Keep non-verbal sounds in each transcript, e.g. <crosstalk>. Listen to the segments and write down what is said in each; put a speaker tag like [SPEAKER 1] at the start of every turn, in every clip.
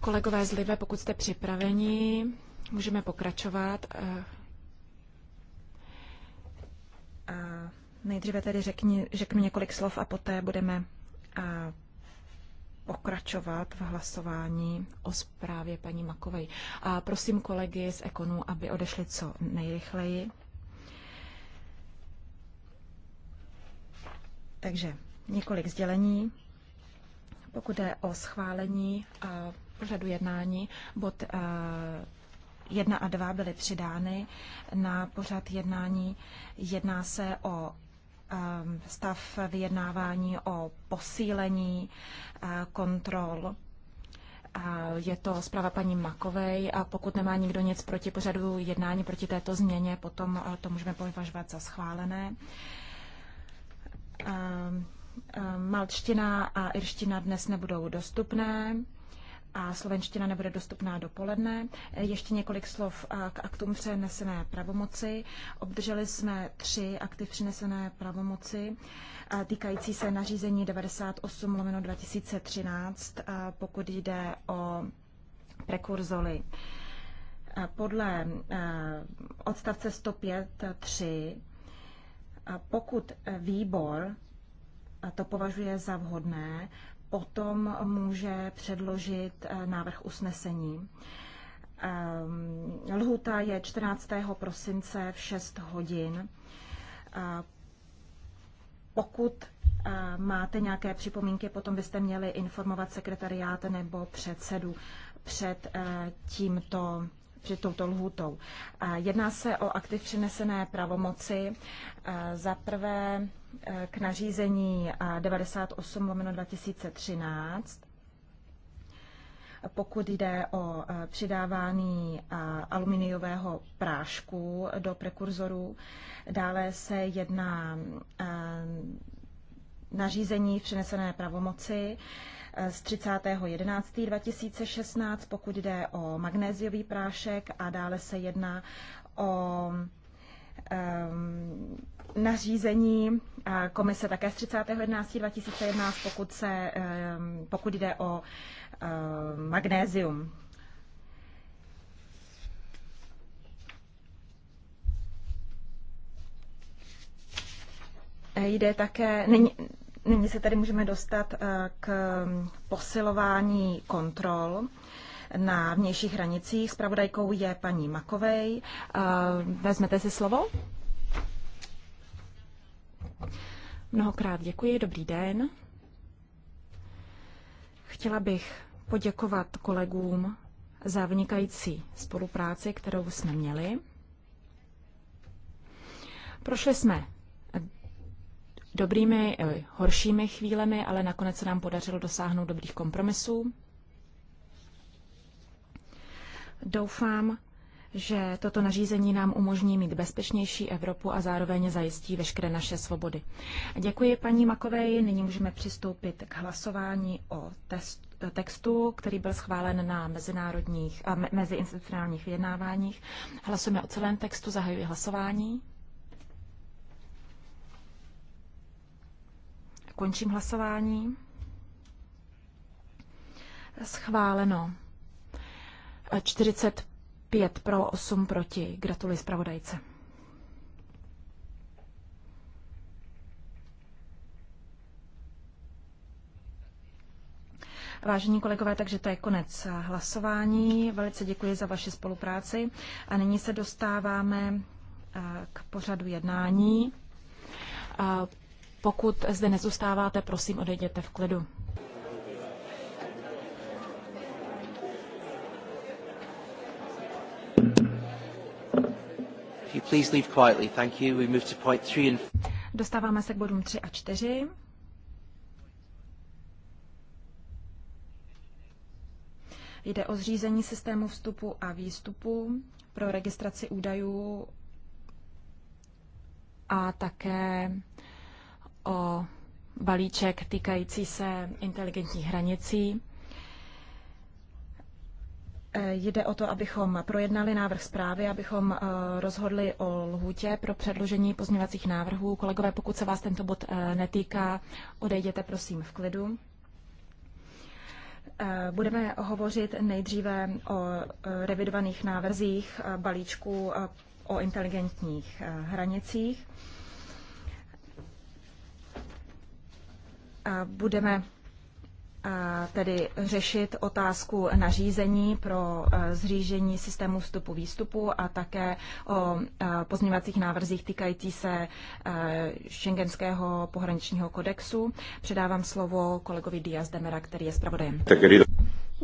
[SPEAKER 1] Kolegové z Libe, pokud jste připraveni, můžeme pokračovat. Eh, a nejdříve tedy řekni, řeknu několik slov a poté budeme a eh, pokračovat v hlasování o zprávě paní Makovej. A prosím kolegy z Ekonu, aby odešli co nejrychleji. Takže několik sdělení. Pokud jde o schválení eh, pořadu jednání, bod 1 eh, a 2 byly přidány na pořad jednání. Jedná se o eh, stav vyjednávání o posílení kontrol. Je to zpráva paní Makovej a pokud nemá nikdo nic proti pořadu jednání proti této změně, potom to můžeme považovat za schválené. Eh, malčtina a irština dnes nebudou dostupné a slovenština nebude dostupná dopoledne. Eh, ještě několik slov eh, k aktům přenesené pravomoci. Obdrželi jsme tři akty přenesené pravomoci týkající se nařízení 98 lomeno 2013, pokud jde o prekurzoly. Podle odstavce 105.3 pokud výbor to považuje za vhodné, potom může předložit eh, návrh usnesení. Ehm, Lhuta je 14. prosince v 6 hodin. Eh, pokud eh, máte nějaké připomínky, potom byste měli informovat sekretariát nebo předsedu před tímto před touto lhutou. Jedná se o aktiv přinesené pravomoci. Za prvé k nařízení 98 2013, pokud jde o eh, přidávání eh, aluminiového prášku do prekurzorů. Dále se jedná eh, nařízení v přenesené pravomoci z 30.11.2016, pokud jde o magnéziový prášek a dále se jedná o um, nařízení eh, komise také z 30.11.2011, pokud, se, eh, pokud jde o eh, magnézium. Jde také, nyní, nyní se tady můžeme dostat k posilování kontrol na vnějších hranicích. Spravodajkou je paní Makovej. Vezmete si slovo? Mnohokrát děkuji, dobrý den. Chtěla bych poděkovat kolegům za vynikající spolupráci, kterou jsme měli. Prošli jsme dobrými, horšími chvílemi, ale nakonec se nám podařilo dosáhnout dobrých kompromisů. Doufám, že toto nařízení nám umožní mít bezpečnější Evropu a zároveň zajistí veškeré naše svobody. Děkuji paní Makovej. Nyní můžeme přistoupit k hlasování o test, textu, který byl schválen na mezinárodních a me, meziinstitucionálních vyjednáváních. Hlasujeme o celém textu, zahajuji hlasování. Končím hlasování. Schváleno. 40 5 pro, 8 proti. Gratuluji zpravodajce. Vážení kolegové, takže to je konec hlasování. Velice děkuji za vaši spolupráci. A nyní se dostáváme eh, k pořadu jednání. Eh, pokud zde nezůstáváte, prosím, odejděte v klidu.
[SPEAKER 2] please leave quietly. Thank you. We move to point three and...
[SPEAKER 1] Dostáváme se k bodům 3 a 4. Jde o zřízení systému vstupu a výstupu pro registraci údajů a také o balíček týkající se inteligentních hranicí. Eh, jde o to, abychom projednali návrh zprávy, abychom eh, rozhodli o lhůtě pro předložení pozměňovacích návrhů. Kolegové, pokud se vás tento bod eh, netýká, odejděte prosím v klidu. Budeme hovořit nejdříve o revidovaných návrzích balíčků o inteligentních hranicích. Budeme tedy řešit otázku nařízení pro e, zřížení systému vstupu výstupu a také o e, pozměňovacích návrzích týkající se šengenského e, pohraničního kodexu. Předávám slovo
[SPEAKER 3] kolegovi Diaz Demera, který je zpravodajem.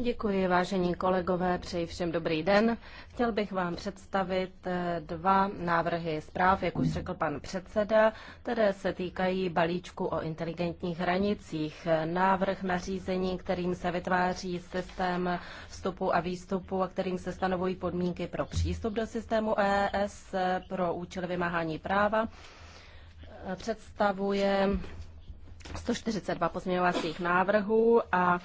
[SPEAKER 3] Děkuji, vážení kolegové, přeji všem dobrý den. Chtěl bych vám představit eh, dva návrhy zpráv, jak už řekl pan předseda, které se týkají balíčku o inteligentních hranicích. Návrh nařízení, kterým se vytváří systém vstupu a výstupu a kterým se stanovují podmínky pro přístup do systému EES pro účely vymáhání práva, eh, představuje 142 pozměňovacích návrhů a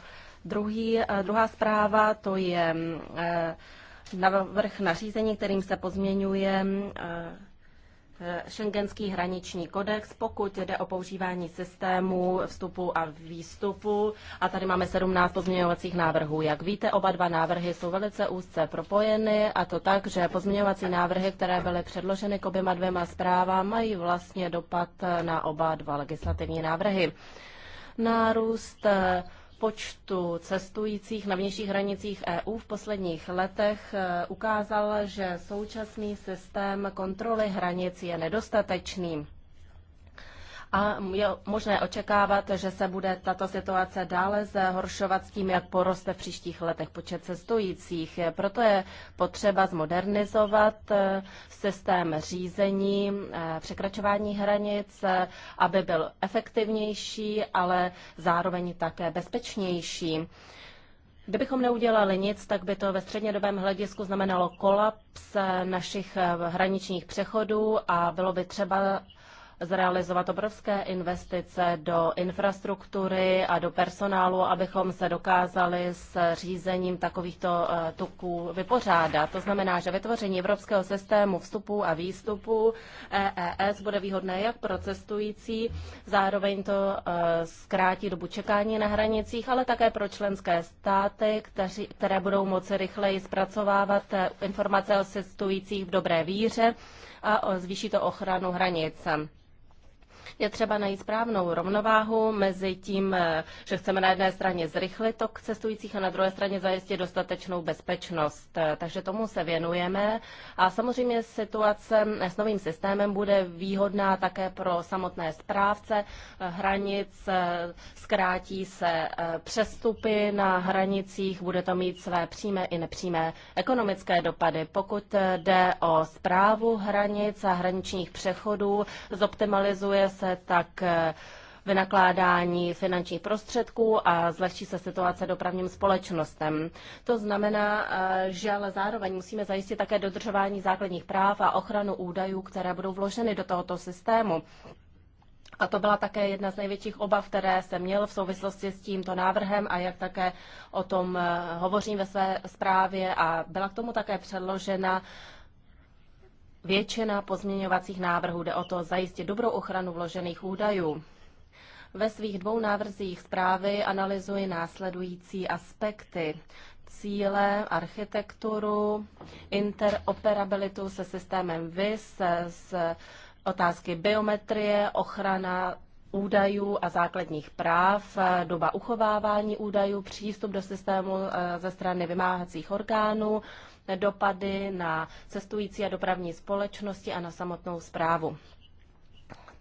[SPEAKER 3] Druhý, eh, druhá zpráva to je eh, návrh nařízení, kterým se pozměňuje eh, Schengenský hraniční kodex, pokud jde o používání systému vstupu a výstupu. A tady máme 17 pozměňovacích návrhů. Jak víte, oba dva návrhy jsou velice úzce propojeny a to tak, že pozměňovací návrhy, které byly předloženy k oběma dvěma zprávám, mají vlastně dopad na oba dva legislativní návrhy. Nárůst počtu cestujících na vnějších hranicích EU v posledních letech eh, ukázal, že současný systém kontroly hranic je nedostatečný a je možné očekávat, že se bude tato situace dále zhoršovat s tím, jak poroste v příštích letech počet cestujících. Proto je potřeba zmodernizovat eh, systém řízení eh, překračování hranic, eh, aby byl efektivnější, ale zároveň také bezpečnější. Kdybychom neudělali nic, tak by to ve střednědobém hledisku znamenalo kolaps našich hraničních přechodů a bylo by třeba zrealizovat obrovské investice do infrastruktury a do personálu, abychom se dokázali s řízením takovýchto eh, tuků vypořádat. To znamená, že vytvoření evropského systému vstupu a výstupu EES bude výhodné jak pro cestující, zároveň to eh, zkrátí dobu čekání na hranicích, ale také pro členské státy, kteří, které budou moci rychleji zpracovávat eh, informace o cestujících v dobré víře a zvýší to ochranu hranic. Je třeba najít správnou rovnováhu mezi tím, eh, že chceme na jedné straně zrychlit tok cestujících a na druhé straně zajistit dostatečnou bezpečnost. Eh, takže tomu se věnujeme. A samozřejmě situace eh, s novým systémem bude výhodná také pro samotné správce hranic. Zkrátí se přestupy na hranicích, bude to mít své přímé i nepřímé ekonomické dopady. Pokud jde o zprávu hranic a hraničních přechodů, zoptimalizuje se tak eh, vynakládání finančních prostředků a zlehčí se situace dopravním společnostem. To znamená, eh, že ale zároveň musíme zajistit také dodržování základních práv a ochranu údajů, které budou vloženy do tohoto systému. A to byla také jedna z největších obav, které jsem měl v souvislosti s tímto návrhem a jak také o tom eh, hovořím ve své zprávě. A byla k tomu také předložena Většina pozměňovacích návrhů jde o to zajistit dobrou ochranu vložených údajů. Ve svých dvou návrzích zprávy analyzuji následující aspekty cíle, architekturu, interoperabilitu se systémem VIS, s otázky biometrie, ochrana údajů a základních práv, doba uchovávání údajů, přístup do systému eh, ze strany vymáhacích orgánů, dopady na cestující a dopravní společnosti a na samotnou zprávu.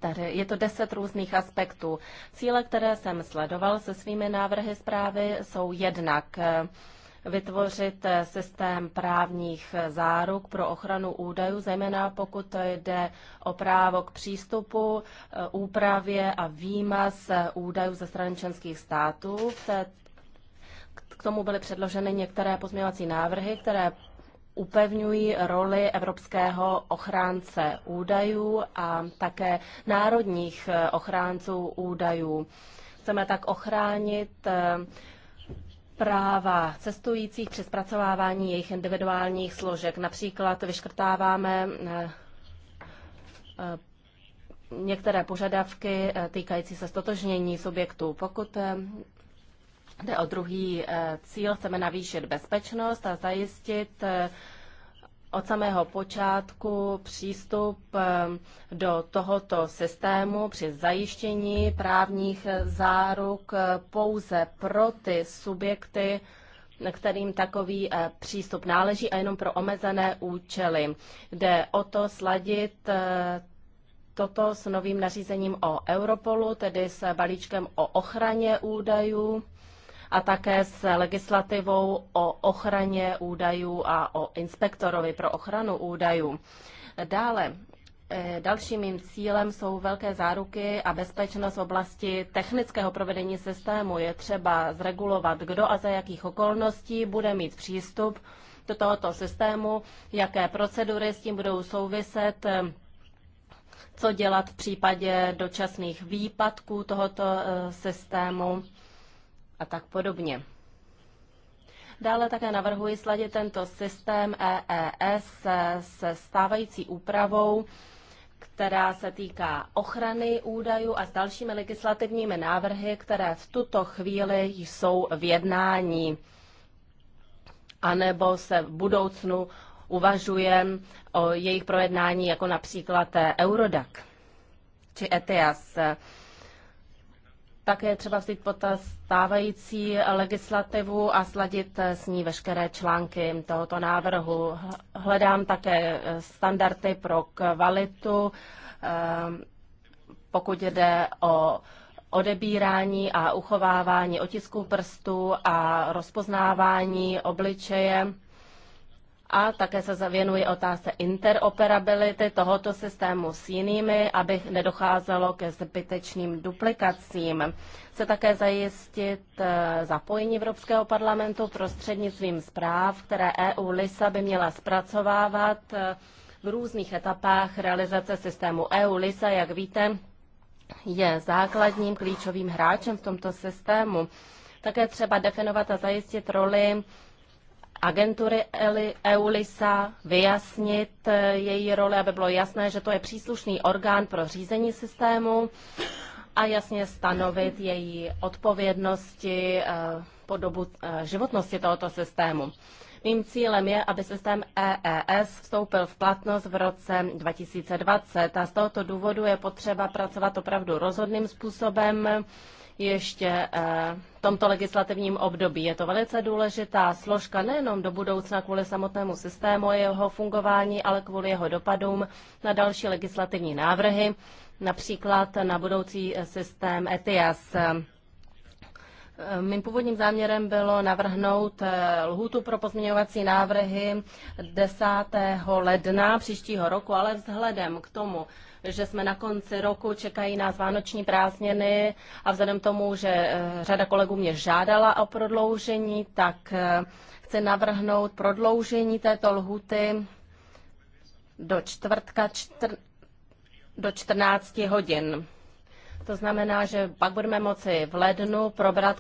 [SPEAKER 3] Tady je to deset různých aspektů. Cíle, které jsem sledoval se svými návrhy zprávy, jsou jednak eh, vytvořit eh, systém právních záruk pro ochranu údajů, zejména pokud to jde o právo k přístupu, eh, úpravě a výmaz údajů ze strany členských států. K tomu byly předloženy některé pozměňovací návrhy, které upevňují roli evropského ochránce údajů a také národních eh, ochránců údajů. Chceme tak ochránit eh, práva cestujících při zpracovávání jejich individuálních složek. Například vyškrtáváme eh, některé požadavky týkající se stotožnění subjektů. Pokud Jde o druhý eh, cíl, chceme navýšit bezpečnost a zajistit eh, od samého počátku přístup eh, do tohoto systému při zajištění právních záruk pouze pro ty subjekty, kterým takový přístup náleží a jenom pro omezené účely. Jde o to sladit toto s novým nařízením o Europolu, tedy s balíčkem o ochraně údajů a také s legislativou o ochraně údajů a o inspektorovi pro ochranu údajů. Dále eh, Dalším mým cílem jsou velké záruky a bezpečnost v oblasti technického provedení systému. Je třeba zregulovat, kdo a za jakých okolností bude mít přístup do tohoto systému, jaké procedury s tím budou souviset, co dělat v případě dočasných výpadků tohoto eh, systému a tak podobně. Dále také navrhuji sladit tento systém EES se stávající úpravou, která se týká ochrany údajů a s dalšími legislativními návrhy, které v tuto chvíli jsou v jednání anebo se v budoucnu uvažuje o jejich projednání, jako například Eurodac či ETIAS také třeba vzít pod stávající legislativu a sladit eh, s ní veškeré články tohoto návrhu. Hledám také eh, standardy pro kvalitu, eh, pokud jde o odebírání a uchovávání otisků prstů a rozpoznávání obličeje a také se zavěnuji otázce interoperability tohoto systému s jinými, aby nedocházelo ke zbytečným duplikacím. Chce také zajistit eh, zapojení Evropského parlamentu prostřednictvím zpráv, které EU LISA by měla zpracovávat eh, v různých etapách realizace systému EU LISA, jak víte, je základním klíčovým hráčem v tomto systému. Také třeba definovat a zajistit roli agentury EULISA, vyjasnit eh, její roli, aby bylo jasné, že to je příslušný orgán pro řízení systému a jasně stanovit její odpovědnosti eh, po dobu eh, životnosti tohoto systému. Mým cílem je, aby systém EES vstoupil v platnost v roce 2020 a z tohoto důvodu je potřeba pracovat opravdu rozhodným způsobem, ještě eh, v tomto legislativním období. Je to velice důležitá složka nejenom do budoucna kvůli samotnému systému a jeho fungování, ale kvůli jeho dopadům na další legislativní návrhy, například na budoucí eh, systém ETIAS. Eh, mým původním záměrem bylo navrhnout lhůtu pro pozměňovací návrhy 10. ledna příštího roku, ale vzhledem k tomu, že jsme na konci roku, čekají nás vánoční prázdniny a vzhledem tomu, že eh, řada kolegů mě žádala o prodloužení, tak eh, chci navrhnout prodloužení této lhuty do čtvrtka čtr- do 14 hodin. To znamená, že pak budeme moci v lednu probrat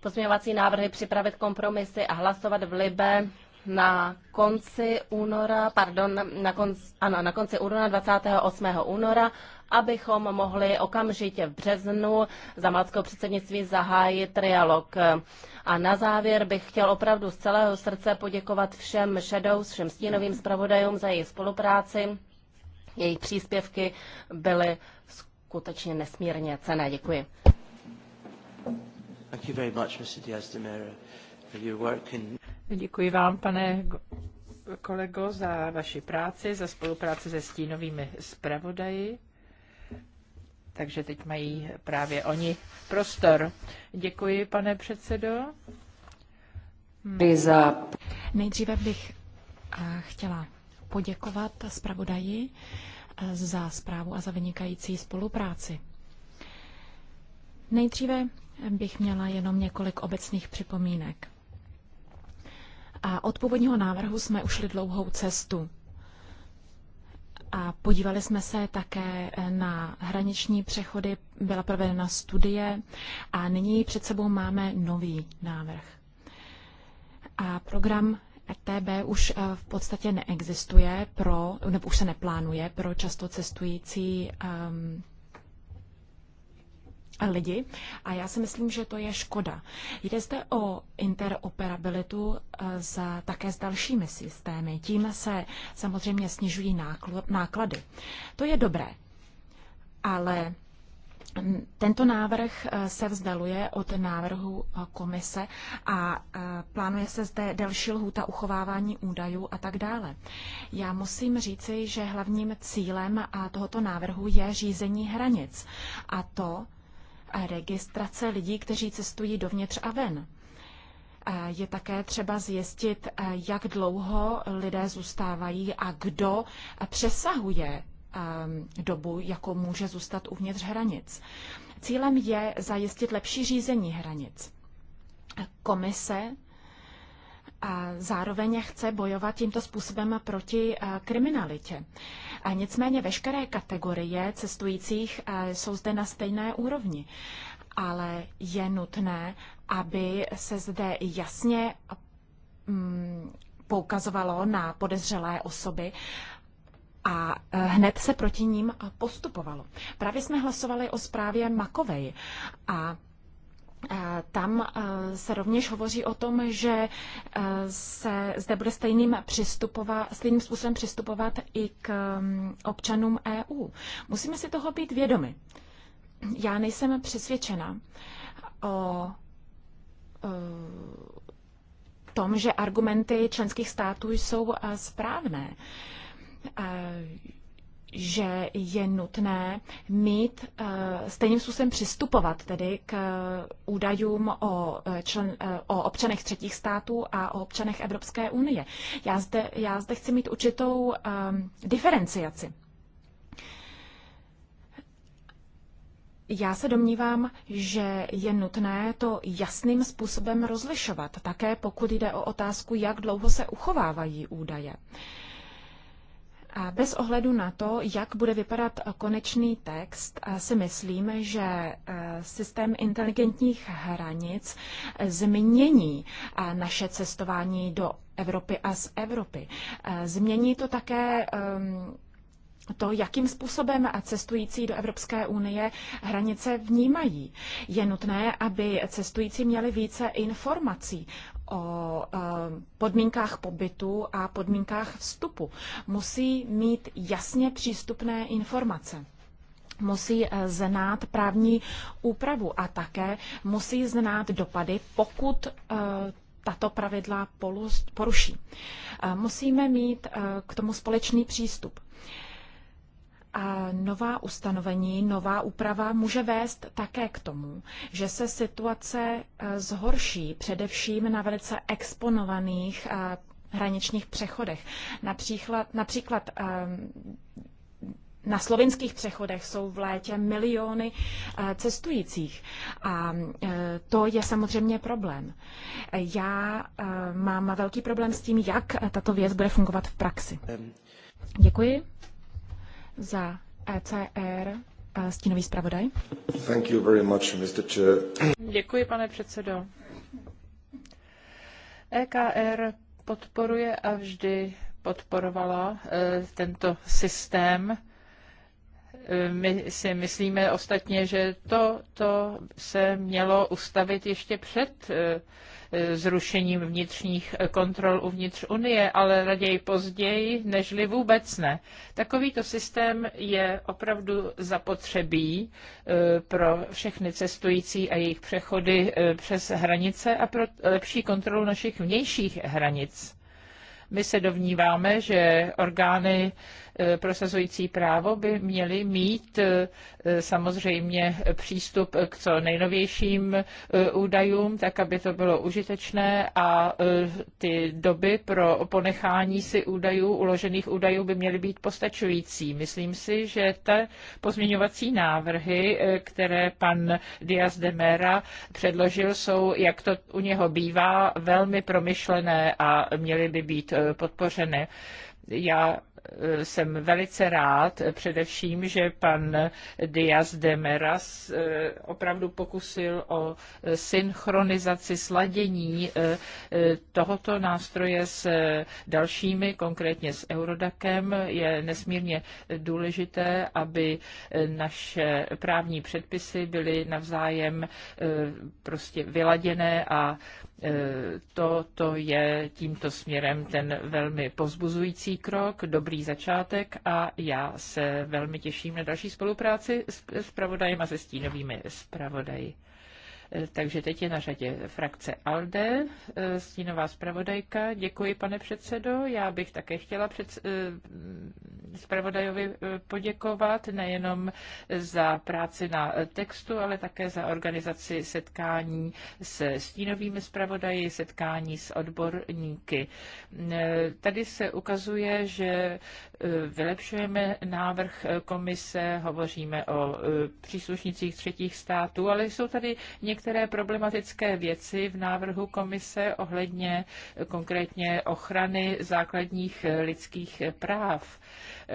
[SPEAKER 3] pozměňovací návrhy, připravit kompromisy a hlasovat v Libe na konci února, pardon, na konci, ano, na konci února, 28. února, abychom mohli okamžitě v březnu za malckého předsednictví zahájit trialog. A na závěr bych chtěl opravdu z celého srdce poděkovat všem Shadows, všem stínovým zpravodajům za jejich spolupráci. Jejich příspěvky byly skutečně nesmírně cené. Děkuji.
[SPEAKER 2] Thank you very much, Mr. Diaz de Mera, for your work in...
[SPEAKER 3] Děkuji vám, pane
[SPEAKER 4] kolego, za vaši práci, za spolupráci se stínovými zpravodaji. Takže teď mají právě oni prostor. Děkuji,
[SPEAKER 1] pane předsedo. Za... Nejdříve bych eh, chtěla poděkovat zpravodaji eh, za zprávu a za vynikající spolupráci. Nejdříve bych měla jenom několik obecných připomínek. A od původního návrhu jsme ušli dlouhou cestu. A podívali jsme se také eh, na hraniční přechody, byla provedena studie a nyní před sebou máme nový návrh. A program ETB už eh, v podstatě neexistuje pro, nebo už se neplánuje pro často cestující um, lidi a já si myslím, že to je škoda. Jde zde o interoperabilitu eh, s, také s dalšími systémy. Tím se samozřejmě snižují náklady. To je dobré, ale tento návrh eh, se vzdaluje od návrhu eh, komise a plánuje se zde delší lhůta uchovávání údajů a tak dále. Já musím říci, že hlavním cílem tohoto návrhu je řízení hranic a to, registrace lidí, kteří cestují dovnitř a ven. Je také třeba zjistit, jak dlouho lidé zůstávají a kdo přesahuje ehm, dobu, jakou může zůstat uvnitř hranic. Cílem je zajistit lepší řízení hranic. Komise zároveň chce bojovat tímto způsobem proti eh, kriminalitě. A nicméně veškeré kategorie cestujících eh, jsou zde na stejné úrovni. Ale je nutné, aby se zde jasně mm, poukazovalo na podezřelé osoby a eh, hned se proti ním postupovalo. Právě jsme hlasovali o zprávě Makovej a tam eh, se rovněž hovoří o tom, že eh, se zde bude stejným, přistupovat, stejným způsobem přistupovat i k mm, občanům EU. Musíme si toho být vědomi. Já nejsem přesvědčena o eh, tom, že argumenty členských států jsou správné že je nutné mít eh, stejným způsobem přistupovat tedy k údajům o, eh, člen, eh, o občanech třetích států a o občanech Evropské unie. Já zde, já zde chci mít určitou diferenciaci. Já se domnívám, že je nutné to jasným způsobem rozlišovat, také pokud jde o otázku, jak dlouho se uchovávají údaje. Uh, bez ohledu na to, jak bude vypadat konečný text, si myslím, že e, systém inteligentních hranic změní naše cestování do Evropy a z Evropy. E, změní to také to, jakým způsobem cestující do Evropské unie hranice vnímají. Je nutné, aby cestující měli více informací o e, podmínkách pobytu a podmínkách vstupu. Musí mít jasně přístupné informace musí e, znát právní úpravu a také musí znát dopady, pokud e, tato pravidla poruší. Musíme mít k tomu společný přístup. A nová ustanovení, nová úprava může vést také k tomu, že se situace eh, zhorší především na velice exponovaných eh, hraničních přechodech. Například, například ehm, na slovinských přechodech jsou v létě miliony eh, cestujících a to je samozřejmě problém. Já mám velký problém s tím, jak tato věc bude fungovat v praxi. Děkuji. Za ECR eh, stínový zpravodaj.
[SPEAKER 3] Thank you very much, Mr. Chair.
[SPEAKER 1] Děkuji, pane předsedo. EKR podporuje a
[SPEAKER 4] vždy podporovala eh, tento systém. Eh, my si myslíme ostatně, že to, to se mělo ustavit ještě před zrušením vnitřních kontrol uvnitř Unie, ale raději později, nežli vůbec ne. Takovýto systém je opravdu zapotřebí e, pro všechny cestující a jejich přechody e, přes hranice a pro lepší kontrolu našich vnějších hranic. My se dovníváme, že orgány E, prosazující právo by měli mít e, samozřejmě přístup k co nejnovějším e, údajům, tak aby to bylo užitečné a ty doby pro ponechání si údajů, uložených údajů by měly být postačující. Myslím si, že ta pozměňovací návrhy, které pan Diaz de Mera předložil, jsou, jak to u něho bývá, velmi promyšlené a měly by být podpořeny. Já Eh, jsem velice rád, eh, především, že pan Diaz de Meras eh, opravdu pokusil o synchronizaci sladění tohoto nástroje s dalšími, konkrétně s Eurodakem. Je nesmírně důležité, aby naše právní předpisy byly navzájem prostě vyladěné a E, to, to je tímto směrem ten velmi pozbuzující krok, dobrý začátek a já se velmi těším na další spolupráci s, s pravodajem a se stínovými zpravodaji. Takže teď je na řadě frakce ALDE, eh, stínová zpravodajka. Děkuji, pane předsedo. Já bych také chtěla před, eh, zpravodajovi eh, poděkovat nejenom za práci na textu, ale také za organizaci setkání se stínovými zpravodaji, setkání s odborníky. Tady se ukazuje, že vylepšujeme návrh komise, hovoříme o e, příslušnicích třetích států, ale jsou tady některé problematické věci v návrhu komise ohledně e, konkrétně ochrany základních e, lidských práv.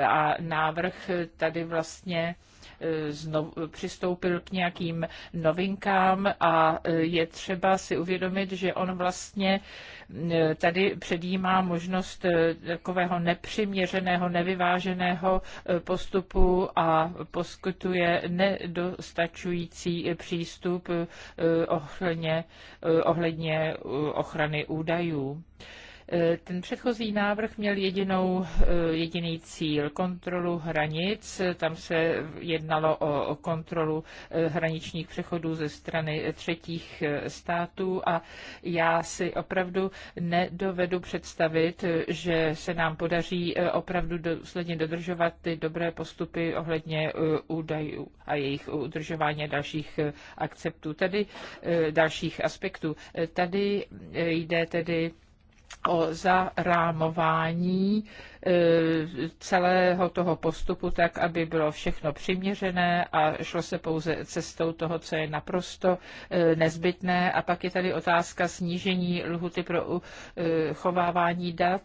[SPEAKER 4] A návrh tady vlastně E, znovu, přistoupil k nějakým novinkám a e, je třeba si uvědomit, že on vlastně e, tady předjímá možnost takového nepřiměřeného, nevyváženého postupu a poskytuje nedostačující přístup ohledně, ohledně ochrany údajů. Eh, ten předchozí návrh měl jedinou, eh, jediný cíl, kontrolu hranic. Tam se jednalo o kontrolu eh, hraničních přechodů ze strany třetích států a já si opravdu nedovedu představit, že se nám podaří opravdu důsledně dodržovat ty dobré postupy ohledně údajů a jejich udržování a dalších akceptů, tedy dalších aspektů. Tady jde tedy o zarámování eh, celého toho postupu tak, aby bylo všechno přiměřené a šlo se pouze cestou toho, co je naprosto eh, nezbytné. A pak je tady otázka snížení lhuty pro eh, chovávání dat.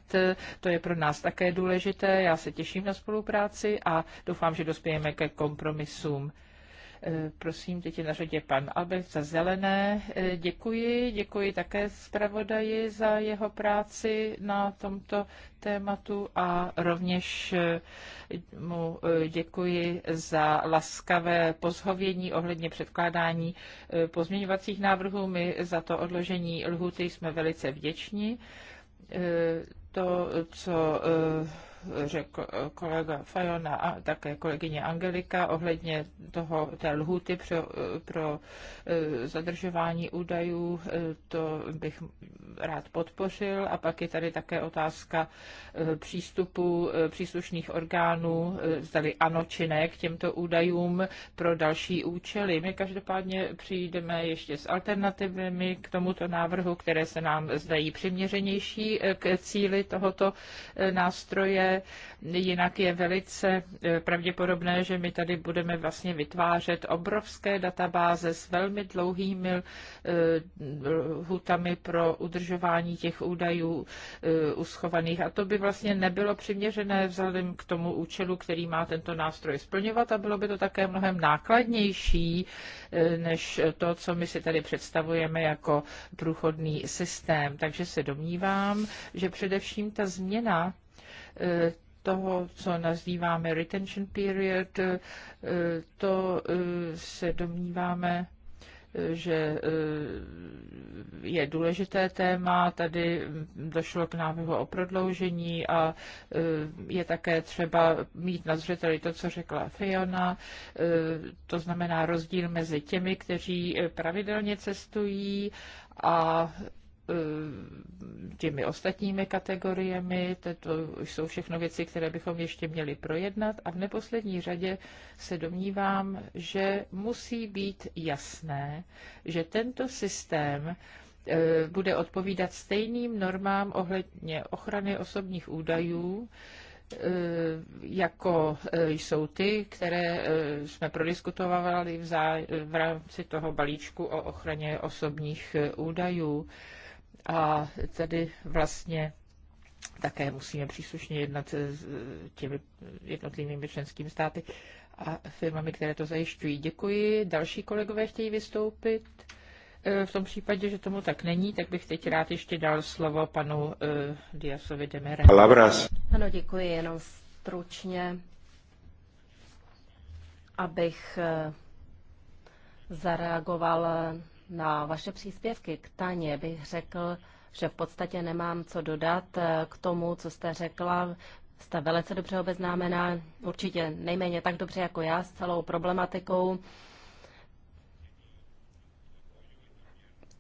[SPEAKER 4] To je pro nás také důležité. Já se těším na spolupráci a doufám, že dospějeme ke kompromisům. Eh, prosím, teď je na řadě pan Abel za zelené. Eh, děkuji, děkuji také zpravodaji za jeho práci na tomto tématu a rovněž eh, mu děkuji za laskavé pozhovění ohledně předkládání pozměňovacích návrhů. My za to odložení lhuty jsme velice vděční. To, co řekl kolega Fajona a také kolegyně Angelika ohledně toho, té lhuty pro, pro e, zadržování údajů, e, to bych rád podpořil. A pak je tady také otázka e, přístupu příslušných orgánů, zdali ano či ne k těmto údajům pro další účely. My každopádně přijdeme ještě s alternativami k tomuto návrhu, které se nám zdají přiměřenější k cíli tohoto nástroje jinak je velice eh, pravděpodobné, že my tady budeme vlastně vytvářet obrovské databáze s velmi dlouhými hutami eh, pro udržování těch údajů eh, uschovaných. A to by vlastně nebylo přiměřené vzhledem k tomu účelu, který má tento nástroj splňovat a bylo by to také mnohem nákladnější než to, co my si tady představujeme jako průchodný systém. Takže se domnívám, že především ta změna Eh, toho, co nazýváme retention period, eh, to eh, se domníváme, že je důležité téma. Tady došlo k návrhu o prodloužení a je také třeba mít na zřeteli to, co řekla Fiona, to znamená rozdíl mezi těmi, kteří pravidelně cestují a Eh, těmi ostatními kategoriemi. To jsou všechno věci, které bychom ještě měli projednat. A v neposlední řadě se domnívám, že musí být jasné, že tento systém eh, bude odpovídat stejným normám ohledně ochrany osobních údajů, eh, jako jsou ty, které jsme prodiskutovali v, v rámci toho balíčku o ochraně osobních údajů a tedy vlastně také musíme příslušně jednat s těmi jednotlivými členskými státy a firmami, které to zajišťují. Děkuji. Další kolegové chtějí vystoupit. E, v tom případě, že tomu tak není, tak bych teď rád ještě dal slovo panu uh, Diasovi Demere. Labras.
[SPEAKER 3] Ano, děkuji, jenom stručně, abych e, zareagoval na vaše příspěvky k Taně bych řekl, že v podstatě nemám co dodat eh, k tomu, co jste řekla. Jste velice dobře obeznámená, určitě nejméně tak dobře jako já s celou problematikou.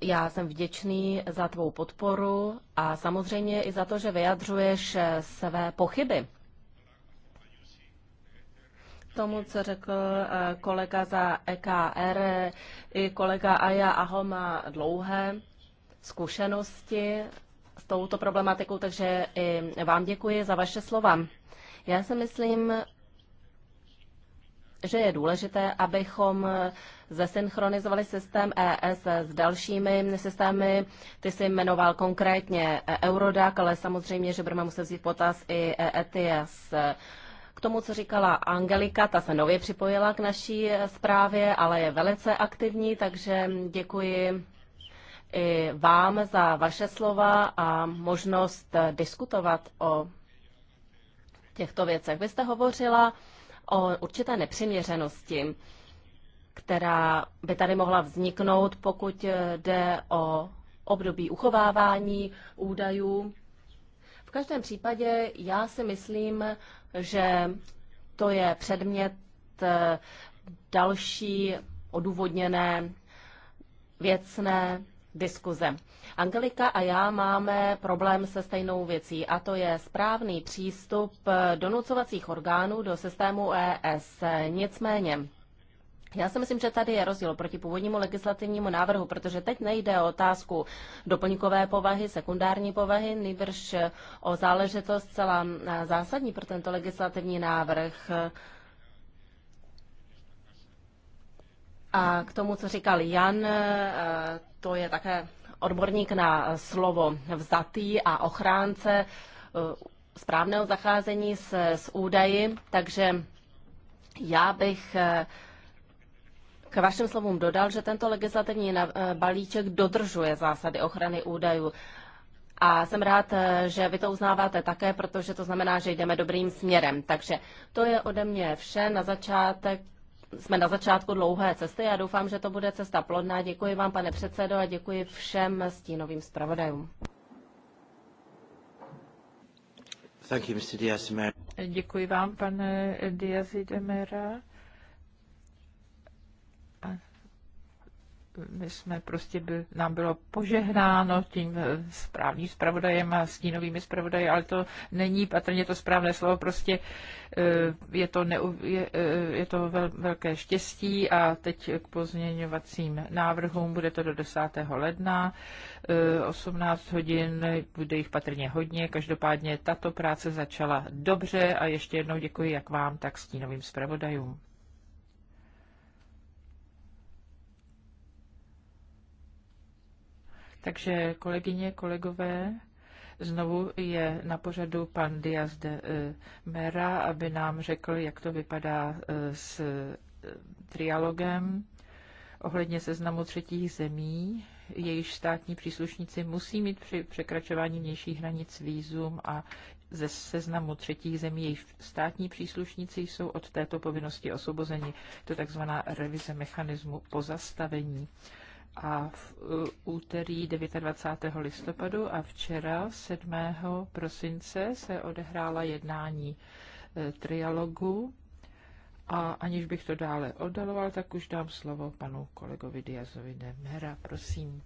[SPEAKER 3] Já jsem vděčný za tvou podporu a samozřejmě i za to, že vyjadřuješ eh, své pochyby tomu, co řekl eh, kolega za EKR, i kolega Aja Aho má dlouhé zkušenosti s touto problematikou, takže i vám děkuji za vaše slova. Já si myslím, že je důležité, abychom zesynchronizovali systém ES s dalšími systémy. Ty jsi jmenoval konkrétně Eurodac, ale samozřejmě, že budeme muset vzít potaz i ETS. K tomu, co říkala Angelika, ta se nově připojila k naší eh, zprávě, ale je velice aktivní, takže děkuji i vám za vaše slova a možnost eh, diskutovat o těchto věcech. Vy jste hovořila o určité nepřiměřenosti, která by tady mohla vzniknout, pokud eh, jde o období uchovávání údajů. V každém případě já si myslím, že to je předmět eh, další odůvodněné věcné diskuze. Angelika a já máme problém se stejnou věcí a to je správný přístup eh, donucovacích orgánů do systému ES. Nicméně já si myslím, že tady je rozdíl proti původnímu legislativnímu návrhu, protože teď nejde o otázku doplňkové povahy, sekundární povahy, nejbrž o záležitost celá eh, zásadní pro tento legislativní návrh. A k tomu, co říkal Jan, eh, to je také odborník na slovo vzatý a ochránce eh, správného zacházení s, s údaji, takže já bych k vašim slovům dodal, že tento legislativní eh, balíček dodržuje zásady ochrany údajů. A jsem rád, eh, že vy to uznáváte také, protože to znamená, že jdeme dobrým směrem. Takže to je ode mě vše na začátek. Jsme na začátku dlouhé cesty a doufám, že to bude cesta plodná. Děkuji vám, pane předsedo, a děkuji všem stínovým zpravodajům.
[SPEAKER 4] Děkuji vám, pane Diaz de Mera. my jsme prostě by, nám bylo požehnáno tím eh, správným zpravodajem a stínovými zpravodaji, ale to není patrně to správné slovo, prostě eh, je to, ne, je, eh, je to vel, velké štěstí a teď k pozměňovacím návrhům, bude to do 10. ledna, 18 hodin, bude jich patrně hodně, každopádně tato práce začala dobře a ještě jednou děkuji jak vám, tak stínovým zpravodajům. Takže kolegyně, kolegové, znovu je na pořadu pan Diaz de eh, Mera, aby nám řekl, jak to vypadá eh, s eh, trialogem ohledně seznamu třetích zemí, jejíž státní příslušníci musí mít při překračování vnějších hranic výzum a ze seznamu třetích zemí, jejich státní příslušníci jsou od této povinnosti osvobozeni. To je takzvaná revize mechanismu pozastavení a v úterý 29. listopadu a včera 7. prosince se odehrála jednání e, trialogu a aniž bych to dále oddaloval, tak už dám slovo panu kolegovi Diazovi de Mera. Prosím.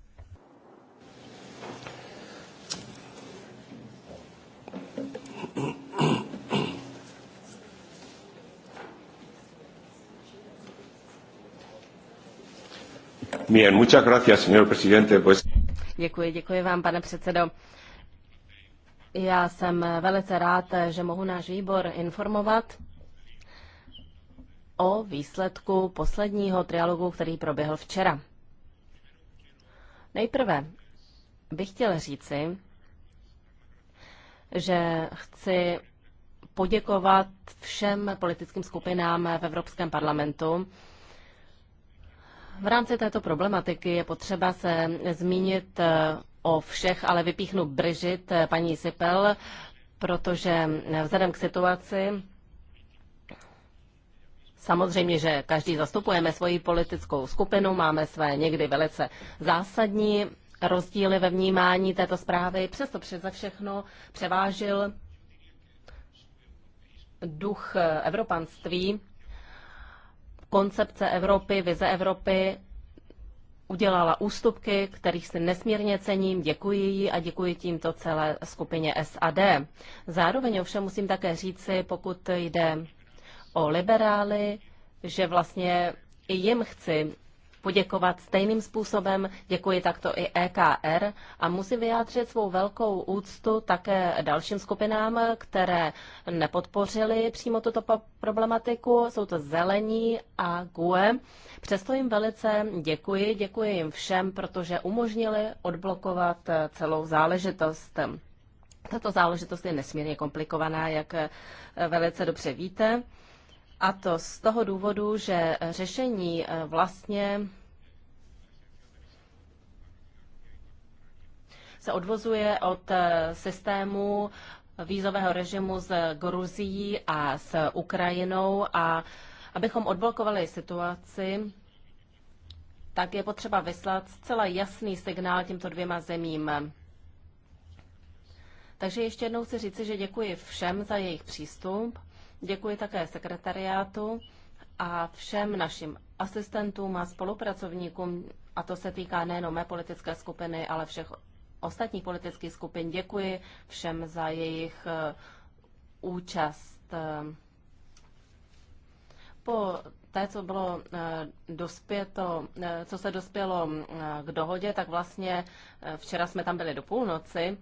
[SPEAKER 2] Bien, muchas gracias, señor presidente. Pues...
[SPEAKER 3] Děkuji, děkuji vám, pane předsedo. Já jsem velice rád, že mohu náš výbor informovat o výsledku posledního trialogu, který proběhl včera. Nejprve bych chtěl říci, že chci poděkovat všem politickým skupinám v Evropském parlamentu, v rámci této problematiky je potřeba se zmínit eh, o všech, ale vypíchnu Bržit, eh, paní Sipel, protože eh, vzhledem k situaci Samozřejmě, že každý zastupujeme svoji politickou skupinu, máme své někdy velice zásadní rozdíly ve vnímání této zprávy. Přesto přeze všechno převážil duch evropanství koncepce Evropy, vize Evropy udělala ústupky, kterých si nesmírně cením, děkuji jí a děkuji tímto celé skupině SAD. Zároveň ovšem musím také říci, pokud jde o liberály, že vlastně i jim chci poděkovat stejným způsobem. Děkuji takto i EKR a musím vyjádřit svou velkou úctu také dalším skupinám, které nepodpořili přímo tuto problematiku. Jsou to Zelení a GUE. Přesto jim velice děkuji. Děkuji jim všem, protože umožnili odblokovat celou záležitost. Tato záležitost je nesmírně komplikovaná, jak velice dobře víte. A to z toho důvodu, že řešení eh, vlastně se odvozuje od eh, systému vízového režimu s Gruzií a s Ukrajinou a abychom odblokovali situaci, tak je potřeba vyslat zcela jasný signál těmto dvěma zemím. Takže ještě jednou chci říci, že děkuji všem za jejich přístup Děkuji také sekretariátu a všem našim asistentům a spolupracovníkům, a to se týká nejenom mé politické skupiny, ale všech ostatních politických skupin. Děkuji všem za jejich eh, účast. Eh, po té, co bylo eh, dospěto, co se dospělo k dohodě, tak vlastně včera jsme tam byli do půlnoci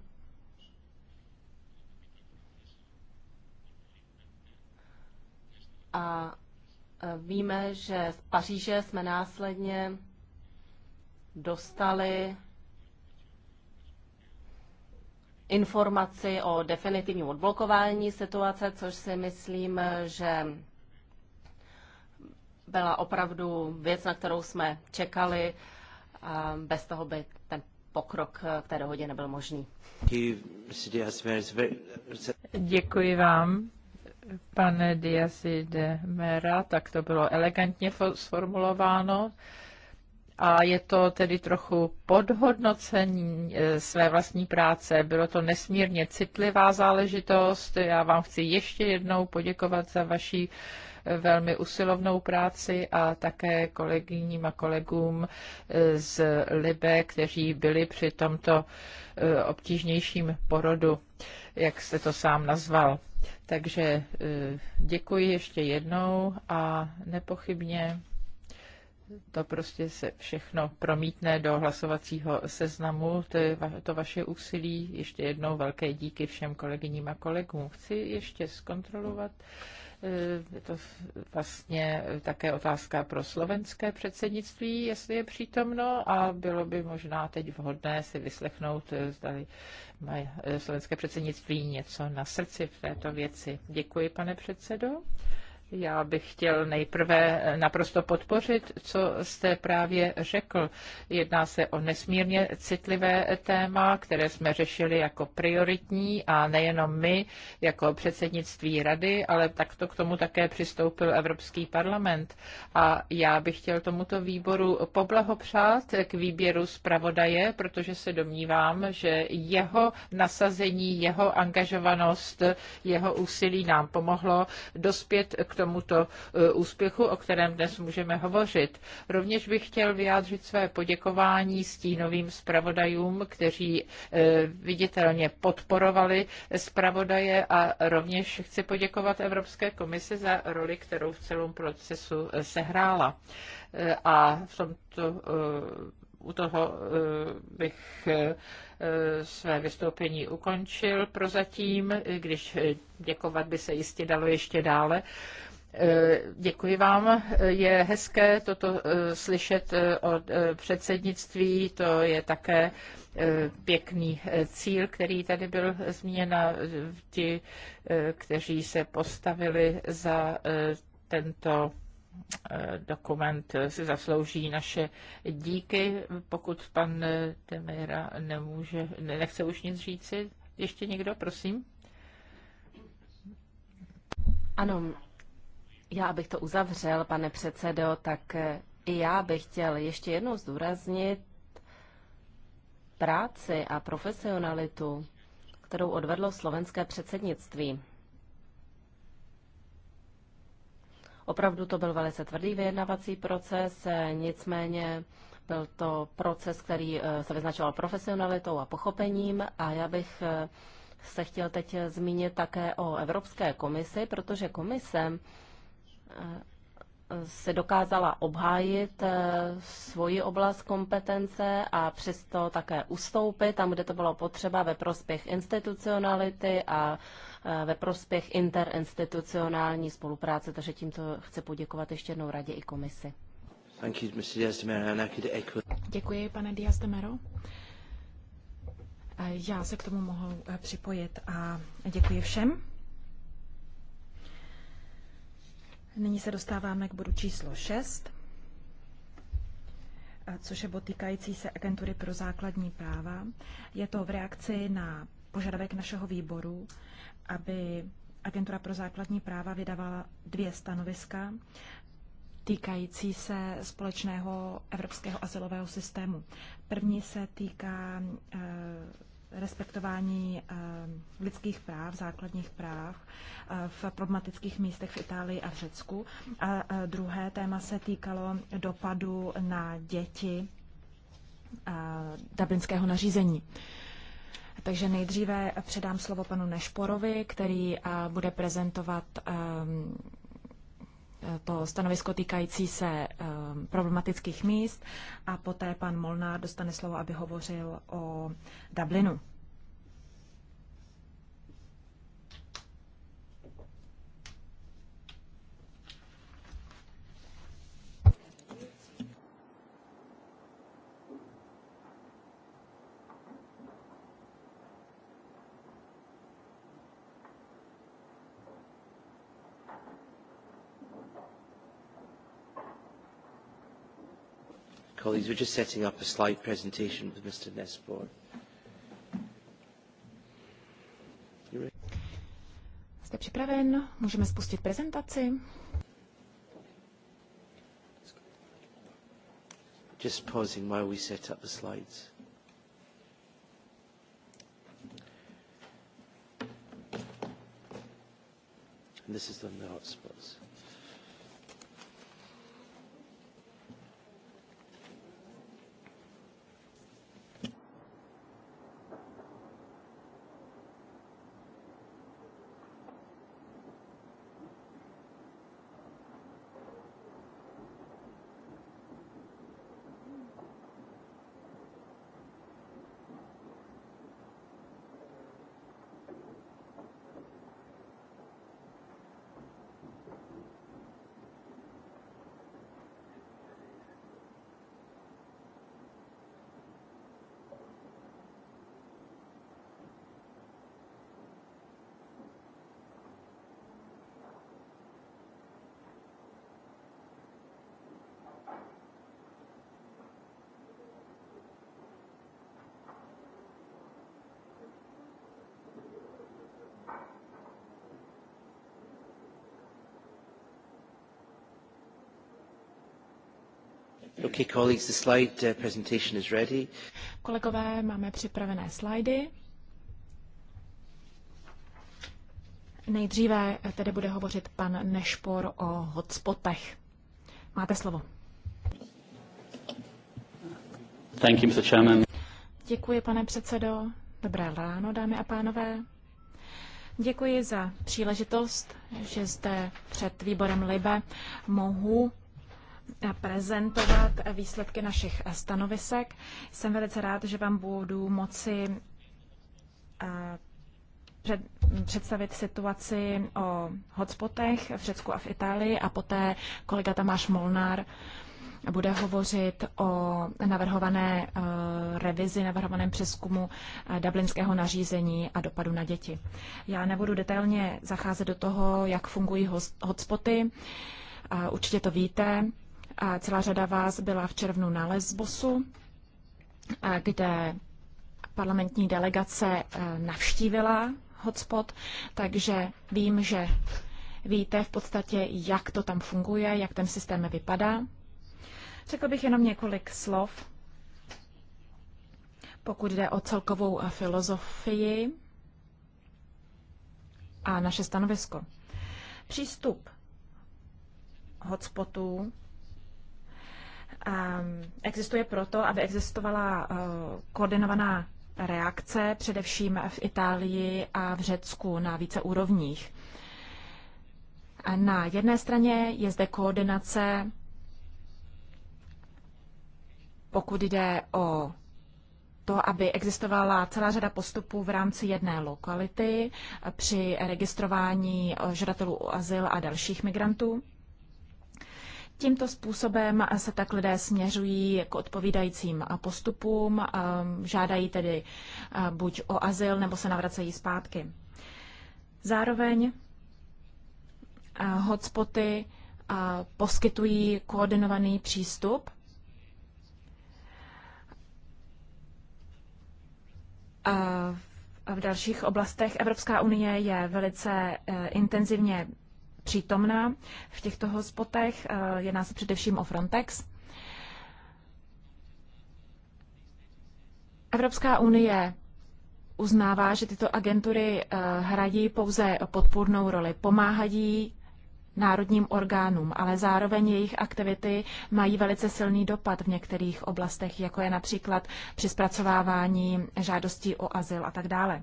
[SPEAKER 3] a e, víme, že z Paříže jsme následně dostali informaci o definitivním odblokování situace, což si myslím, že byla opravdu věc, na kterou jsme čekali. A bez toho by ten pokrok k té dohodě nebyl možný. Děkuji
[SPEAKER 4] vám. Pane Diasi de Mera, tak to bylo elegantně sformulováno. A je to tedy trochu podhodnocení e, své vlastní práce. Bylo to nesmírně citlivá záležitost. Já vám chci ještě jednou poděkovat za vaši e, velmi usilovnou práci a také kolegyním a kolegům e, z Libe, kteří byli při tomto obtížnějším porodu, jak jste to sám nazval. Takže e, děkuji ještě jednou a nepochybně to prostě se všechno promítne do hlasovacího seznamu, to, je, to vaše úsilí. Ještě jednou velké díky všem kolegyním a kolegům. Chci ještě zkontrolovat. Je to vlastně také otázka pro slovenské předsednictví, jestli je přítomno a bylo by možná teď vhodné si vyslechnout, eh, zda mají eh, slovenské předsednictví něco na srdci v této věci. Děkuji, pane předsedo. Já bych chtěl nejprve naprosto podpořit, co jste právě řekl. Jedná se o nesmírně citlivé téma, které jsme řešili jako prioritní a nejenom my jako předsednictví rady, ale takto k tomu také přistoupil Evropský parlament. A já bych chtěl tomuto výboru poblahopřát k výběru zpravodaje, protože se domnívám, že jeho nasazení, jeho angažovanost, jeho úsilí nám pomohlo dospět k tomu, tomuto e, úspěchu, o kterém dnes můžeme hovořit. Rovněž bych chtěl vyjádřit své poděkování stínovým zpravodajům, kteří e, viditelně podporovali zpravodaje a rovněž chci poděkovat Evropské komisi za roli, kterou v celém procesu e, sehrála. A v tomto u toho bych své vystoupení ukončil prozatím, když děkovat by se jistě dalo ještě dále. Děkuji vám. Je hezké toto eh, slyšet eh, od eh, předsednictví. To je také pěkný cíl, který tady byl zmíněn. Ti, kteří se postavili za tento dokument si zaslouží naše díky. Pokud pan Temera nemůže, nechce už nic říci, ještě někdo, prosím?
[SPEAKER 3] Ano, já abych to uzavřel, pane předsedo, tak eh, i já bych chtěl ještě jednou zdůraznit práci a profesionalitu, kterou odvedlo slovenské předsednictví. Opravdu to byl velice tvrdý vyjednavací proces, eh, nicméně byl to proces, který eh, se vyznačoval profesionalitou a pochopením a já bych se chtěl teď zmínit také o Evropské komisi, protože komise se dokázala obhájit eh, svoji oblast kompetence a přesto také ustoupit tam, kde to bylo potřeba ve prospěch institucionality a eh, ve prospěch interinstitucionální spolupráce, takže tímto chci poděkovat ještě jednou radě i komisi. Děkuji, pane Díaz de Mero.
[SPEAKER 1] Eh, já se k tomu mohu připojit a děkuji všem. Nyní se dostáváme k bodu číslo 6, eh, což je bod týkající se Agentury pro základní práva. Je to v reakci na požadavek našeho výboru, aby Agentura pro základní práva vydávala dvě stanoviska týkající se společného evropského asilového systému. První se týká e, respektování eh, lidských práv, základních práv eh, v problematických místech v Itálii a v Řecku. A eh, druhé téma se týkalo dopadu na děti dublinského nařízení. Takže nejdříve předám slovo panu Nešporovi, který bude prezentovat to stanovisko týkající se ehm, problematických míst a poté pan Molnár dostane slovo, aby hovořil o Dublinu.
[SPEAKER 2] colleagues, we're just setting up a slide presentation with Mr. Nespor.
[SPEAKER 1] Jste připraven? Můžeme spustit prezentaci.
[SPEAKER 2] Just pausing while we set up the slides. And this is on the hotspots. Uh,
[SPEAKER 1] Kolegové, máme připravené slajdy. Nejdříve tedy bude hovořit pan Nešpor o hotspotech. Máte slovo.
[SPEAKER 3] Thank you, Mr. Chairman.
[SPEAKER 1] Děkuji, pane předsedo. Dobré ráno, dámy a pánové. Děkuji za příležitost, že zde před výborem LIBE mohu prezentovat výsledky našich stanovisek. Jsem velice rád, že vám budu moci eh, představit situaci o hotspotech v Řecku a v Itálii a poté kolega Tamáš Molnár bude hovořit o navrhované eh, revizi, navrhovaném přeskumu eh, dublinského nařízení a dopadu na děti. Já nebudu detailně zacházet do toho, jak fungují hotspoty, určitě to víte. Celá řada vás byla v červnu na Lesbosu, kde parlamentní delegace e, navštívila hotspot, takže vím, že víte v podstatě, jak to tam funguje, jak ten systém vypadá. Řekl bych jenom několik slov, pokud jde o celkovou e, filozofii a naše stanovisko. Přístup hotspotů Ehm, existuje proto, aby existovala eh, koordinovaná reakce, především v Itálii a v Řecku na více úrovních. Na jedné straně je zde koordinace, pokud jde o to, aby existovala celá řada postupů v rámci jedné lokality eh, při registrování eh, žadatelů o azyl a dalších migrantů. Tímto způsobem se tak lidé směřují k odpovídajícím postupům, žádají tedy buď o azyl, nebo se navracejí zpátky. Zároveň hotspoty poskytují koordinovaný přístup v dalších oblastech Evropská unie je velice e, intenzivně přítomná v těchto hospotech. Eh, Jedná se především o Frontex. Evropská unie uznává, že tyto agentury eh, hrají pouze podpůrnou roli, pomáhají národním orgánům, ale zároveň jejich aktivity mají velice silný dopad v některých oblastech, jako je například při zpracovávání žádostí o azyl a tak dále.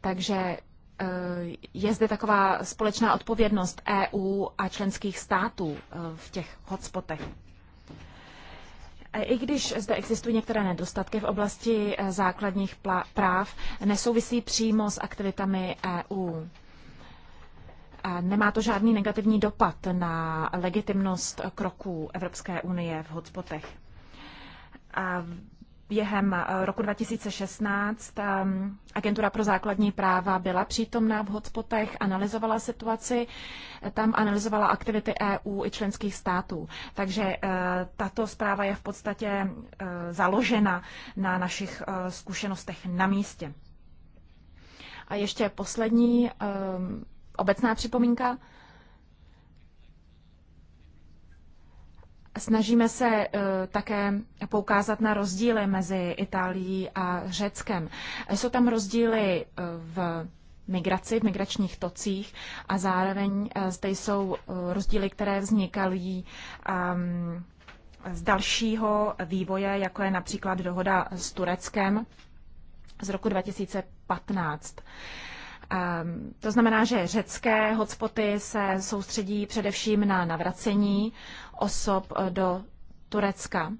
[SPEAKER 1] Takže eh, je zde taková společná odpovědnost EU a členských států eh, v těch hotspotech. E, I když zde existují některé nedostatky v oblasti eh, základních práv, nesouvisí přímo s aktivitami EU. Nemá to žádný negativní dopad na legitimnost kroků Evropské unie v hotspotech. A Během eh, roku 2016 ehm, Agentura pro základní práva byla přítomná v hotspotech, analyzovala situaci, tam analyzovala aktivity EU i členských států. Takže eh, tato zpráva je v podstatě eh, založena na našich zkušenostech na místě. A ještě poslední ehm, obecná připomínka. Snažíme se eh, také poukázat na rozdíly mezi Itálií a Řeckem. Jsou tam rozdíly eh, v migraci, v migračních tocích a zároveň eh, zde jsou rozdíly, které vznikají ehm, z dalšího vývoje, jako je například dohoda s Tureckem z roku 2015. Ehm, to znamená, že řecké hotspoty se soustředí především na navracení osob eh, do Turecka.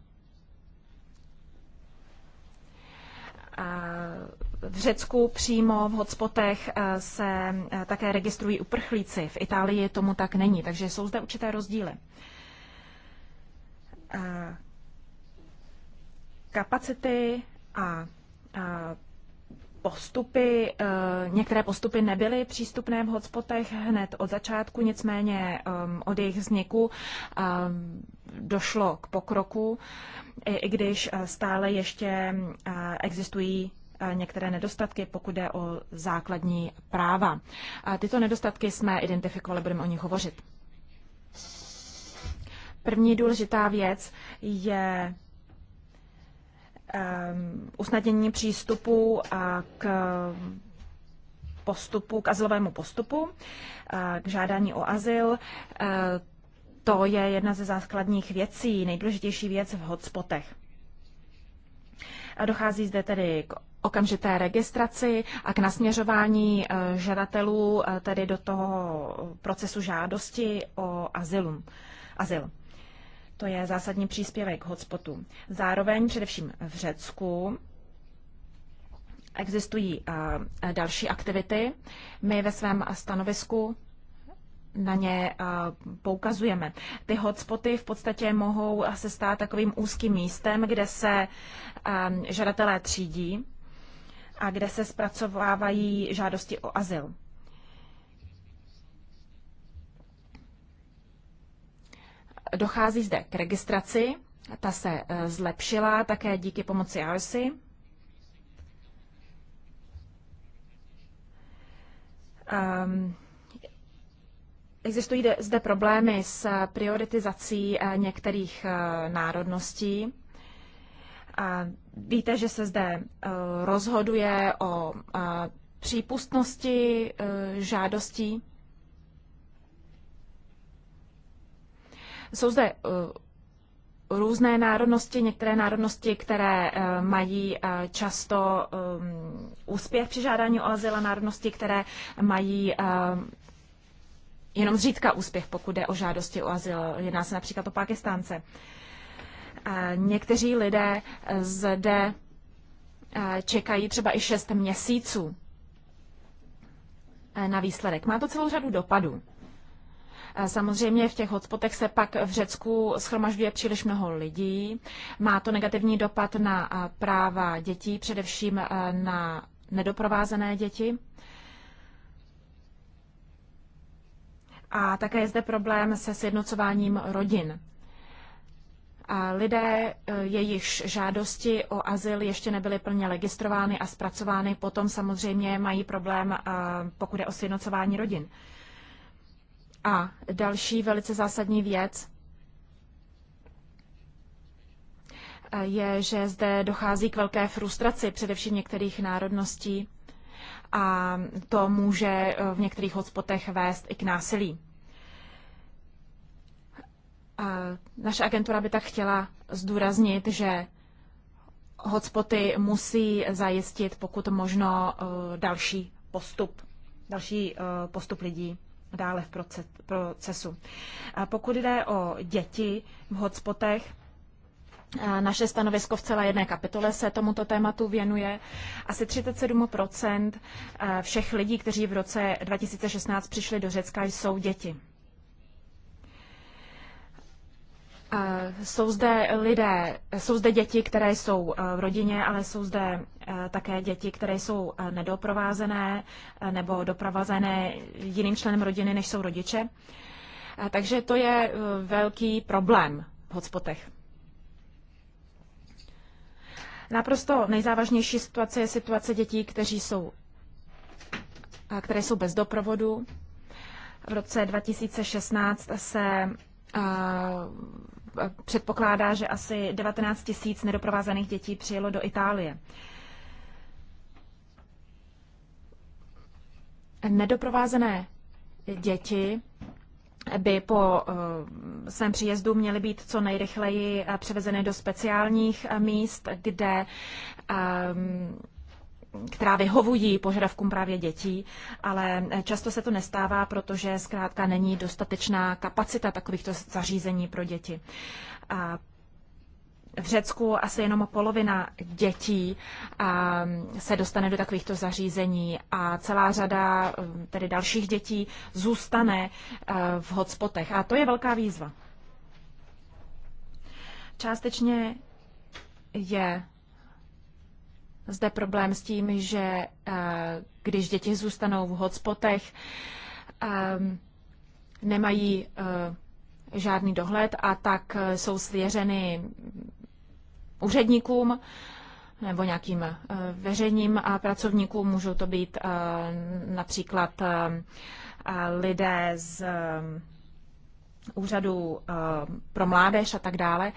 [SPEAKER 1] V Řecku přímo v hotspotech eh, se eh, také registrují uprchlíci. V Itálii tomu tak není, takže jsou zde určité rozdíly. Kapacity a postupy, eh, některé postupy nebyly přístupné v hotspotech hned od začátku, nicméně eh, od jejich vzniku eh, došlo k pokroku, i když stále ještě existují některé nedostatky, pokud jde o základní práva. A tyto nedostatky jsme identifikovali, budeme o nich hovořit. První důležitá věc je Ehm, usnadnění přístupu k postupu, k azylovému postupu, k žádání o azyl. E, to je jedna ze základních věcí, nejdůležitější věc v hotspotech. Dochází zde tedy k okamžité registraci a k nasměřování e, žadatelů e, tedy do toho procesu žádosti o azylum. azyl. To je zásadní příspěvek hotspotu. Zároveň především v Řecku existují další aktivity. My ve svém stanovisku na ně poukazujeme. Ty hotspoty v podstatě mohou se stát takovým úzkým místem, kde se žadatelé třídí a kde se zpracovávají žádosti o azyl. Dochází zde k registraci, ta se e, zlepšila také díky pomoci IRSI. Um, ehm, existují zde problémy s prioritizací e, některých e, národností. A víte, že se zde rozhoduje o přípustnosti žádostí. Jsou zde eh, různé národnosti, některé národnosti, které eh, mají eh, často úspěch při žádání o azyl a národnosti, které mají jenom zřídka úspěch, pokud jde o žádosti o azyl. Jedná se například o Pakistánce. Někteří lidé zde čekají třeba i šest měsíců na výsledek. Má to celou řadu dopadů. Samozřejmě v těch hotspotech se pak v Řecku schromažďuje příliš mnoho lidí. Má to negativní dopad na práva dětí, především na nedoprovázené děti. A také je zde problém se sjednocováním rodin. A lidé, e, jejichž žádosti o azyl ještě nebyly plně registrovány a zpracovány, potom samozřejmě mají problém, pokud je o sjednocování rodin. A další velice zásadní věc je, že zde dochází k velké frustraci, především některých národností, a to může eh, v některých hotspotech vést i k násilí. Naše agentura by tak chtěla zdůraznit, že hotspoty musí zajistit pokud možno eh, další postup, další eh, postup lidí dále v procesu. A pokud jde o děti v hotspotech, naše stanovisko v celé jedné kapitole se tomuto tématu věnuje. Asi 37 všech lidí, kteří v roce 2016 přišli do Řecka, jsou děti. Eh, jsou zde lidé, jsou zde děti, které jsou eh, v rodině, ale jsou zde eh, také děti, které jsou nedoprovázené nebo doprovázené jiným členem rodiny, než jsou rodiče. Takže to je velký problém v hotspotech. Naprosto nejzávažnější situace je situace dětí, kteří jsou, které jsou bez doprovodu. V roce 2016 se předpokládá, že asi 19 tisíc nedoprovázených dětí přijelo do Itálie. Nedoprovázené děti by po eh, svém příjezdu měly být co nejrychleji eh, převezeny do speciálních eh, míst, kde která vyhovují požadavkům právě dětí, ale často se to nestává, protože zkrátka není dostatečná kapacita takovýchto zařízení pro děti. A v Řecku asi jenom polovina dětí se dostane do takovýchto zařízení a celá řada e, tedy dalších dětí zůstane e, v hotspotech. A to je velká výzva. Částečně je zde problém s tím, že eh, když děti zůstanou v hotspotech, ehm, nemají eh, žádný dohled a tak eh, jsou svěřeny úředníkům nebo nějakým veřejním pracovníkům. Můžou to být například lidé z úřadu pro mládež a tak dále.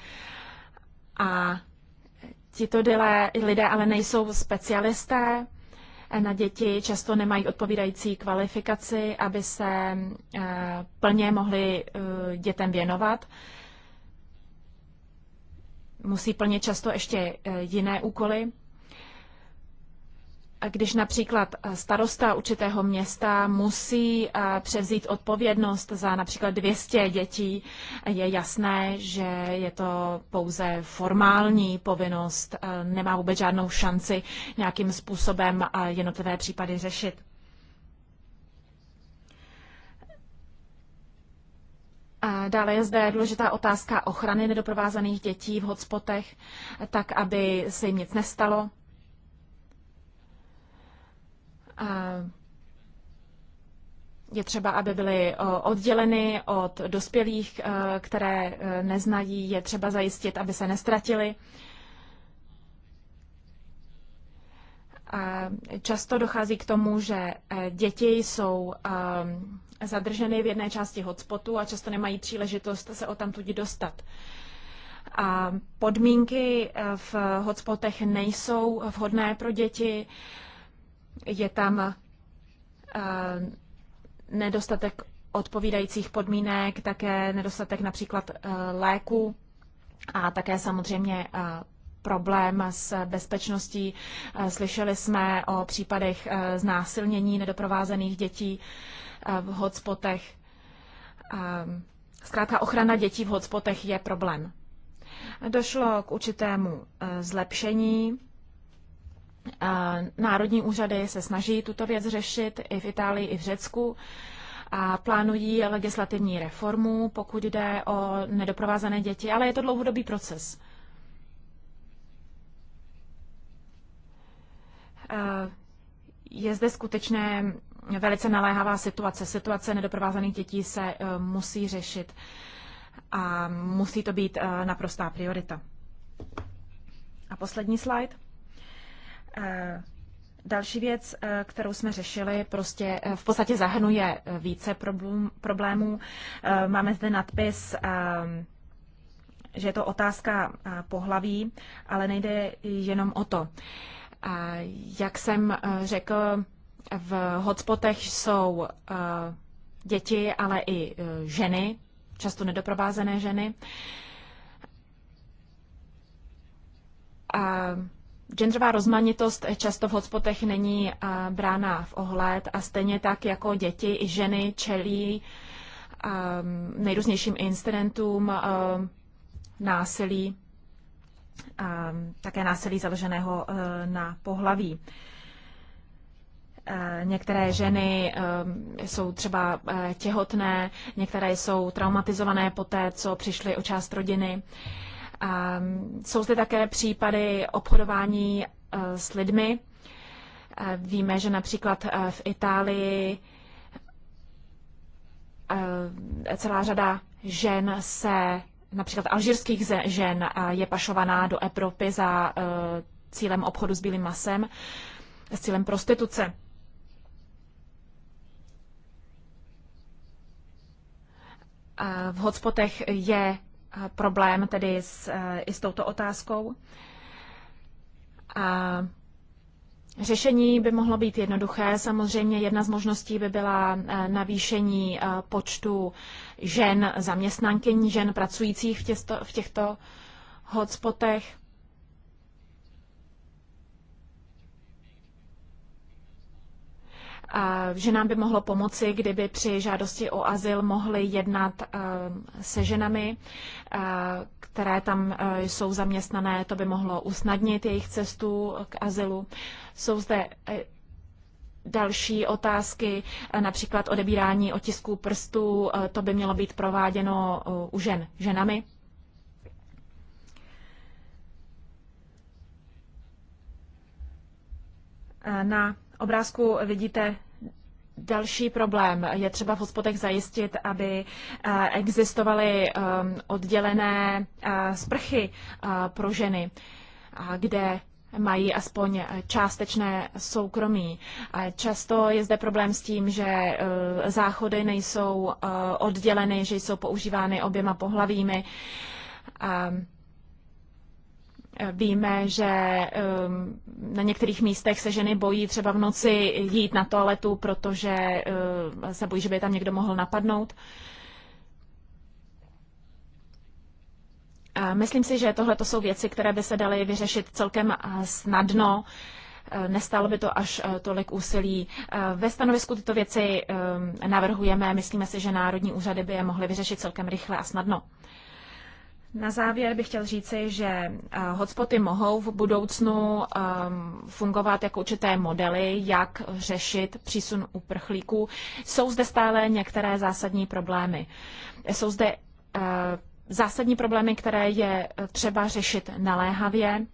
[SPEAKER 1] A Tito lidé ale nejsou specialisté na děti, často nemají odpovídající kvalifikaci, aby se eh, plně mohli eh, dětem věnovat. Musí plně často ještě eh, jiné úkoly když například eh, starosta určitého města musí eh, převzít odpovědnost za například 200 dětí, je jasné, že je to pouze formální povinnost, eh, nemá vůbec žádnou šanci nějakým způsobem jednotlivé případy řešit. Dále je zde důležitá otázka ochrany nedoprovázaných dětí v hotspotech, tak aby se jim nic nestalo. Je třeba, aby byly odděleny od dospělých, e, které e, neznají. Je třeba zajistit, aby se nestratili. Často dochází k tomu, že e, děti jsou zadrženy v jedné části hotspotu a často nemají příležitost se o tudy dostat. A podmínky v hotspotech nejsou vhodné pro děti je tam eh, nedostatek odpovídajících podmínek, také nedostatek například eh, léku a také samozřejmě eh, problém s bezpečností. Slyšeli jsme o případech znásilnění nedoprovázených dětí v hotspotech. Zkrátka ochrana dětí v hotspotech je problém. Došlo k určitému zlepšení Národní úřady se snaží tuto věc řešit i v Itálii, i v Řecku a plánují legislativní reformu, pokud jde o nedoprovázané děti, ale je to dlouhodobý proces. Je zde skutečně velice naléhavá situace. Situace nedoprovázaných dětí se e, musí řešit a musí to být e, naprostá priorita. A poslední slide. Eh, další věc, eh, kterou jsme řešili, prostě eh, v podstatě zahrnuje více problémů. Máme zde nadpis, že je to otázka pohlaví, ale nejde jenom o to. Jak jsem řekl, v hotspotech jsou děti, ale i ženy, často nedoprovázené ženy. A Genderová rozmanitost často v hotspotech není brána v ohled a stejně tak jako děti i ženy čelí nejrůznějším incidentům násilí, také násilí založeného e, na pohlaví. E, některé ženy e, jsou třeba těhotné, některé jsou traumatizované po té, co přišly o část rodiny. Jsou zde také případy obchodování eh, s lidmi. Eh, víme, že například eh, v Itálii celá řada žen se, například alžírských žen, je pašovaná do Evropy za cílem obchodu s bílým masem, s cílem prostituce. V hotspotech je problém tedy s, e, i s touto otázkou. A řešení by mohlo být jednoduché. Samozřejmě jedna z možností by byla e, navýšení e, počtu žen zaměstnankyní, žen pracujících v, v těchto hotspotech. že nám by mohlo pomoci, kdyby při žádosti o azyl mohli jednat eh, se ženami, eh, které tam eh, jsou zaměstnané, to by mohlo usnadnit jejich cestu k azylu. Jsou zde další otázky, například odebírání otisků prstů, to by mělo být prováděno u žen ženami. Na obrázku vidíte Další problém je třeba v hospodech zajistit, aby eh, existovaly ehm, oddělené eh, sprchy eh, pro ženy, kde mají aspoň částečné soukromí. Často je zde problém s tím, že záchody nejsou odděleny, že jsou používány oběma pohlavími. Víme, že um, na některých místech se ženy bojí třeba v noci jít na toaletu, protože uh, se bojí, že by je tam někdo mohl napadnout. Myslím si, že tohle jsou věci, které by se daly vyřešit celkem snadno. Uh, Nestálo by to až uh, tolik úsilí. Ve stanovisku tyto věci um, navrhujeme. Myslíme si, že národní úřady by je mohly vyřešit celkem rychle a snadno. Na závěr bych chtěl říci, že eh, hotspoty mohou v budoucnu ehm, fungovat jako určité modely, jak řešit přísun uprchlíků. Jsou zde stále některé zásadní problémy. Jsou zde eh, zásadní problémy, které je třeba řešit naléhavě,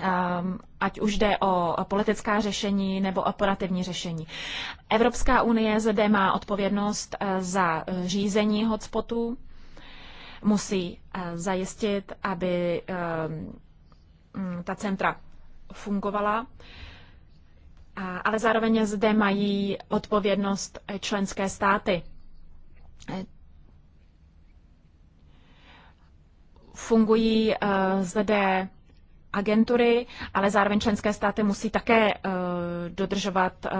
[SPEAKER 1] ehm, ať už jde o politická řešení nebo operativní řešení. Evropská unie zde má odpovědnost eh, za řízení hotspotů musí eh, zajistit, aby ehm, mm, ta centra fungovala, ale zároveň zde mají odpovědnost eh, členské státy. Eh, fungují zde agentury, ale zároveň členské státy musí také eh, dodržovat eh,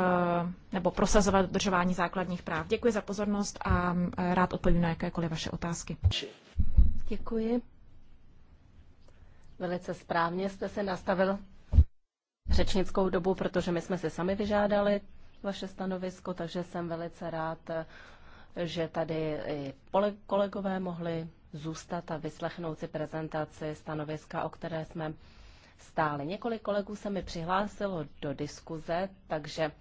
[SPEAKER 1] nebo prosazovat dodržování základních práv. Děkuji za pozornost a eh, rád odpovím na jakékoliv vaše otázky.
[SPEAKER 3] Děkuji. Velice správně jste se nastavil řečnickou dobu, protože my jsme si sami vyžádali vaše stanovisko, takže jsem velice rád, že tady i kolegové mohli zůstat a vyslechnout si prezentaci stanoviska, o které jsme stále. Několik kolegů se mi přihlásilo do diskuze, takže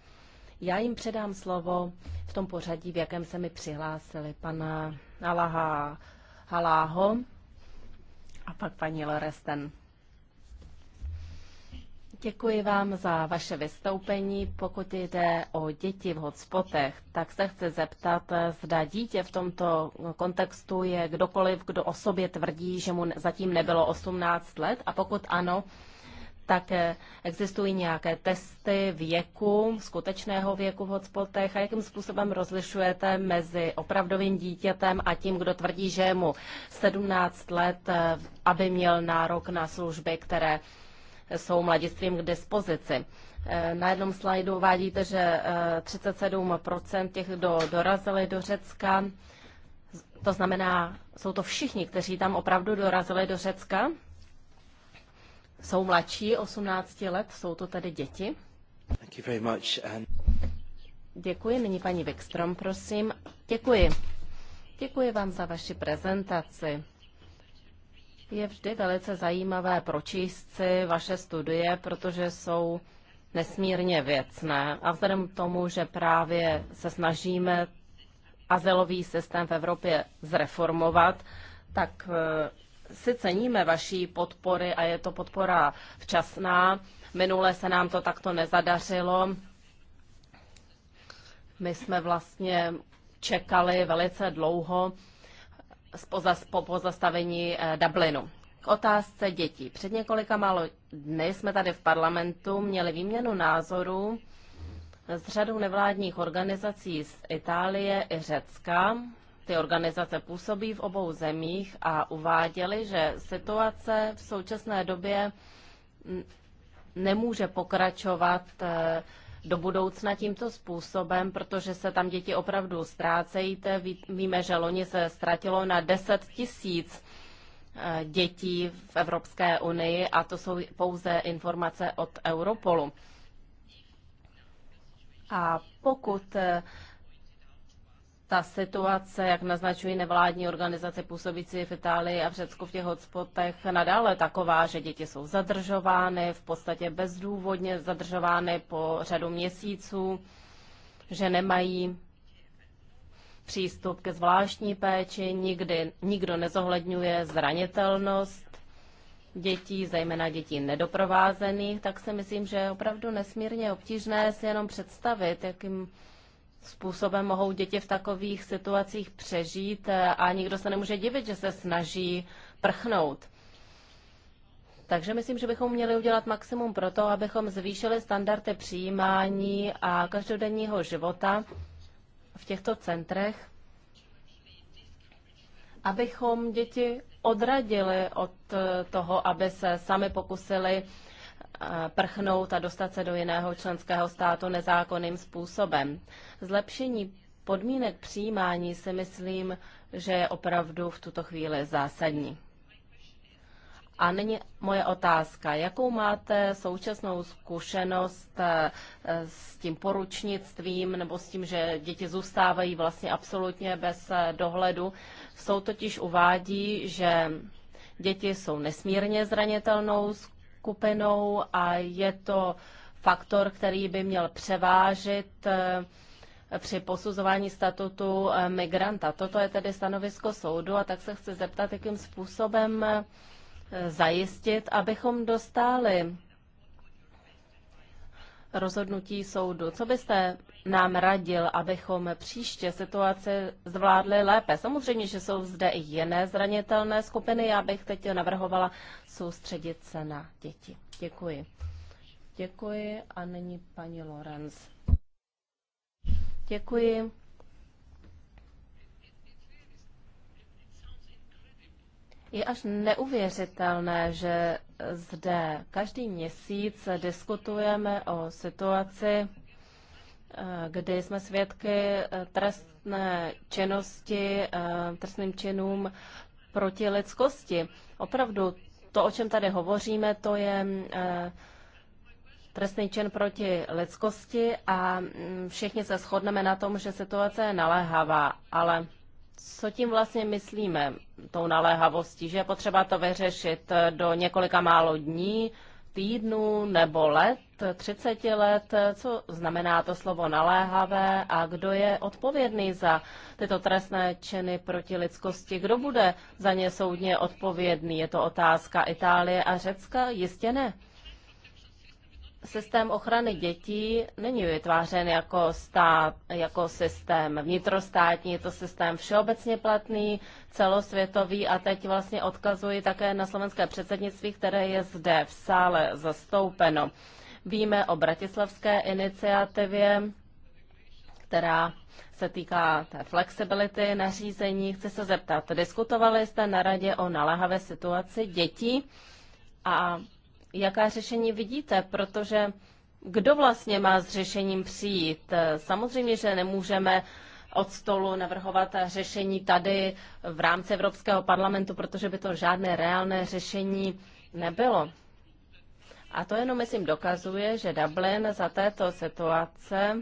[SPEAKER 3] já jim předám slovo v tom pořadí, v jakém se mi přihlásili. Pana Alaha Haláho a pak paní Loresten. Děkuji vám za vaše vystoupení. Pokud jde o děti v hotspotech, tak se chci zeptat, zda dítě v tomto kontextu je kdokoliv, kdo o sobě tvrdí, že mu zatím nebylo 18 let a pokud ano, tak eh, existují nějaké testy věku, skutečného věku v hotspotech a jakým způsobem rozlišujete mezi opravdovým dítětem a tím, kdo tvrdí, že je mu 17 let, eh, aby měl nárok na služby, které jsou mladistvím k dispozici. Eh, na jednom slajdu uvádíte, že 37% těch, kdo dorazili do Řecka, to znamená, jsou to všichni, kteří tam opravdu dorazili do Řecka? jsou mladší 18 let, jsou to tedy děti. Děkuji, nyní paní Wikstrom, prosím. Děkuji. Děkuji vám za vaši prezentaci. Je vždy velice zajímavé pročíst si vaše studie, protože jsou nesmírně věcné a vzhledem k tomu, že právě se snažíme azylový systém v Evropě zreformovat, tak si ceníme vaší podpory a je to podpora včasná. Minule se nám to takto nezadařilo. My jsme vlastně čekali velice dlouho po pozastavení eh, Dublinu. K otázce dětí. Před několika málo dny jsme tady v parlamentu měli výměnu názorů s řadou nevládních organizací z Itálie i Řecka ty organizace působí v obou zemích a uváděly, že situace v současné době nemůže pokračovat eh, do budoucna tímto způsobem, protože se tam děti opravdu ztrácejí. Víme, že loni se ztratilo na 10 tisíc eh, dětí v Evropské unii a to jsou pouze informace od Europolu. A pokud eh, ta situace, jak naznačují nevládní organizace působící v Itálii a v Řecku v těch hotspotech, nadále taková, že děti jsou zadržovány, v podstatě bezdůvodně zadržovány po řadu měsíců, že nemají přístup ke zvláštní péči, nikdy, nikdo nezohledňuje zranitelnost dětí, zejména dětí nedoprovázených, tak si myslím, že je opravdu nesmírně obtížné si jenom představit, jakým způsobem mohou děti v takových situacích přežít eh, a nikdo se nemůže divit, že se snaží prchnout. Takže myslím, že bychom měli udělat maximum pro to, abychom zvýšili standardy přijímání a každodenního života v těchto centrech, abychom děti odradili od eh, toho, aby se sami pokusili prchnout a dostat se do jiného členského státu nezákonným způsobem. Zlepšení podmínek přijímání si myslím, že je opravdu v tuto chvíli zásadní. A nyní moje otázka. Jakou máte současnou zkušenost eh, s tím poručnictvím nebo s tím, že děti zůstávají vlastně absolutně bez eh, dohledu? Jsou totiž uvádí, že děti jsou nesmírně zranitelnou skupinou a je to faktor, který by měl převážit eh, při posuzování statutu eh, migranta. Toto je tedy stanovisko soudu a tak se chci zeptat, jakým způsobem eh, zajistit, abychom dostali rozhodnutí soudu. Co byste nám radil, abychom příště situaci zvládli lépe? Samozřejmě, že jsou zde i jiné zranitelné skupiny. Já bych teď navrhovala soustředit se na děti. Děkuji. Děkuji a nyní paní Lorenz. Děkuji. Je až neuvěřitelné, že zde každý měsíc diskutujeme o situaci, kdy jsme svědky trestné činnosti, trestným činům proti lidskosti. Opravdu to, o čem tady hovoříme, to je eh, trestný čin proti lidskosti a mm, všichni se shodneme na tom, že situace je naléhavá, ale co tím vlastně myslíme, tou naléhavostí, že je potřeba to vyřešit do několika málo dní, týdnů nebo let, 30 let, co znamená to slovo naléhavé a kdo je odpovědný za tyto trestné činy proti lidskosti, kdo bude za ně soudně odpovědný, je to otázka Itálie a Řecka, jistě ne systém ochrany dětí není vytvářen jako, stát, jako systém vnitrostátní, je to systém všeobecně platný, celosvětový a teď vlastně odkazuji také na slovenské předsednictví, které je zde v sále zastoupeno. Víme o bratislavské iniciativě, která se týká té flexibility nařízení. Chci se zeptat, diskutovali jste na radě o naléhavé situaci dětí a jaká řešení vidíte, protože kdo vlastně má s řešením přijít? Samozřejmě, že nemůžeme od stolu navrhovat řešení tady v rámci Evropského parlamentu, protože by to žádné reálné řešení nebylo. A to jenom, myslím, dokazuje, že Dublin za této situace,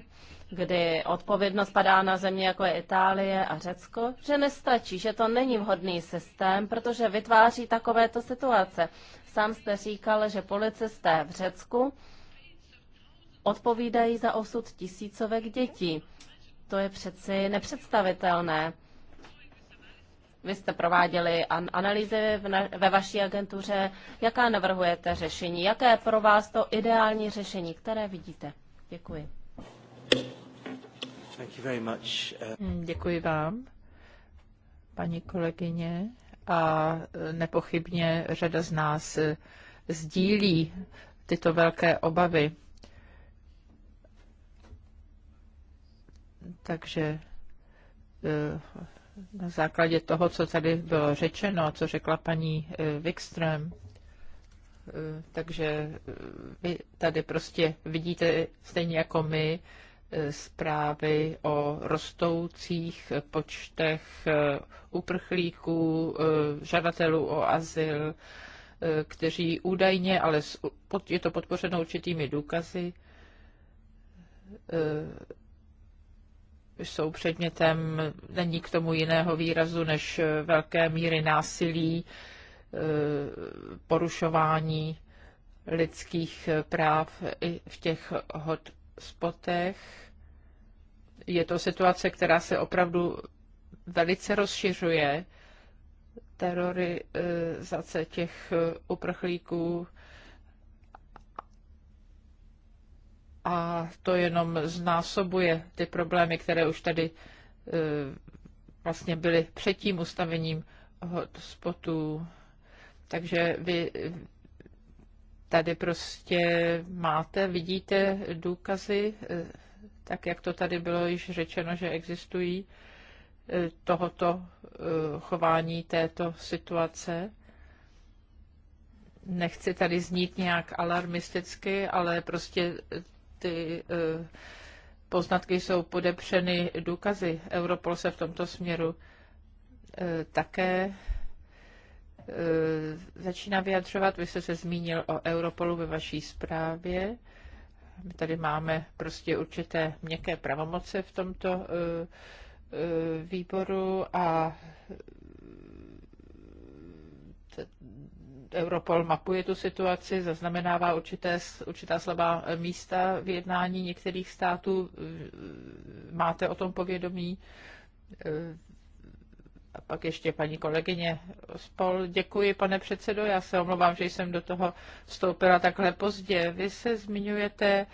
[SPEAKER 3] kdy odpovědnost padá na země jako je Itálie a Řecko, že nestačí, že to není vhodný systém, protože vytváří takovéto situace. Sám jste říkal, že policisté v Řecku odpovídají za osud tisícovek dětí. To je přeci nepředstavitelné. Vy jste prováděli an- analýzy v na- ve vaší agentuře. Jaká navrhujete řešení? Jaké je pro vás to ideální řešení, které vidíte? Děkuji. Děkuji vám,
[SPEAKER 4] paní kolegyně a nepochybně řada z nás sdílí tyto velké obavy. Takže eh, na základě toho, co tady bylo řečeno, co řekla paní eh, Wikström, eh, takže vy tady prostě vidíte stejně jako my, zprávy o rostoucích počtech eh, uprchlíků, eh, žadatelů o azyl, eh, kteří údajně, ale je to podpořeno určitými důkazy, jsou předmětem, není k tomu jiného výrazu, než velké míry násilí, porušování lidských práv i v těch hot spotech. Je to situace, která se opravdu velice rozšiřuje. Terorizace těch eh, uprchlíků a to jenom znásobuje ty problémy, které už tady eh, vlastně byly před tím ustavením hotspotů. Takže vy Tady prostě máte, vidíte důkazy, eh, tak jak to tady bylo již řečeno, že existují eh, tohoto eh, chování této situace. Nechci tady znít nějak alarmisticky, ale prostě ty poznatky jsou podepřeny důkazy. Europol se v tomto směru také Eh, začíná vyjadřovat. Vy jste se zmínil o Europolu ve vaší zprávě. My tady máme prostě určité měkké pravomoce v tomto eh, eh, výboru a Europol mapuje tu situaci, zaznamenává určité, určitá slabá místa v jednání některých států. Máte o tom povědomí? A pak ještě paní kolegyně Spol. Děkuji, pane předsedo. Já se omlouvám, že jsem do toho vstoupila takhle pozdě. Vy se zmiňujete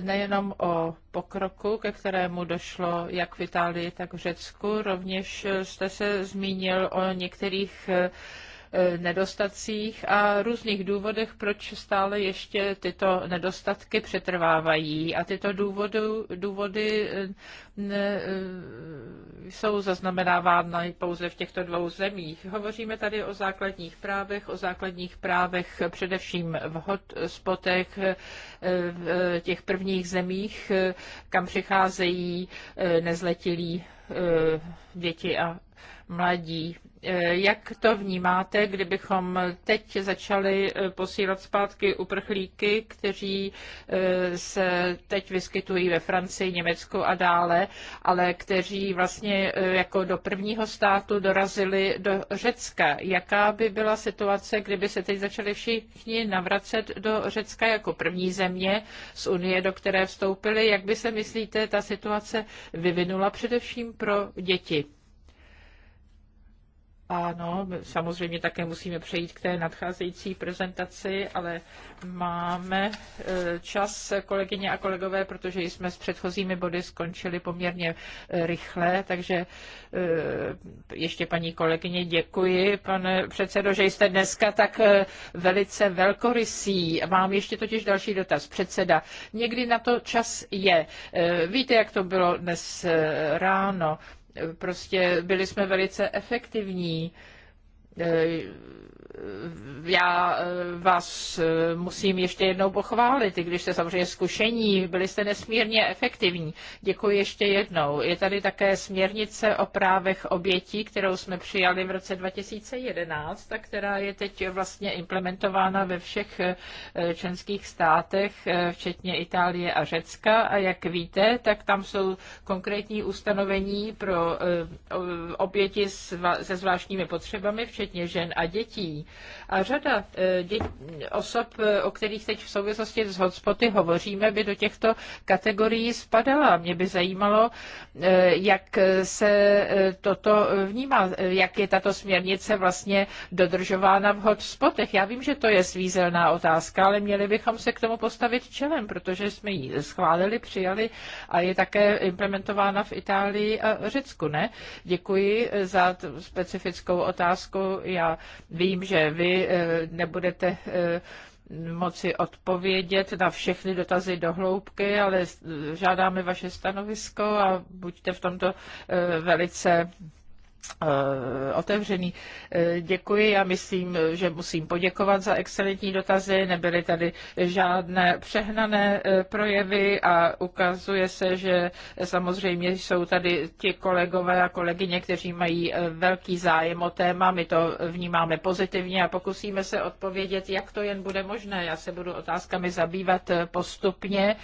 [SPEAKER 4] nejenom o pokroku, ke kterému došlo jak v Itálii, tak v Řecku. Rovněž jste se zmínil o některých E, nedostacích a různých důvodech, proč stále ještě tyto nedostatky přetrvávají. A tyto důvody, důvody e, ne, e, jsou zaznamenávány pouze v těchto dvou zemích. Hovoříme tady o základních právech, o základních právech především v hotspotech, v těch prvních zemích, kam přicházejí nezletilí děti a mladí. Eh, jak to vnímáte, kdybychom teď začali eh, posílat zpátky uprchlíky, kteří eh, se teď vyskytují ve Francii, Německu a dále, ale kteří vlastně jako do prvního státu dorazili do Řecka? Jaká by byla situace, kdyby se teď začali všichni navracet do Řecka jako první země z Unie, do které vstoupili? Jak by se myslíte, ta situace vyvinula především pro děti? Ano, samozřejmě také musíme přejít k té nadcházející prezentaci, ale máme e, čas, kolegyně a kolegové, protože jsme s předchozími body skončili poměrně e, rychle, takže e, ještě paní kolegyně děkuji, pane předsedo, že jste dneska tak velice velkorysí. Mám ještě totiž další dotaz. Předseda, někdy na to čas je. Víte, jak to bylo dnes ráno? Prostě byli jsme velice efektivní Eh, já eh, vás eh, musím ještě jednou pochválit, i když jste samozřejmě zkušení, byli jste nesmírně efektivní. Děkuji ještě jednou. Je tady také směrnice o právech obětí, kterou jsme přijali v roce 2011 a která je teď vlastně implementována ve všech členských státech, včetně Itálie a Řecka. A jak víte, tak tam jsou konkrétní ustanovení pro oběti se zvláštními potřebami, včetně včetně žen a dětí. A řada e, dět, osob, e, o kterých teď v souvislosti s hotspoty hovoříme, by do těchto kategorií spadala. Mě by zajímalo, e, jak se toto vnímá, jak je tato směrnice vlastně dodržována v hotspotech. Já vím, že to je svízelná otázka, ale měli bychom se k tomu postavit čelem, protože jsme ji schválili, přijali a je také implementována v Itálii a Řecku, ne? Děkuji za specifickou otázku já vím, že vy eh, nebudete eh, moci odpovědět na všechny dotazy do hloubky, ale žádáme vaše stanovisko a buďte v tomto eh, velice Eh, otevřený. Eh, děkuji, já myslím, že musím poděkovat za excelentní dotazy, nebyly tady žádné přehnané eh, projevy a ukazuje se, že samozřejmě jsou tady ti kolegové a kolegyně, kteří mají velký zájem o téma, my to vnímáme pozitivně a pokusíme se odpovědět, jak to jen bude možné. Já se budu otázkami zabývat postupně.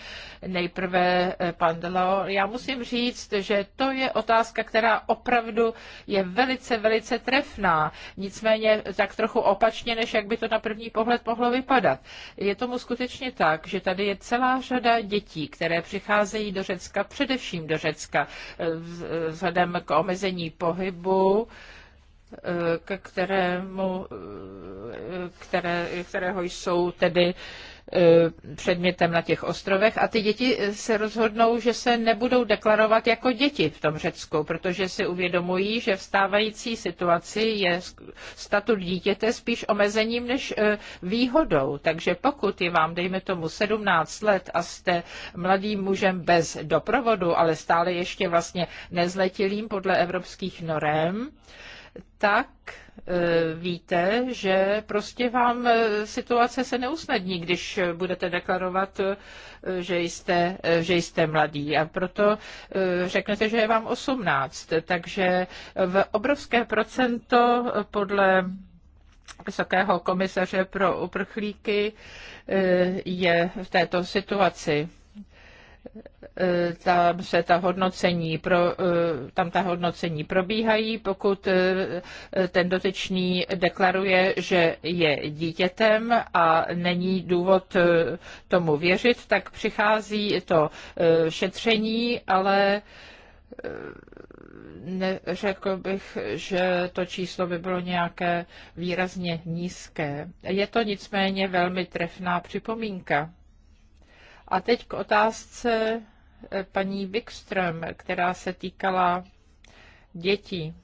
[SPEAKER 4] Nejprve pan Delo, já musím říct, že to je otázka, která opravdu je velice, velice trefná, nicméně tak trochu opačně, než jak by to na první pohled mohlo vypadat. Je tomu skutečně tak, že tady je celá řada dětí, které přicházejí do Řecka, především do Řecka, vzhledem k omezení pohybu, eh, ke kterému, eh, které, kterého jsou tedy E, předmětem na těch ostrovech a ty děti se rozhodnou, že se nebudou deklarovat jako děti v tom Řecku, protože si uvědomují, že v stávající situaci je statut dítěte spíš omezením než e, výhodou. Takže pokud je vám, dejme tomu, 17 let a jste mladým mužem bez doprovodu, ale stále ještě vlastně nezletilým podle evropských norem, tak e, víte, že prostě vám e, situace se neusnadní, když budete deklarovat, e, že jste, že jste mladý. A proto řeknete, že je vám 18. Takže v obrovské procento podle Vysokého komisaře pro uprchlíky je v této situaci. E, tam se ta hodnocení pro, e, tam ta hodnocení probíhají, pokud e, ten dotyčný deklaruje, že je dítětem a není důvod tomu věřit, tak přichází to šetření, ale neřekl bych, že to číslo by bylo nějaké výrazně nízké. Je to nicméně velmi trefná připomínka. A teď k otázce eh, paní Wikström, která se týkala dětí.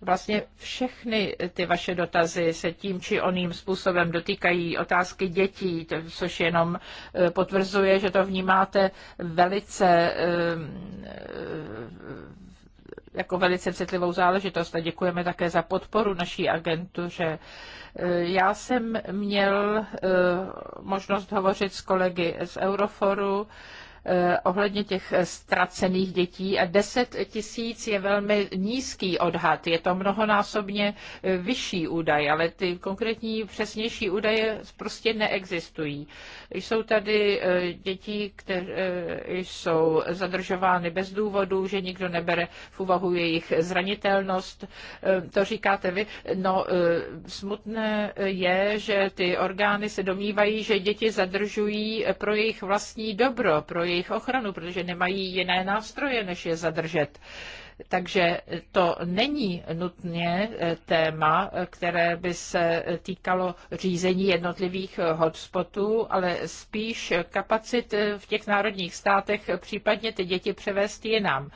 [SPEAKER 4] Vlastně všechny ty vaše dotazy se tím či oným způsobem dotýkají otázky dětí, což jenom eh, potvrzuje, že to vnímáte velice eh, jako velice citlivou záležitost a děkujeme také za podporu naší agentuře. E, já jsem měl e, možnost hovořit s kolegy z Euroforu, Eh, ohledně těch eh, ztracených dětí a 10 tisíc je velmi nízký odhad. Je to mnohonásobně eh, vyšší údaj, ale ty konkrétní přesnější údaje prostě neexistují. Jsou tady děti, které jsou zadržovány bez důvodu, že nikdo nebere v úvahu jejich zranitelnost. To říkáte vy. No, smutné je, že ty orgány se domnívají, že děti zadržují pro jejich vlastní dobro, pro jejich jejich ochranu, protože nemají jiné nástroje, než je zadržet. Takže to není nutně eh, téma, eh, které by se týkalo řízení jednotlivých eh, hotspotů, ale spíš kapacit v těch národních státech, případně ty děti převést jinam. nám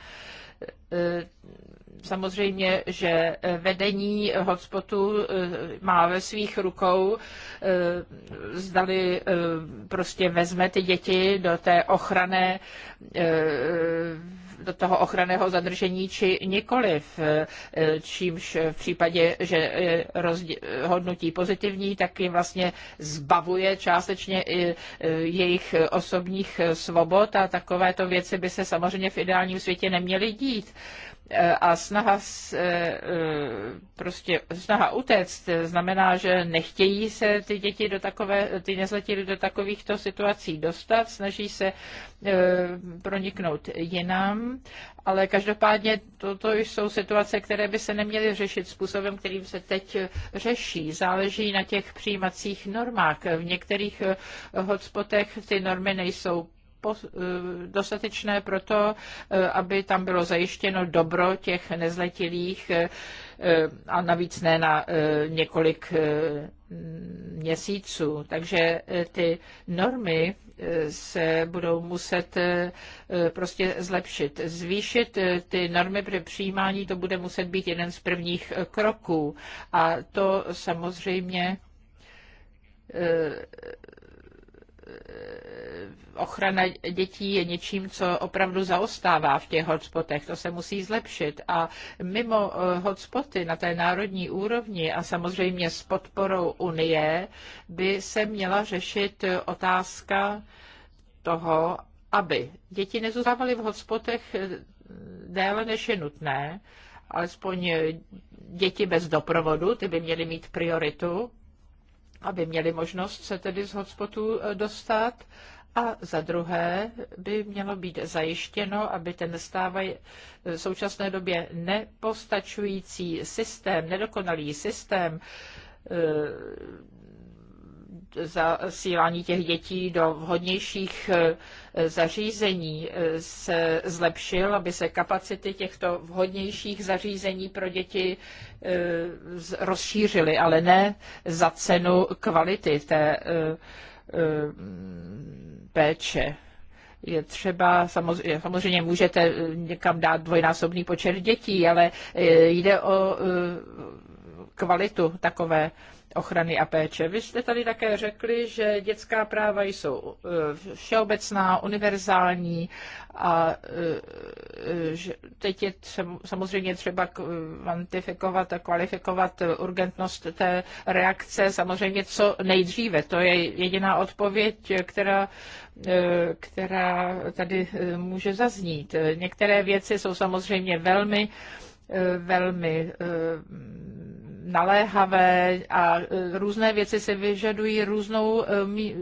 [SPEAKER 4] Eh, samozřejmě, že vedení hotspotu eh, má ve svých rukou, eh, zdali prostě vezme ty děti do té ochrany do toho ochranného zadržení či nikoliv, eh, čímž v případě, že eh, rozhodnutí pozitivní, tak jim vlastně zbavuje částečně i eh, jejich osobních svobod a takovéto věci by se samozřejmě v ideálním světě neměly dít a snaha, e, e, prostě snaha utéct znamená, že nechtějí se ty děti do takové, ty nezletilí do takovýchto situací dostat, snaží se e, proniknout jinam, ale každopádně toto jsou situace, které by se neměly řešit způsobem, kterým se teď řeší. Záleží na těch přijímacích normách. V některých hotspotech ty normy nejsou Eh, dostatečné pro to, eh, aby tam bylo zajištěno dobro těch nezletilých eh, a navíc ne na několik měsíců. Takže ty normy se budou muset prostě zlepšit. Zvýšit ty normy pro přijímání, to bude muset být jeden z prvních kroků. A to samozřejmě ochrana dětí je něčím, co opravdu zaostává v těch hotspotech. To se musí zlepšit. A mimo eh, hotspoty na té národní úrovni a samozřejmě s podporou Unie by se měla řešit eh, otázka toho, aby děti nezůstávaly v hotspotech eh, déle, než je nutné, alespoň děti bez doprovodu, ty by měly mít prioritu aby měli možnost se tedy z hotspotu eh, dostat a za druhé by mělo být zajištěno, aby ten stávaj eh, v současné době nepostačující systém, nedokonalý systém eh, zasílání těch dětí do vhodnějších e, zařízení e, se zlepšil, aby se kapacity těchto vhodnějších zařízení pro děti e, rozšířily, ale ne za cenu kvality té péče je třeba, samozřejmě, samozřejmě můžete někam dát dvojnásobný počet dětí, ale jde o kvalitu takové ochrany a péče. Vy jste tady také řekli, že dětská práva jsou eh, všeobecná, univerzální a eh, že teď je samozřejmě třeba kvantifikovat a kvalifikovat urgentnost té reakce samozřejmě co nejdříve. To je jediná odpověď, která eh, která tady může zaznít. Některé věci jsou samozřejmě velmi velmi naléhavé a e, různé věci se vyžadují různou, e, e,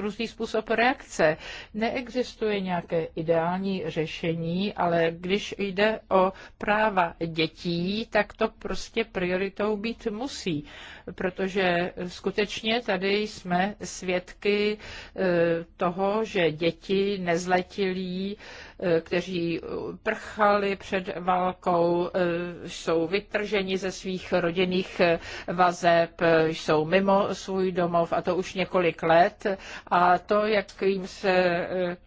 [SPEAKER 4] různý způsob reakce. Neexistuje nějaké ideální řešení, ale když jde o práva dětí, tak to prostě prioritou být musí protože skutečně tady jsme svědky e, toho, že děti nezletilí, e, kteří prchali před válkou, e, jsou vytrženi ze svých rodinných vazeb, jsou mimo svůj domov a to už několik let. A to, jakým se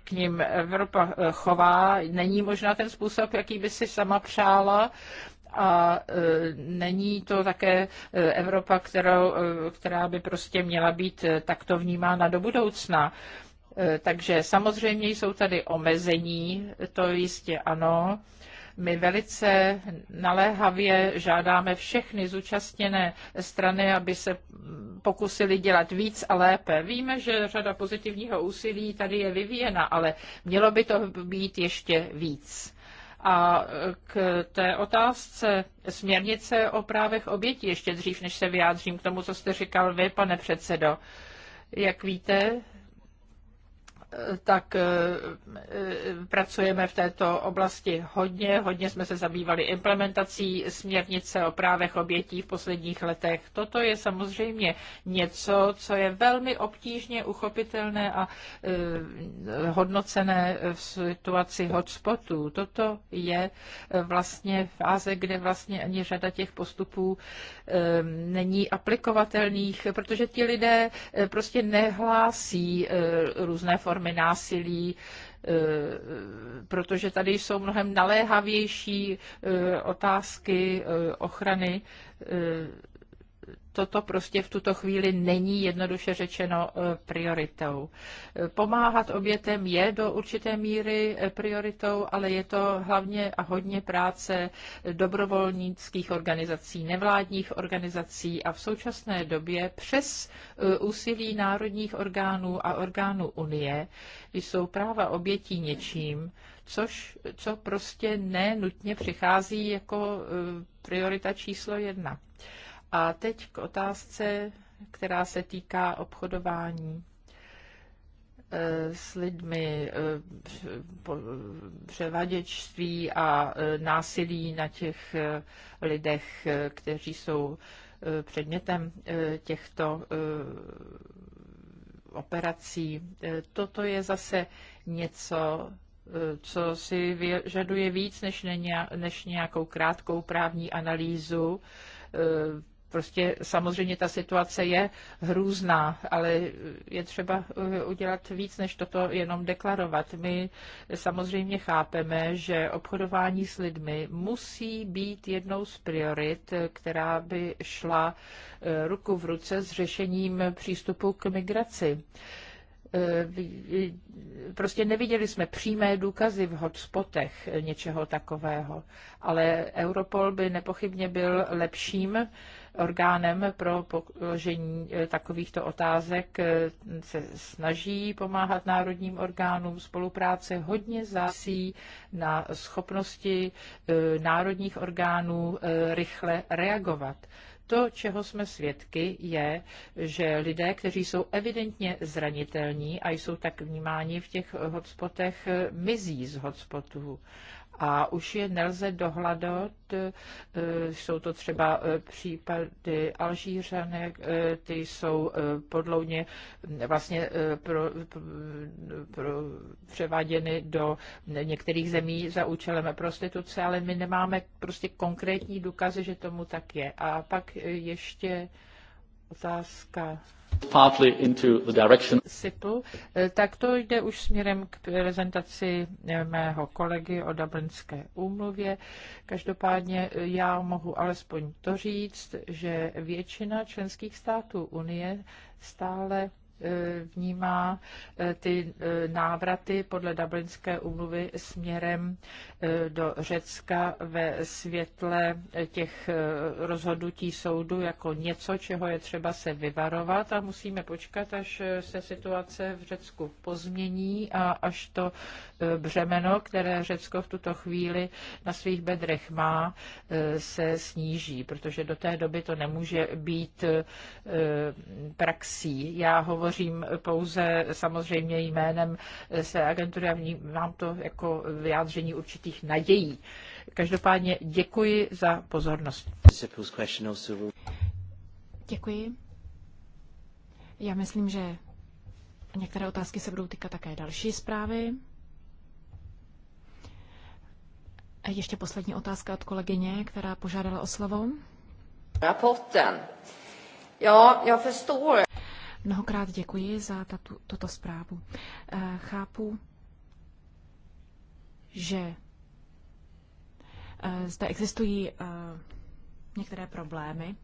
[SPEAKER 4] k ním Evropa chová, není možná ten způsob, jaký by si sama přála a e, není to také e, Evropa, kterou, e, která by prostě měla být takto vnímána do budoucna. Takže samozřejmě jsou tady omezení, to jistě ano. My velice naléhavě žádáme všechny zúčastněné strany, aby se pokusili dělat víc a lépe. Víme, že řada pozitivního úsilí tady je vyvíjena, ale mělo by to být ještě víc. A k té otázce směrnice o právech obětí, ještě dřív, než se vyjádřím k tomu, co jste říkal vy, pane předsedo. Jak víte, tak eh, eh, pracujeme v této oblasti hodně. Hodně jsme se zabývali implementací směrnice o právech obětí v posledních letech. Toto je samozřejmě něco, co je velmi obtížně uchopitelné a eh, hodnocené v situaci hotspotů. Toto je vlastně fáze, kde vlastně ani řada těch postupů Ehm, není aplikovatelných, protože ti lidé eh, prostě nehlásí eh, různé formy násilí, eh, protože tady jsou mnohem naléhavější otázky ochrany toto prostě v tuto chvíli není jednoduše řečeno eh, prioritou. Eh, pomáhat obětem je do určité míry eh, prioritou, ale je to hlavně a hodně práce dobrovolnických organizací, nevládních organizací a v současné době přes úsilí národních orgánů a orgánů Unie jsou práva obětí něčím, což, co prostě nenutně přichází jako priorita číslo jedna. A teď k otázce, která se týká obchodování eh, s lidmi, eh, převaděčství a eh, násilí na těch lidech, kteří jsou předmětem těchto operací. Toto je zase něco, co si vyžaduje víc než, než nějakou krátkou právní analýzu Prostě samozřejmě ta situace je hrůzná, ale je třeba eh, udělat víc, než toto jenom deklarovat. My samozřejmě chápeme, že obchodování s lidmi musí být jednou z priorit, která by šla eh, ruku v ruce s řešením přístupu k migraci eh, prostě neviděli jsme přímé důkazy v hotspotech něčeho takového, ale Europol by nepochybně byl lepším orgánem pro položení eh, takovýchto otázek eh, se snaží pomáhat národním orgánům. Spolupráce hodně zásí na schopnosti eh, národních orgánů rychle reagovat. To, čeho jsme svědky, je, že lidé, kteří jsou evidentně zranitelní a jsou tak vnímáni v těch hotspotech, mizí z hotspotů a už je nelze dohladat. E, jsou to třeba e, případy Alžířanek, e, ty jsou podloudně vlastně pro, pro, převaděny převáděny do některých zemí za účelem prostituce, ale my nemáme prostě konkrétní důkazy, že tomu tak je. A pak ještě otázka Sipl, eh, tak to jde už směrem k prezentaci eh, mého kolegy o Dublinské úmluvě. Každopádně eh, já mohu alespoň to říct, že většina členských států Unie stále vnímá eh, ty eh, návraty podle Dublinské úmluvy směrem eh, do Řecka ve světle těch rozhodnutí soudu jako něco, čeho je třeba se vyvarovat a musíme počkat, až se situace v Řecku pozmění a až to břemeno, které Řecko v tuto chvíli na svých bedrech má, se sníží, protože do té doby to nemůže být praxí. Já hovořím hovořím pouze samozřejmě jménem své agentury a vnímám to jako vyjádření určitých nadějí. Každopádně děkuji za pozornost.
[SPEAKER 1] Děkuji. Já myslím, že některé otázky se budou týkat také další zprávy. A ještě poslední otázka od kolegyně, která požádala o slovo.
[SPEAKER 4] Rapporten. Ja, jag förstår.
[SPEAKER 1] Mnohokrát děkuji za tato, tuto zprávu. Eh, chápu, že eh, zde existují eh, některé problémy.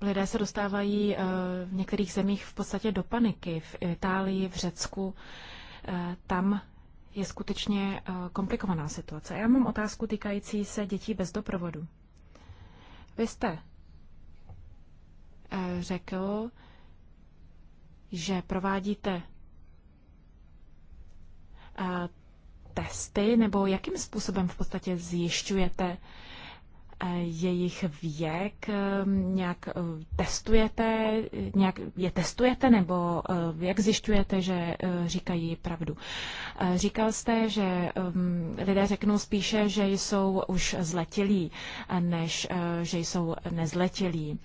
[SPEAKER 1] Lidé se dostávají v některých zemích v podstatě do paniky. V Itálii, v Řecku, tam je skutečně komplikovaná situace. Já mám otázku týkající se dětí bez doprovodu. Vy jste eh, řekl, že provádíte eh, testy, nebo jakým způsobem v podstatě zjišťujete, jejich věk um, nějak uh, testujete, nějak je testujete nebo uh, jak zjišťujete, že uh, říkají pravdu? Říkal jste, že um, lidé řeknou spíše, že jsou už zletilí, než že jsou nezletilí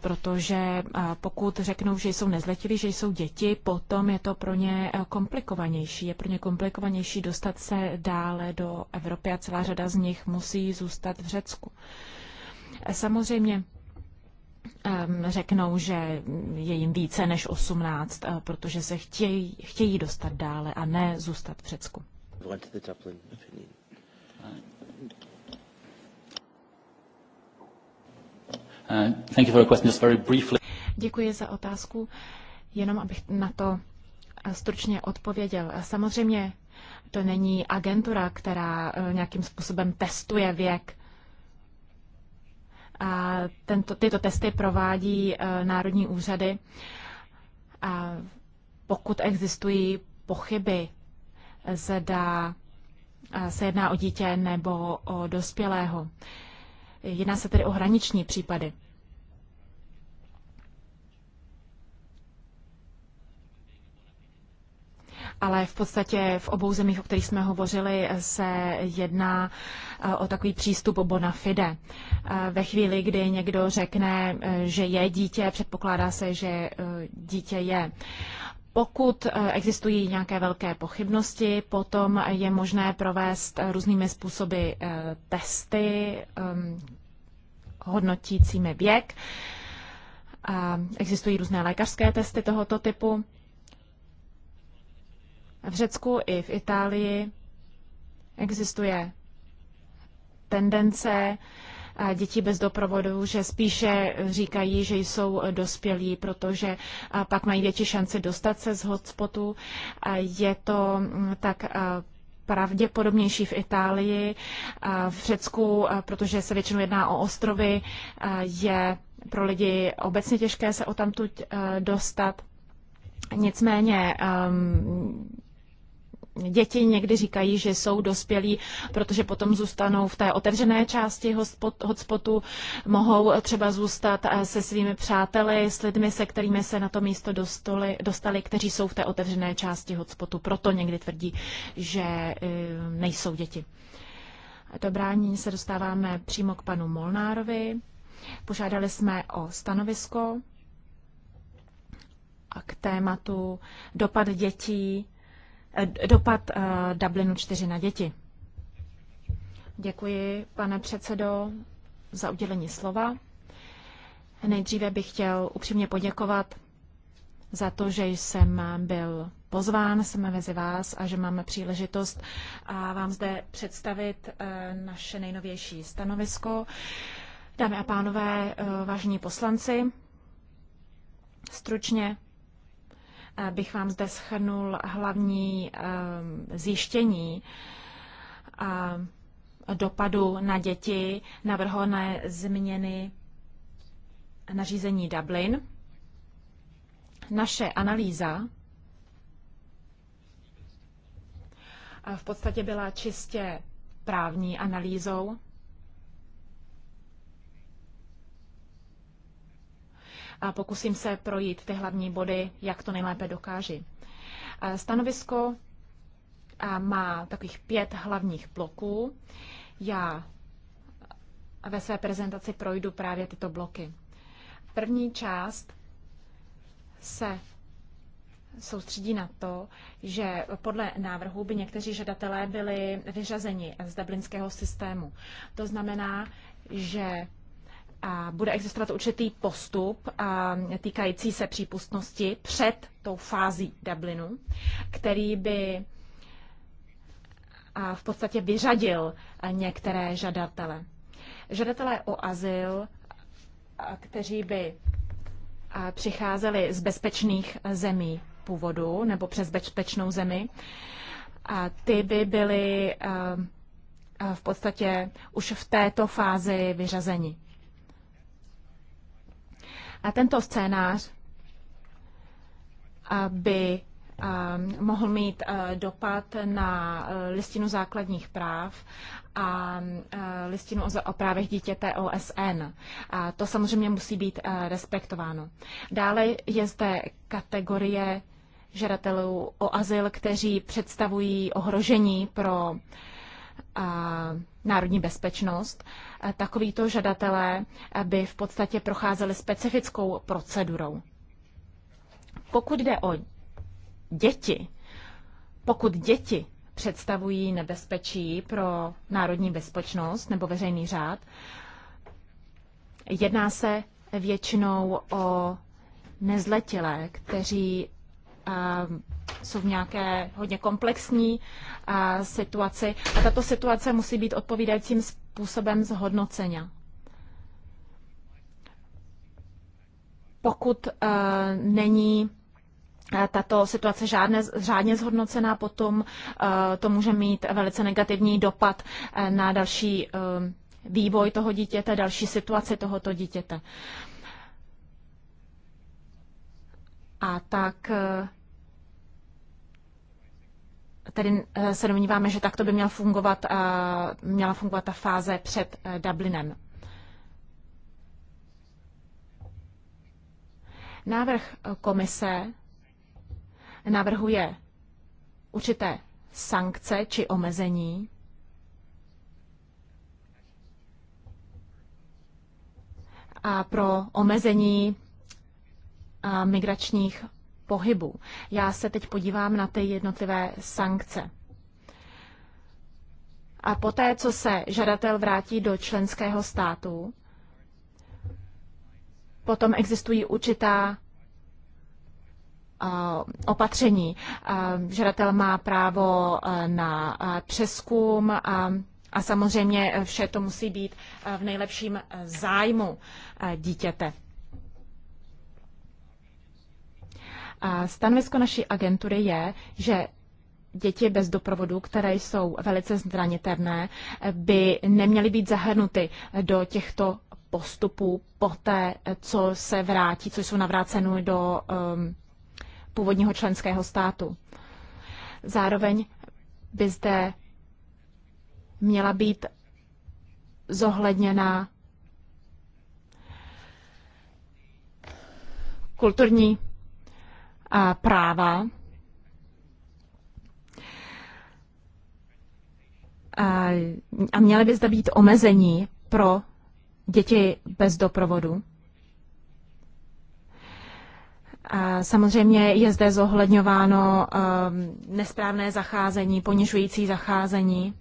[SPEAKER 1] protože pokud řeknou, že jsou nezletili, že jsou děti, potom je to pro ně eh, komplikovanější. Je pro ně komplikovanější dostat se dále do Evropy a celá řada z nich musí zůstat v Řecku. Samozřejmě ehm, řeknou, že je jim více než 18, eh, protože se chtějí, chtějí dostat dále a ne zůstat v Řecku. Uh, Děkuji za otázku. Jenom abych na to eh, stručně odpověděl. Samozřejmě to není agentura, která eh, nějakým způsobem testuje věk. A tento, tyto testy provádí eh, národní úřady. A pokud existují pochyby, zda se jedná o dítě nebo o dospělého. Jedná se tedy o hraniční případy. ale v podstatě v obou zemích, o kterých jsme hovořili, se jedná eh, o takový přístup bona fide. Eh, ve chvíli, kdy někdo řekne, eh, že je dítě, předpokládá se, že dítě je. Pokud eh, existují nějaké velké pochybnosti, potom je možné provést eh, různými způsoby eh, testy hodnotícími věk. Existují různé lékařské testy tohoto typu. V Řecku i v Itálii existuje tendence Děti bez doprovodu, že spíše říkají, že jsou dospělí, protože pak mají větší šanci dostat se z hotspotu. Je to mm, tak pravděpodobnější v Itálii, v Řecku, protože se většinou jedná o ostrovy, je pro lidi obecně těžké se o tamtud dostat. Nicméně děti někdy říkají, že jsou dospělí, protože potom zůstanou v té otevřené části hotspotu, mohou třeba zůstat eh, se svými přáteli, s lidmi, se kterými se na to místo dostali, dostali kteří jsou v té otevřené části hotspotu. Proto někdy tvrdí, že eh, nejsou děti. Dobrá, nyní se dostáváme přímo k panu Molnárovi. Požádali jsme o stanovisko a k tématu dopad dětí Eh, dopad eh, Dublinu 4 na děti. Děkuji, pane předsedo, za udělení slova. Nejdříve bych chtěl upřímně poděkovat za to, že jsem byl pozván, jsem mezi vás a že máme příležitost a vám zde představit eh, naše nejnovější stanovisko. Dámy a pánové, vážení poslanci, stručně Eh, bych vám zde schrnul hlavní eh, zjištění eh, dopadu na děti navrhované změny nařízení Dublin. Naše analýza v podstatě byla čistě právní analýzou a pokusím se projít ty hlavní body, jak to nejlépe dokáži. Eh, stanovisko eh, má takových pět hlavních bloků. Já eh, ve své prezentaci projdu právě tyto bloky. První část se soustředí na to, že podle návrhu by někteří žadatelé byli vyřazeni z dublinského systému. To znamená, že bude existovat určitý postup týkající se přípustnosti před tou fází Dublinu, který by v podstatě vyřadil některé žadatele. Žadatelé o azyl, kteří by přicházeli z bezpečných zemí původu nebo přes bezpečnou zemi, a ty by byly v podstatě už v této fázi vyřazeni. A tento scénář eh, by eh, mohl mít eh, dopad na listinu základních práv a listinu o právech dítěte OSN. A to samozřejmě musí být respektováno. Dále je zde kategorie žadatelů o azyl, kteří představují ohrožení pro národní bezpečnost, takovýto žadatelé by v podstatě procházeli specifickou procedurou. Pokud jde o děti, pokud děti představují nebezpečí pro národní bezpečnost nebo veřejný řád, jedná se většinou o nezletilé, kteří jsou v nějaké hodně komplexní situaci a tato situace musí být odpovídajícím způsobem zhodnocena. Pokud e, není e, tato situace žádné, řádně zhodnocená, potom e, to může mít velice negativní dopad na další vývoj toho dítěte, další situaci tohoto dítěte. A tak eh, tedy eh, se domníváme, že takto by měl fungovat, eh, měla fungovat ta fáze před Dublinem. Návrh komise navrhuje určité sankce či omezení. A pro omezení migračních pohybů. Já se teď podívám na ty jednotlivé sankce. A poté, co se žadatel vrátí do členského státu, potom existují určitá opatření. Žadatel má právo na přeskum a, a samozřejmě vše to musí být v nejlepším zájmu dítěte. Stanovisko naší agentury je, že děti bez doprovodu, které jsou velice zranitelné, by neměly být zahrnuty do těchto postupů poté, co se vrátí, co jsou navráceny do um, původního členského státu. Zároveň by zde měla být zohledněna kulturní práva a měly by zde být omezení pro děti bez doprovodu. A samozřejmě je zde zohledňováno um, nesprávné zacházení, ponižující zacházení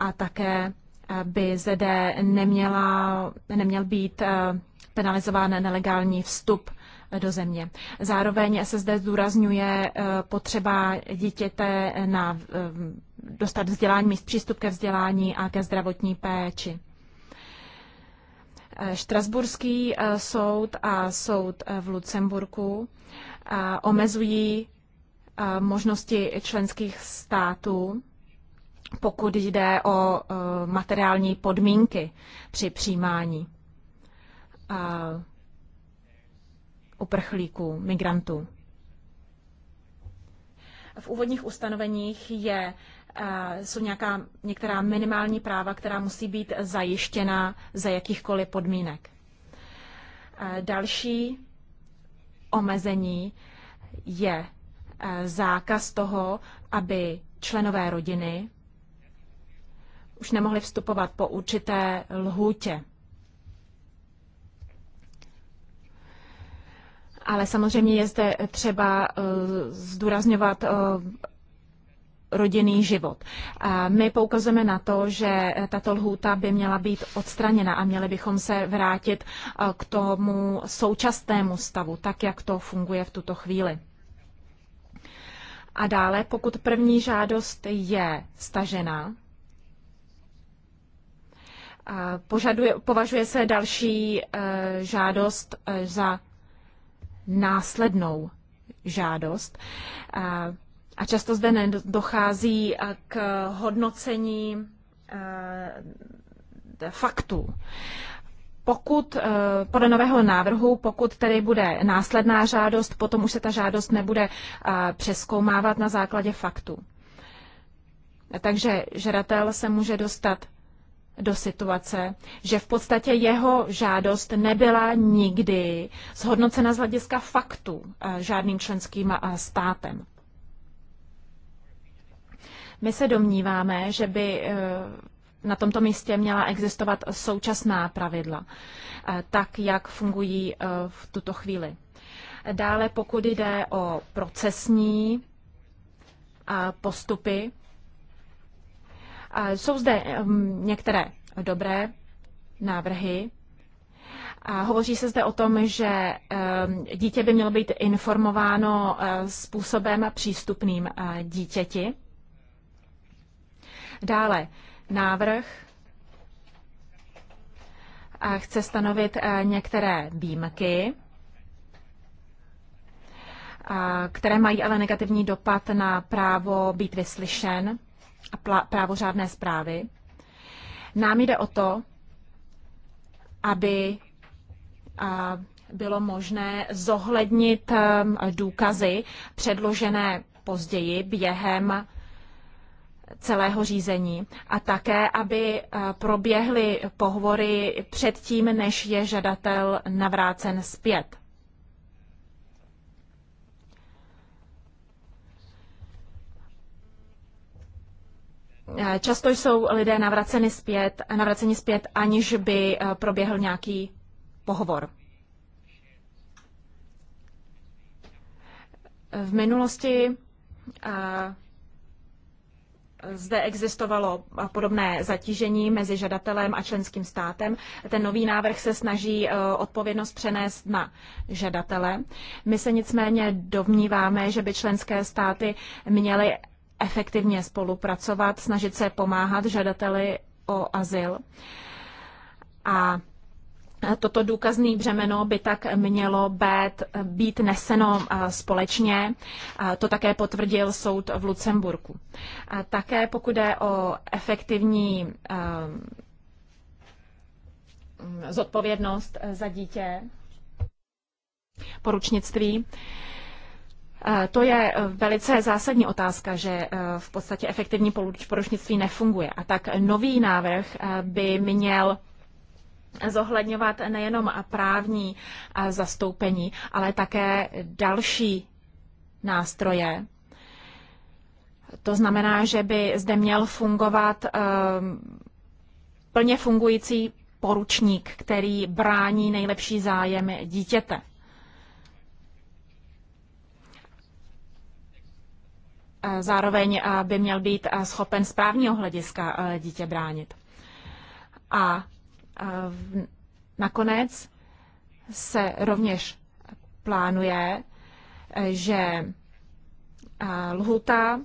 [SPEAKER 1] a také eh, by zde neměla, neměl být eh, penalizován nelegální vstup do země. Zároveň se zde zdůrazňuje eh, potřeba dítěte na eh, dostat vzdělání, mít přístup ke vzdělání a ke zdravotní péči. Eh, Štrasburský soud a soud v Lucemburku omezují možnosti členských států, pokud jde o materiální podmínky při přijímání uprchlíků, migrantů. V úvodních ustanoveních je, eh, jsou nějaká, některá minimální práva, která musí být zajištěna za jakýchkoliv podmínek. Eh, další omezení je eh, zákaz toho, aby členové rodiny už nemohli vstupovat po určité lhůtě Ale samozřejmě je zde třeba eh, zdůrazňovat eh, rodinný život. A my poukazujeme na to, že tato lhůta by měla být odstraněna a měli bychom se vrátit eh, k tomu současnému stavu, tak jak to funguje v tuto chvíli. A dále, pokud první žádost je stažená, požaduje, považuje se další žádost za následnou žádost. A často zde dochází k hodnocení faktů. Pokud e, podle nového návrhu, pokud tedy bude následná žádost, potom už se ta žádost nebude přeskoumávat na základě faktů. Takže žadatel se může dostat do situace, že v podstatě jeho žádost nebyla nikdy zhodnocena z hlediska faktů eh, žádným členským eh, státem. My se domníváme, že by eh, na tomto místě měla existovat současná pravidla, tak jak fungují v tuto chvíli. Dále, pokud jde o procesní postupy, jsou zde um, některé dobré návrhy. A hovoří se zde o tom, že um, dítě by mělo být informováno uh, způsobem přístupným uh, dítěti. Dále návrh chce stanovit uh, některé výjimky, které mají ale negativní dopad na právo být vyslyšen a právořádné zprávy. Nám jde o to, aby bylo možné zohlednit um, důkazy předložené později během celého řízení a také, aby uh, proběhly pohovory předtím, než je žadatel navrácen zpět. Eh, často jsou lidé navraceni zpět, navraceni zpět, aniž by eh, proběhl nějaký pohovor. V minulosti eh, zde existovalo podobné zatížení mezi žadatelem a členským státem. Ten nový návrh se snaží odpovědnost přenést na žadatele. My se nicméně domníváme, že by členské státy měly efektivně spolupracovat, snažit se pomáhat žadateli o azyl. A toto důkazní břemeno by tak mělo být, být neseno společně. To také potvrdil soud v Lucemburku. A také pokud je o efektivní zodpovědnost za dítě, poručnictví, Eh, to je eh, velice zásadní otázka, že eh, v podstatě efektivní poručnictví nefunguje. A tak nový návrh by měl zohledňovat nejenom právní zastoupení, ale také další nástroje. To znamená, že by zde měl fungovat plně fungující poručník, který brání nejlepší zájem dítěte. zároveň by měl být schopen z právního hlediska e, dítě bránit. A e, nakonec se rovněž plánuje, e, že lhuta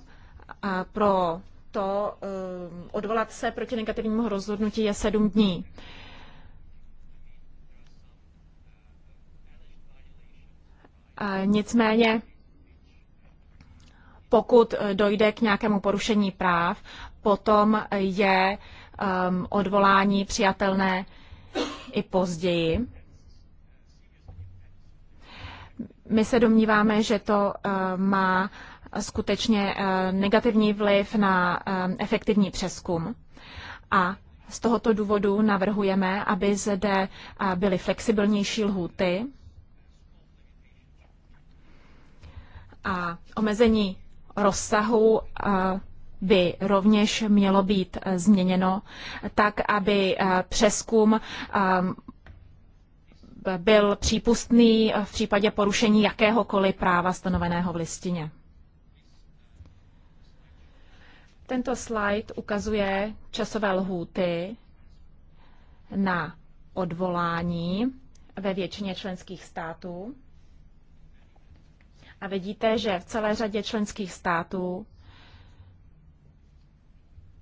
[SPEAKER 1] pro to odvolat se proti negativnímu rozhodnutí je sedm dní. Nicméně pokud eh, dojde k nějakému porušení práv, potom je um, odvolání přijatelné i později. My se domníváme, že to uh, má skutečně uh, negativní vliv na uh, efektivní přeskum. A z tohoto důvodu navrhujeme, aby zde uh, byly flexibilnější lhůty a omezení rozsahu by rovněž mělo být e, změněno tak, aby e, přeskum e, byl přípustný v případě porušení jakéhokoliv práva stanoveného v listině. Tento slide ukazuje časové lhůty na odvolání ve většině členských států. A vidíte, že v celé řadě členských států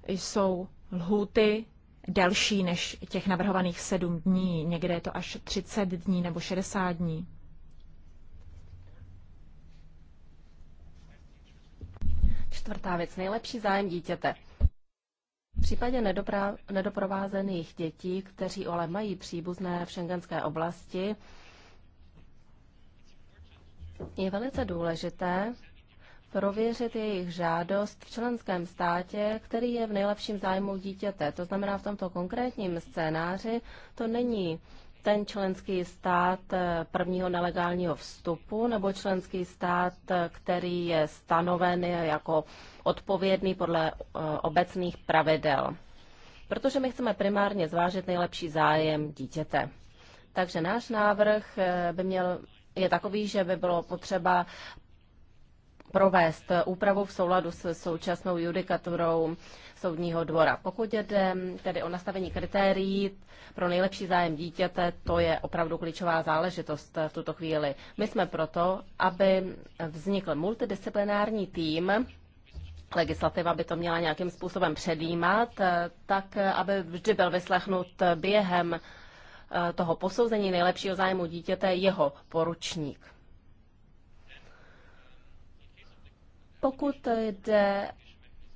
[SPEAKER 1] jsou lhuty delší než těch navrhovaných sedm dní. Někde je to až 30 dní nebo 60 dní.
[SPEAKER 3] Čtvrtá věc. Nejlepší zájem dítěte. V případě nedopra- nedoprovázených dětí, kteří ale mají příbuzné v šengenské oblasti, je velice důležité prověřit jejich žádost v členském státě, který je v nejlepším zájmu dítěte. To znamená, v tomto konkrétním scénáři to není ten členský stát eh, prvního nelegálního vstupu nebo členský stát, eh, který je stanoven jako odpovědný podle eh, obecných pravidel. Protože my chceme primárně zvážit nejlepší zájem dítěte. Takže náš návrh by měl je takový, že by bylo potřeba provést úpravu v souladu s současnou judikaturou soudního dvora. Pokud jde tedy o nastavení kritérií pro nejlepší zájem dítěte, to je opravdu klíčová záležitost v tuto chvíli. My jsme proto, aby vznikl multidisciplinární tým, legislativa by to měla nějakým způsobem předjímat, tak aby vždy byl vyslechnut během Eh, toho posouzení nejlepšího zájmu dítěte jeho poručník. Pokud jde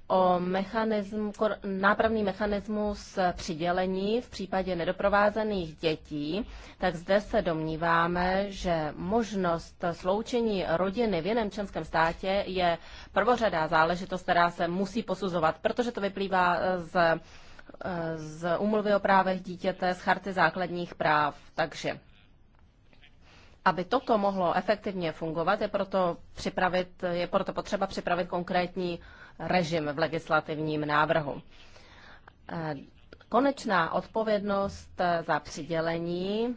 [SPEAKER 3] o mechanism, nápravný mechanismus přidělení v případě nedoprovázených dětí, tak zde se domníváme, že možnost sloučení rodiny v jiném členském státě je prvořadá záležitost, která se musí posuzovat, protože to vyplývá z Eh, z umluvy o právech dítěte, z charty základních práv. Takže aby toto mohlo efektivně fungovat, je proto, připravit, je proto potřeba připravit konkrétní režim v legislativním návrhu. Eh, konečná odpovědnost za přidělení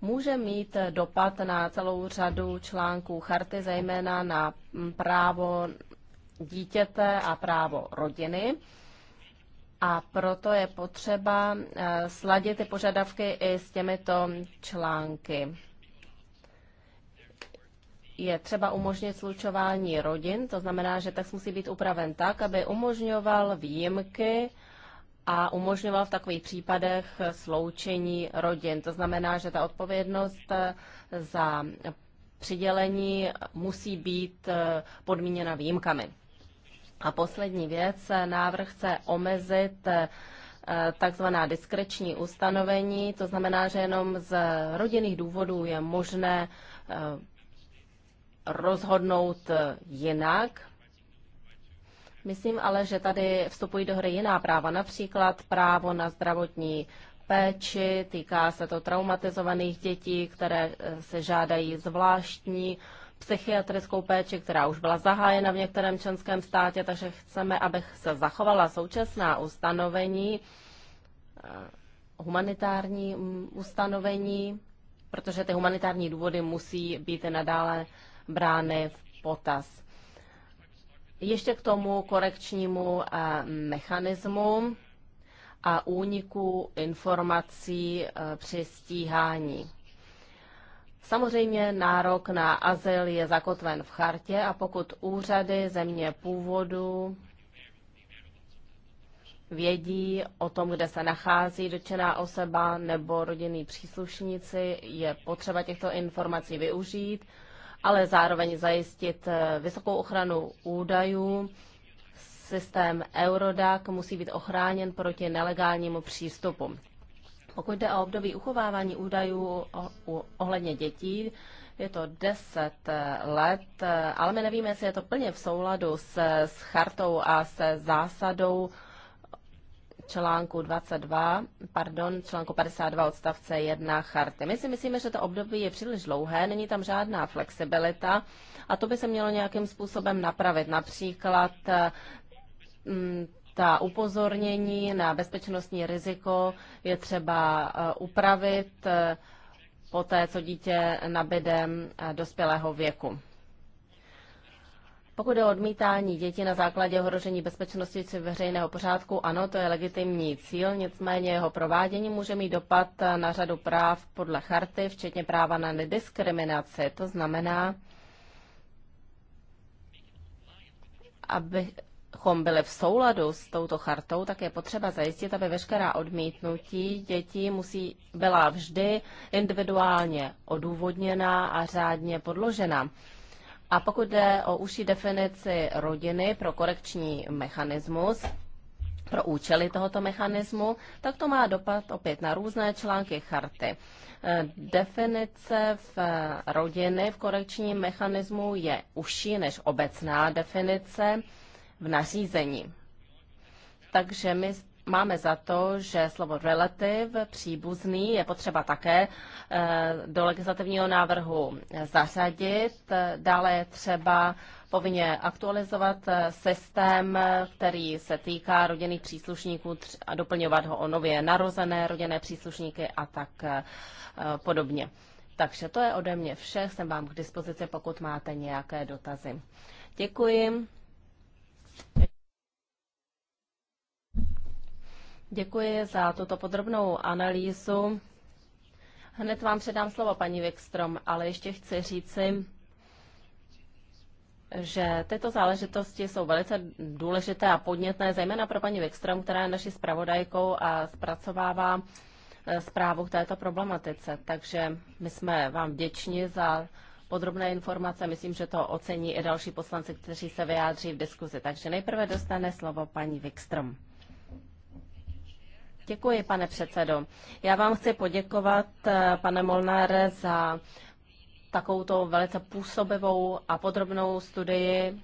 [SPEAKER 3] může mít dopad na celou řadu článků charty, zejména na právo dítěte a právo rodiny a proto je potřeba eh, sladit ty požadavky i s těmito články. Je třeba umožnit slučování rodin, to znamená, že tak musí být upraven tak, aby umožňoval výjimky a umožňoval v takových případech sloučení rodin. To znamená, že ta odpovědnost eh, za přidělení musí být eh, podmíněna výjimkami. A poslední věc, návrh chce omezit eh, takzvaná diskreční ustanovení, to znamená, že jenom z rodinných důvodů je možné eh, rozhodnout eh, jinak. Myslím ale, že tady vstupují do hry jiná práva, například právo na zdravotní péči, týká se to traumatizovaných dětí, které se žádají zvláštní psychiatrickou péči, která už byla zahájena v některém členském státě, takže chceme, aby se zachovala současná ustanovení, eh, humanitární mm, ustanovení, protože ty humanitární důvody musí být nadále brány v potaz. Ještě k tomu korekčnímu eh, mechanismu a úniku informací eh, při stíhání. Samozřejmě nárok na azyl je zakotven v chartě a pokud úřady země původu vědí o tom, kde se nachází dotčená osoba nebo rodinní příslušníci, je potřeba těchto informací využít, ale zároveň zajistit eh, vysokou ochranu údajů. Systém Eurodac musí být ochráněn proti nelegálnímu přístupu. Pokud jde o období uchovávání údajů ohledně dětí, je to 10 let, ale my nevíme, jestli je to plně v souladu s, s chartou a se zásadou článku 22, pardon, článku 52 odstavce 1 charty. My si myslíme, že to období je příliš dlouhé, není tam žádná flexibilita a to by se mělo nějakým způsobem napravit. Například mm, ta upozornění na bezpečnostní riziko je třeba eh, upravit eh, po té, co dítě nabide eh, dospělého věku. Pokud je odmítání dětí na základě ohrožení bezpečnosti či veřejného pořádku, ano, to je legitimní cíl, nicméně jeho provádění může mít dopad na řadu práv podle charty, včetně práva na nediskriminaci. To znamená, aby, abychom byli v souladu s touto chartou, tak je potřeba zajistit, aby veškerá odmítnutí dětí musí byla vždy individuálně odůvodněná a řádně podložena. A pokud jde o užší definici rodiny pro korekční mechanismus, pro účely tohoto mechanismu, tak to má dopad opět na různé články charty. Eh, definice v eh, rodiny v korekčním mechanismu je užší než obecná definice v nařízení. Takže my máme za to, že slovo relativ, příbuzný, je potřeba také eh, do legislativního návrhu eh, zařadit. Eh, dále je třeba povinně aktualizovat systém, který se týká rodinných příslušníků a doplňovat ho o nově narozené rodinné příslušníky a tak podobně. Takže to je ode mě vše. Jsem vám k dispozici, pokud máte nějaké dotazy. Děkuji. Děkuji za tuto podrobnou analýzu. Hned vám předám slovo, paní Wikstrom, ale ještě chci říci, že tyto záležitosti jsou velice důležité a podnětné, zejména pro paní Wikstrom, která je naší zpravodajkou a zpracovává eh, zprávu k této problematice. Takže my jsme vám vděční za podrobné informace. Myslím, že to ocení i další poslanci, kteří se vyjádří v diskuzi. Takže nejprve dostane slovo paní Wikström. Děkuji, pane předsedo. Já vám chci poděkovat, eh, pane Molnáre, za takovouto velice působivou a podrobnou studii.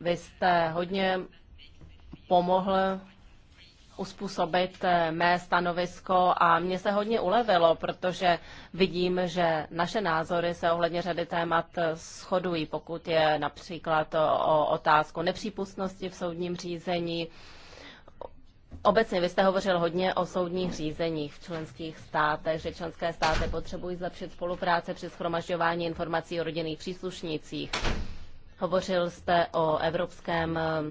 [SPEAKER 3] Vy jste hodně pomohl uspůsobit eh, mé stanovisko a mě se hodně ulevilo, protože vidím, že naše názory se ohledně řady témat eh, shodují, pokud je například o otázku nepřípustnosti v soudním řízení. Obecně vy jste hovořil hodně o soudních řízeních v členských státech, že členské státy potřebují zlepšit spolupráce při schromažďování informací o rodinných příslušnících. Hovořil jste o Evropském eh,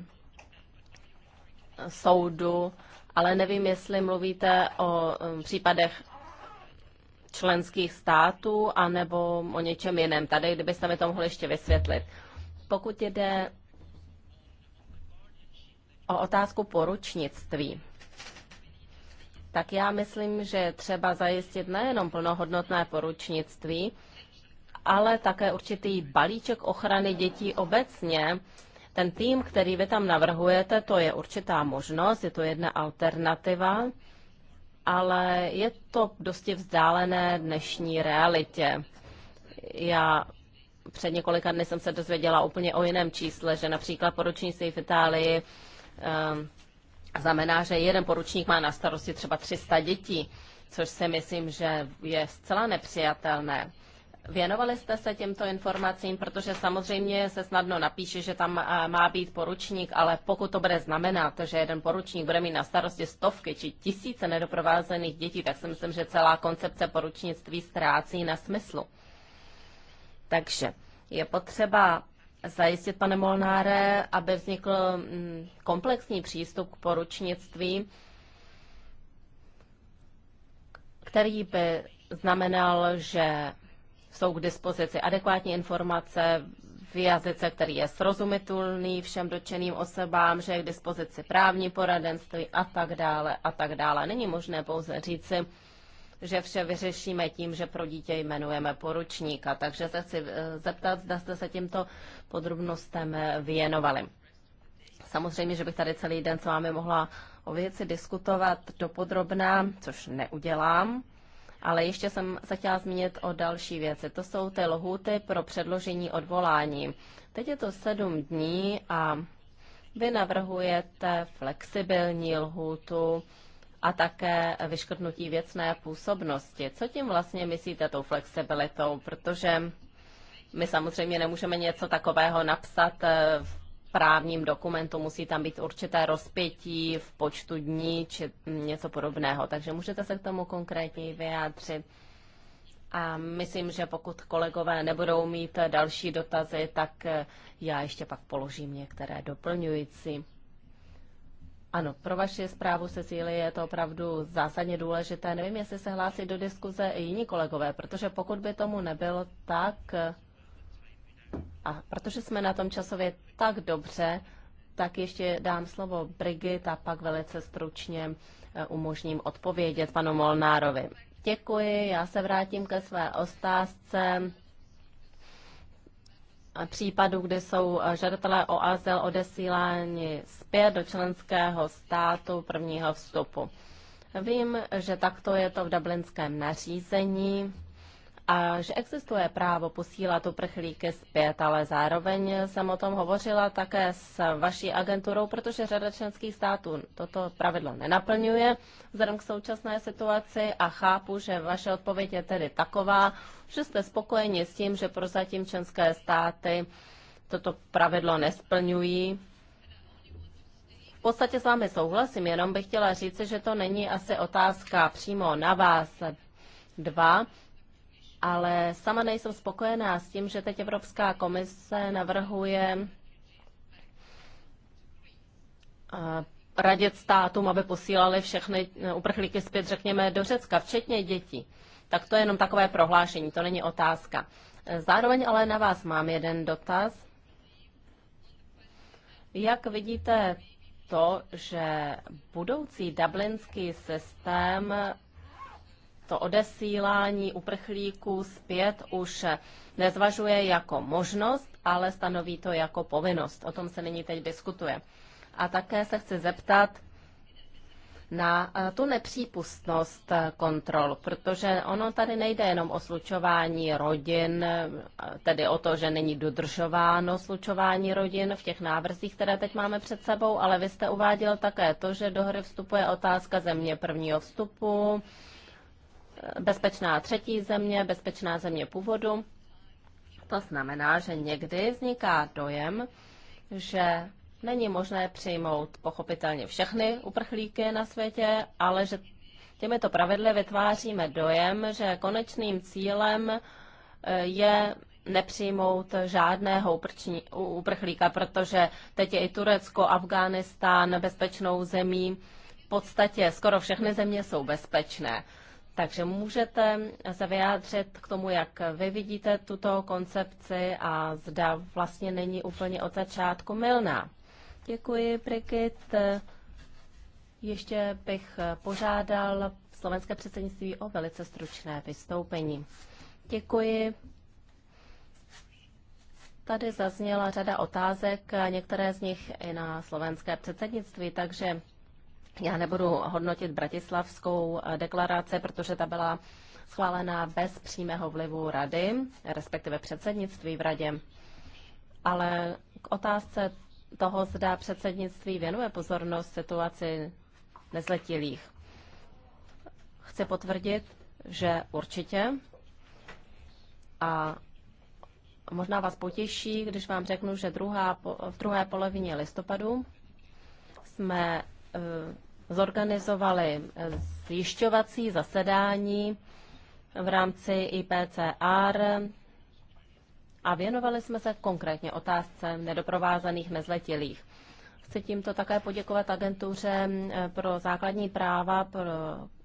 [SPEAKER 3] soudu ale nevím, jestli mluvíte o um, případech členských států anebo o něčem jiném. Tady, kdybyste mi to mohli ještě vysvětlit. Pokud jde o otázku poručnictví, tak já myslím, že třeba zajistit nejenom plnohodnotné poručnictví, ale také určitý balíček ochrany dětí obecně, ten tým, který vy tam navrhujete, to je určitá možnost, je to jedna alternativa, ale je to dosti vzdálené dnešní realitě. Já před několika dny jsem se dozvěděla úplně o jiném čísle, že například poručníci v Itálii ehm, znamená, že jeden poručník má na starosti třeba 300 dětí, což si myslím, že je zcela nepřijatelné. Věnovali jste se těmto informacím, protože samozřejmě se snadno napíše, že tam má být poručník, ale pokud to bude znamenat, že jeden poručník bude mít na starosti stovky či tisíce nedoprovázených dětí, tak si myslím, že celá koncepce poručnictví ztrácí na smyslu. Takže je potřeba zajistit, pane Molnáre, aby vznikl mm, komplexní přístup k poručnictví, který by znamenal, že jsou k dispozici adekvátní informace v jazyce, který je srozumitelný všem dotčeným osobám, že je k dispozici právní poradenství a tak dále a tak dále. Není možné pouze říci, že vše vyřešíme tím, že pro dítě jmenujeme poručníka. Takže se chci eh, zeptat, zda jste se tímto podrobnostem eh, věnovali. Samozřejmě, že bych tady celý den s vámi mohla o věci diskutovat dopodrobná, což neudělám. Ale ještě jsem se chtěla zmínit o další věci. To jsou ty lhůty pro předložení odvolání. Teď je to sedm dní a vy navrhujete flexibilní lhůtu a také vyškrtnutí věcné působnosti. Co tím vlastně myslíte tou flexibilitou? Protože my samozřejmě nemůžeme něco takového napsat eh, v právním dokumentu, musí tam být určité rozpětí v počtu dní či něco podobného. Takže můžete se k tomu konkrétně vyjádřit. A myslím, že pokud kolegové nebudou mít další dotazy, tak eh, já ještě pak položím některé doplňující. Ano, pro vaši zprávu, Cecílie, je to opravdu zásadně důležité. Nevím, jestli se hlásí do diskuze i jiní kolegové, protože pokud by tomu nebylo tak, eh, a protože jsme na tom časově tak dobře, tak ještě dám slovo Brigit a pak velice stručně eh, umožním odpovědět panu Molnárovi. Děkuji, já se vrátím ke své otázce případů, kdy jsou eh, žadatelé o azyl odesíláni zpět do členského státu prvního vstupu. Vím, že takto je to v dublinském nařízení a že existuje právo posílat uprchlíky zpět, ale zároveň jsem o tom hovořila také s vaší agenturou, protože řada členských států toto pravidlo nenaplňuje vzhledem k současné situaci a chápu, že vaše odpověď je tedy taková, že jste spokojeni s tím, že prozatím členské státy toto pravidlo nesplňují. V podstatě s vámi souhlasím, jenom bych chtěla říct, že to není asi otázka přímo na vás dva, ale sama nejsem spokojená s tím, že teď Evropská komise navrhuje eh, radit státům, aby posílali všechny eh, uprchlíky zpět, řekněme, do Řecka, včetně dětí. Tak to je jenom takové prohlášení, to není otázka. Eh, zároveň ale na vás mám jeden dotaz. Jak vidíte to, že budoucí dublinský systém to odesílání uprchlíků zpět už nezvažuje jako možnost, ale stanoví to jako povinnost. O tom se nyní teď diskutuje. A také se chci zeptat na eh, tu nepřípustnost kontrol, protože ono tady nejde jenom o slučování rodin, eh, tedy o to, že není dodržováno slučování rodin v těch návrzích, které teď máme před sebou, ale vy jste uváděl také to, že do hry vstupuje otázka země prvního vstupu, bezpečná třetí země, bezpečná země původu. To znamená, že někdy vzniká dojem, že není možné přijmout pochopitelně všechny uprchlíky na světě, ale že těmito pravidly vytváříme dojem, že konečným cílem e, je nepřijmout žádného uprchlíka, protože teď je i Turecko, Afghánistán bezpečnou zemí. V podstatě skoro všechny země jsou bezpečné. Takže můžete se vyjádřit k tomu, jak vy vidíte tuto koncepci a zda vlastně není úplně od začátku milná. Děkuji, Brigit. Ještě bych požádal slovenské předsednictví o velice stručné vystoupení. Děkuji. Tady zazněla řada otázek, některé z nich i na slovenské předsednictví, takže já nebudu hodnotit bratislavskou eh, deklaraci, protože ta byla schválená bez přímého vlivu rady, respektive předsednictví v radě. Ale k otázce toho, zda předsednictví věnuje pozornost situaci nezletilých. Chci potvrdit, že určitě. A možná vás potěší, když vám řeknu, že druhá, v druhé polovině listopadu jsme eh, zorganizovali eh, zjišťovací zasedání v rámci IPCR a věnovali jsme se konkrétně otázce nedoprovázaných nezletilých. Chci tímto také poděkovat agentuře eh, pro základní práva pro,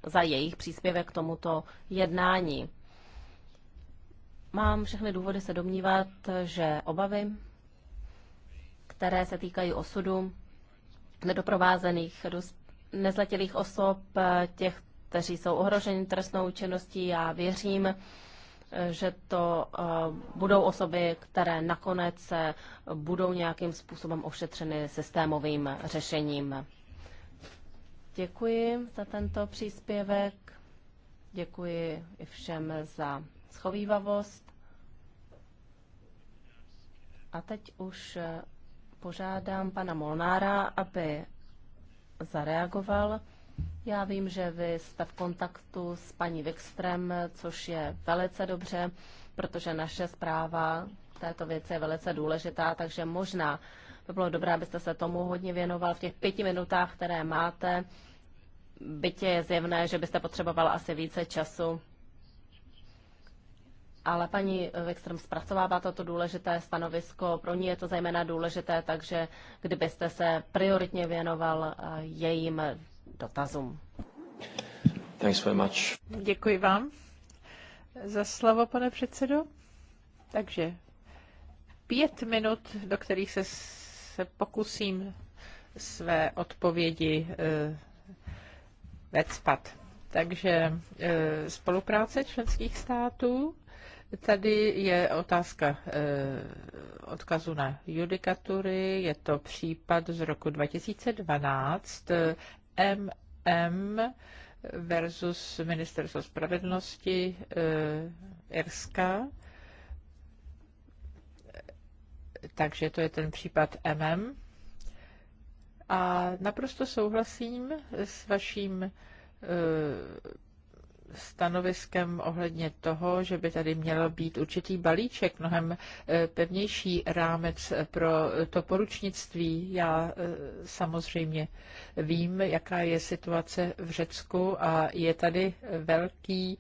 [SPEAKER 3] za jejich příspěvek k tomuto jednání. Mám všechny důvody se domnívat, že obavy, které se týkají osudu nedoprovázených dospělých, nezletilých osob, těch, kteří jsou ohroženi trestnou činností. Já věřím, že to eh, budou osoby, které nakonec budou nějakým způsobem ošetřeny systémovým řešením. Děkuji za tento příspěvek. Děkuji i všem za schovývavost. A teď už požádám pana Molnára, aby zareagoval. Já vím, že vy jste v kontaktu s paní Wikström, což je velice dobře, protože naše zpráva této věci je velice důležitá, takže možná by bylo dobré, abyste se tomu hodně věnoval v těch pěti minutách, které máte. Bytě je zjevné, že byste potřeboval asi více času, ale paní Wikström zpracovává toto důležité stanovisko, pro ní je to zejména důležité, takže kdybyste se prioritně věnoval eh, jejím dotazům.
[SPEAKER 1] Thanks very much.
[SPEAKER 3] Děkuji vám za slovo, pane předsedo.
[SPEAKER 4] Takže pět minut, do kterých se, se pokusím své odpovědi e, vecpat. Takže e, spolupráce členských států Tady je otázka eh, odkazu na judikatury. Je to případ z roku 2012 MM versus Ministerstvo spravedlnosti eh, Irska. Takže to je ten případ MM. A naprosto souhlasím s vaším eh, stanoviskem ohledně toho, že by tady měl být určitý balíček, mnohem eh, pevnější rámec pro to poručnictví. Já eh, samozřejmě vím, jaká je situace v Řecku a je tady velký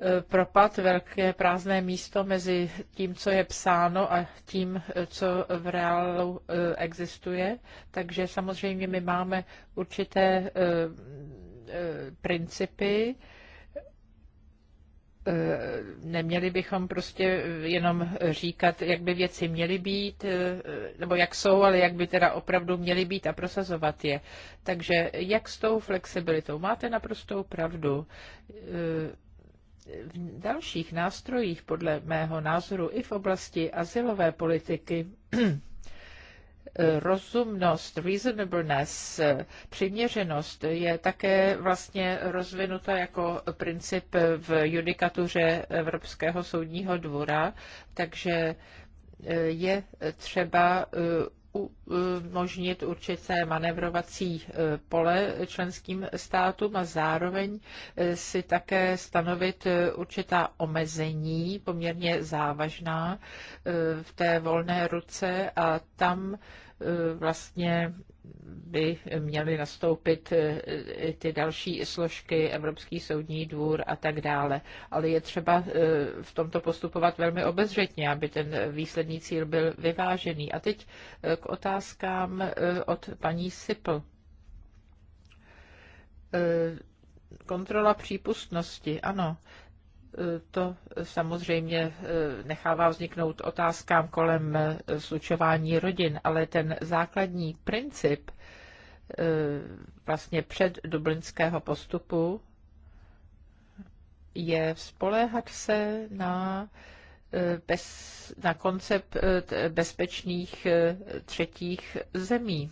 [SPEAKER 4] eh, propad, velké prázdné místo mezi tím, co je psáno a tím, co v reálu existuje. Takže samozřejmě my máme určité principy, Eh, neměli bychom prostě jenom říkat, jak by věci měly být, eh, nebo jak jsou, ale jak by teda opravdu měly být a prosazovat je. Takže jak s tou flexibilitou? Máte naprostou pravdu. Eh, v dalších nástrojích, podle mého názoru, i v oblasti asilové politiky, <clears throat> rozumnost, reasonableness, přiměřenost je také vlastně rozvinuta jako princip v judikatuře Evropského soudního dvora, takže je třeba umožnit určité manevrovací e, pole členským státům a zároveň e, si také stanovit e, určitá omezení, poměrně závažná, v té volné ruce a tam vlastně by měly nastoupit eh, ty další složky, Evropský soudní dvůr a tak dále. Ale je třeba eh, v tomto postupovat velmi obezřetně, aby ten výsledný cíl byl vyvážený. A teď eh, k otázkám od paní Sipl. Kontrola přípustnosti, ano to samozřejmě eh, nechává vzniknout otázkám kolem eh, slučování rodin, ale ten základní princip eh, vlastně před dublinského postupu je spoléhat se na, bez, na koncept bezpečných třetích zemí.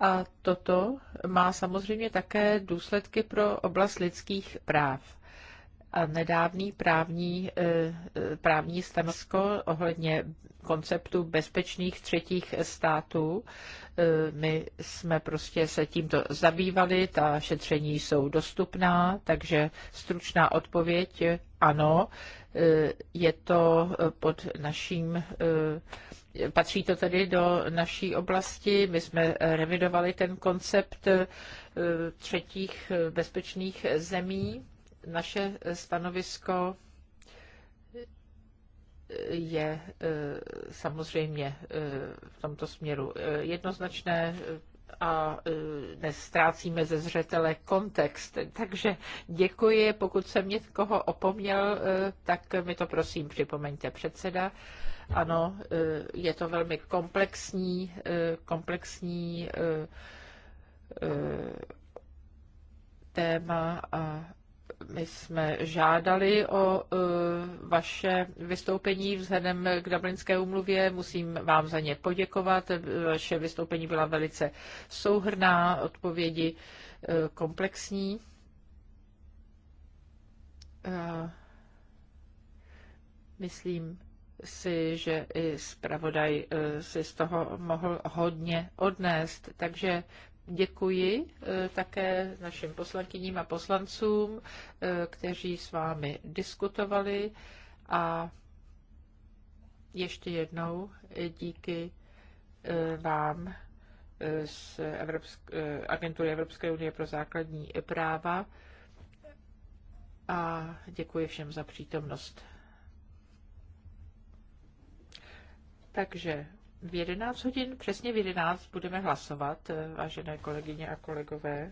[SPEAKER 4] A toto má samozřejmě také důsledky pro oblast lidských práv a nedávný právní, e, e, právní stanovisko ohledně konceptu bezpečných třetích států. E, my jsme prostě se tímto zabývali, ta šetření jsou dostupná, takže stručná odpověď ano, je to pod naším, patří to tedy do naší oblasti. My jsme revidovali ten koncept třetích bezpečných zemí naše stanovisko je e, samozřejmě e, v tomto směru e, jednoznačné a nestrácíme ze zřetele kontext. Takže děkuji, pokud jsem někoho opomněl, tak mi to prosím připomeňte předseda. Ano, je to velmi komplexní, komplexní téma a my jsme žádali o eh, vaše vystoupení vzhledem k Dublinské umluvě. Musím vám za ně poděkovat. Vaše vystoupení byla velice souhrná, odpovědi eh, komplexní. Myslím si, že i zpravodaj eh, si z toho mohl hodně odnést. Takže Děkuji eh, také našim poslankyním a poslancům, eh, kteří s vámi diskutovali a ještě jednou díky eh, vám z Evropské, Agentury Evropské unie pro základní práva a děkuji všem za přítomnost. Takže v 11 hodin, přesně v 11, budeme hlasovat, eh, vážené kolegyně a kolegové.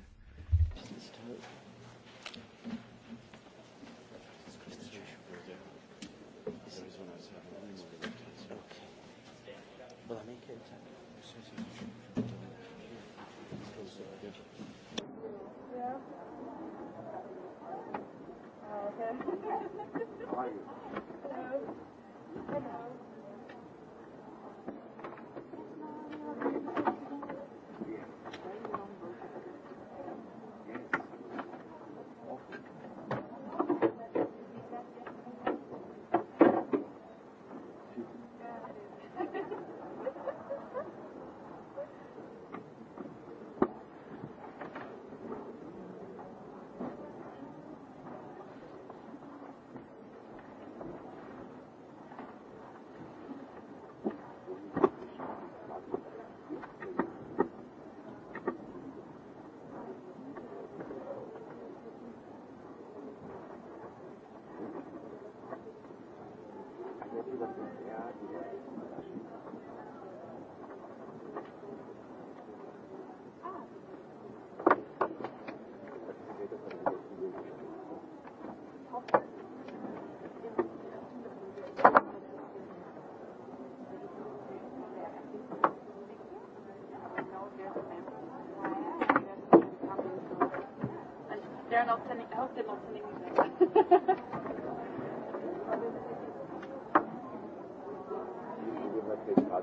[SPEAKER 1] Thank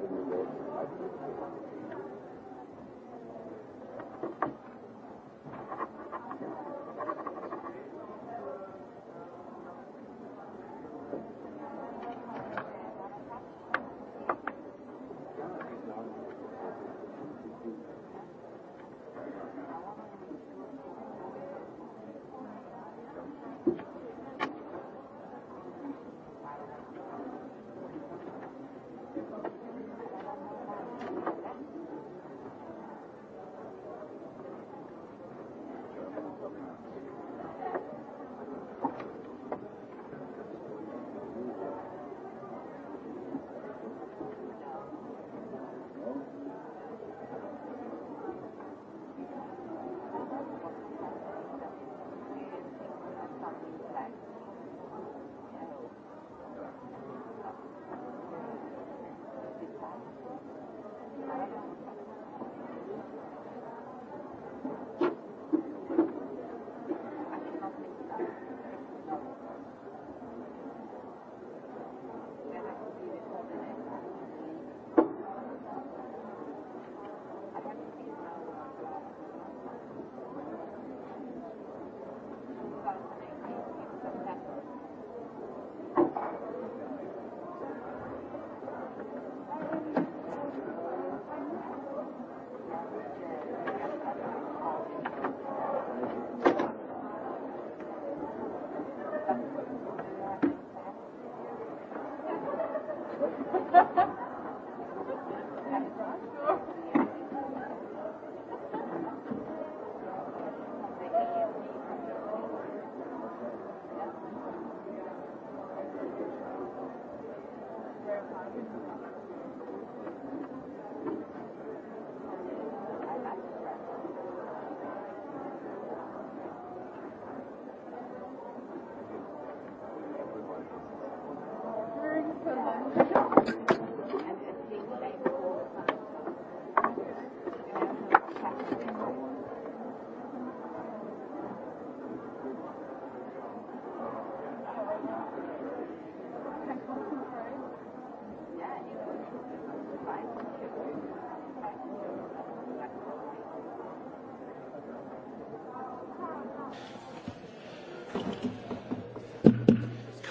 [SPEAKER 2] you.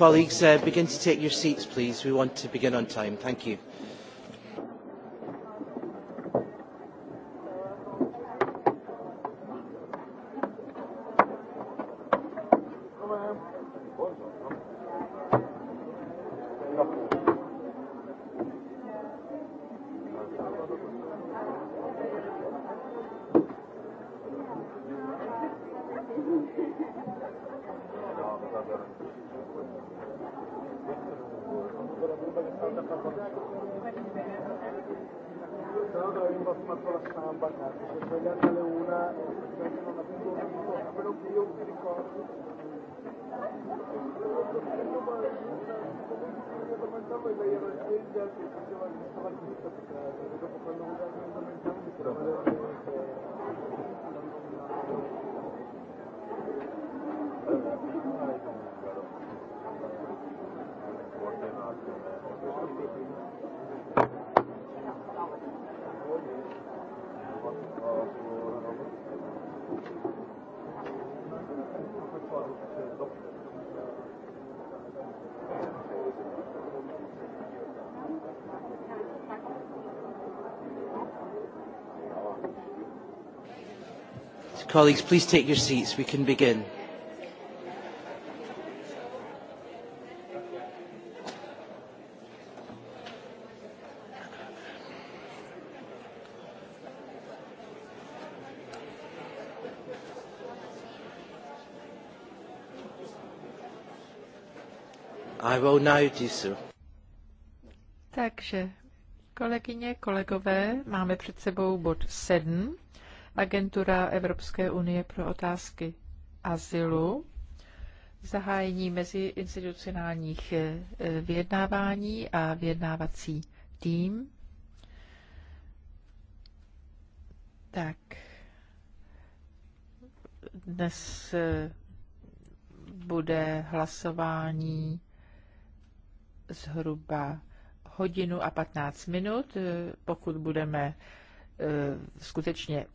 [SPEAKER 2] Colleagues, uh, begin to take your seats, please. We want to begin on time. Thank you. Colleagues, please take your seats. We can begin. I will now do so.
[SPEAKER 4] Takže, kolegyně, kolegové, máme před sebou bod 7 Agentura Evropské unie pro otázky azylu, zahájení meziinstitucionálních eh, eh, vyjednávání a vyjednávací tým. Tak, dnes eh, bude hlasování zhruba hodinu a 15 minut, pokud budeme skutečně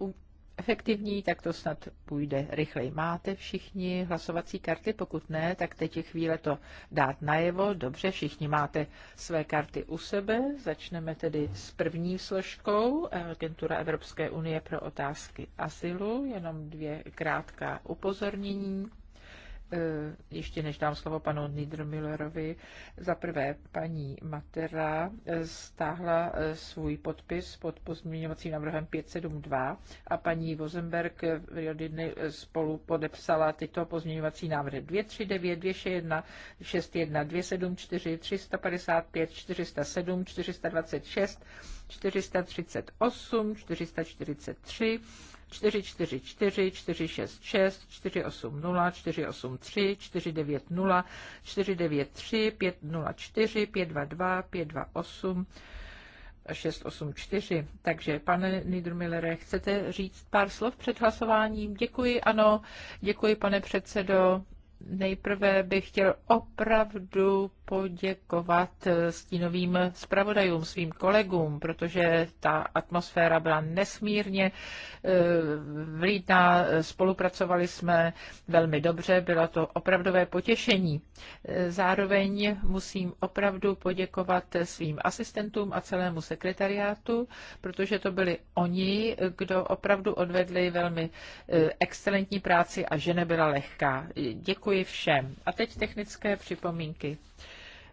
[SPEAKER 4] efektivní, tak to snad půjde rychleji. Máte všichni hlasovací karty? Pokud ne, tak teď je chvíle to dát najevo. Dobře, všichni máte své karty u sebe. Začneme tedy s první složkou, Agentura Evropské unie pro otázky asilu. Jenom dvě krátká upozornění. Eh, ještě než dám slovo panu Niedermüllerovi, za prvé paní Matera eh, stáhla eh, svůj podpis pod pozměňovacím návrhem 572 a paní Vozenberg v Rio spolu podepsala tyto pozměňovací návrhy 239, 261, 61, 274, 355, 407, 426, 438, 443, 444, 466, 480, 483, 490, 493, 504, 522, 528, 684. Takže, pane Nidrumilere, chcete říct pár slov před hlasováním? Děkuji, ano. Děkuji, pane předsedo. Nejprve bych chtěl opravdu poděkovat eh, stínovým zpravodajům, svým kolegům, protože ta atmosféra byla nesmírně eh, vlídná, spolupracovali jsme velmi dobře, bylo to opravdové potěšení. Eh, zároveň musím opravdu poděkovat svým asistentům a celému sekretariátu, protože to byli oni, kdo opravdu odvedli velmi excelentní práci a že nebyla lehká. Děkuji všem. A teď technické připomínky.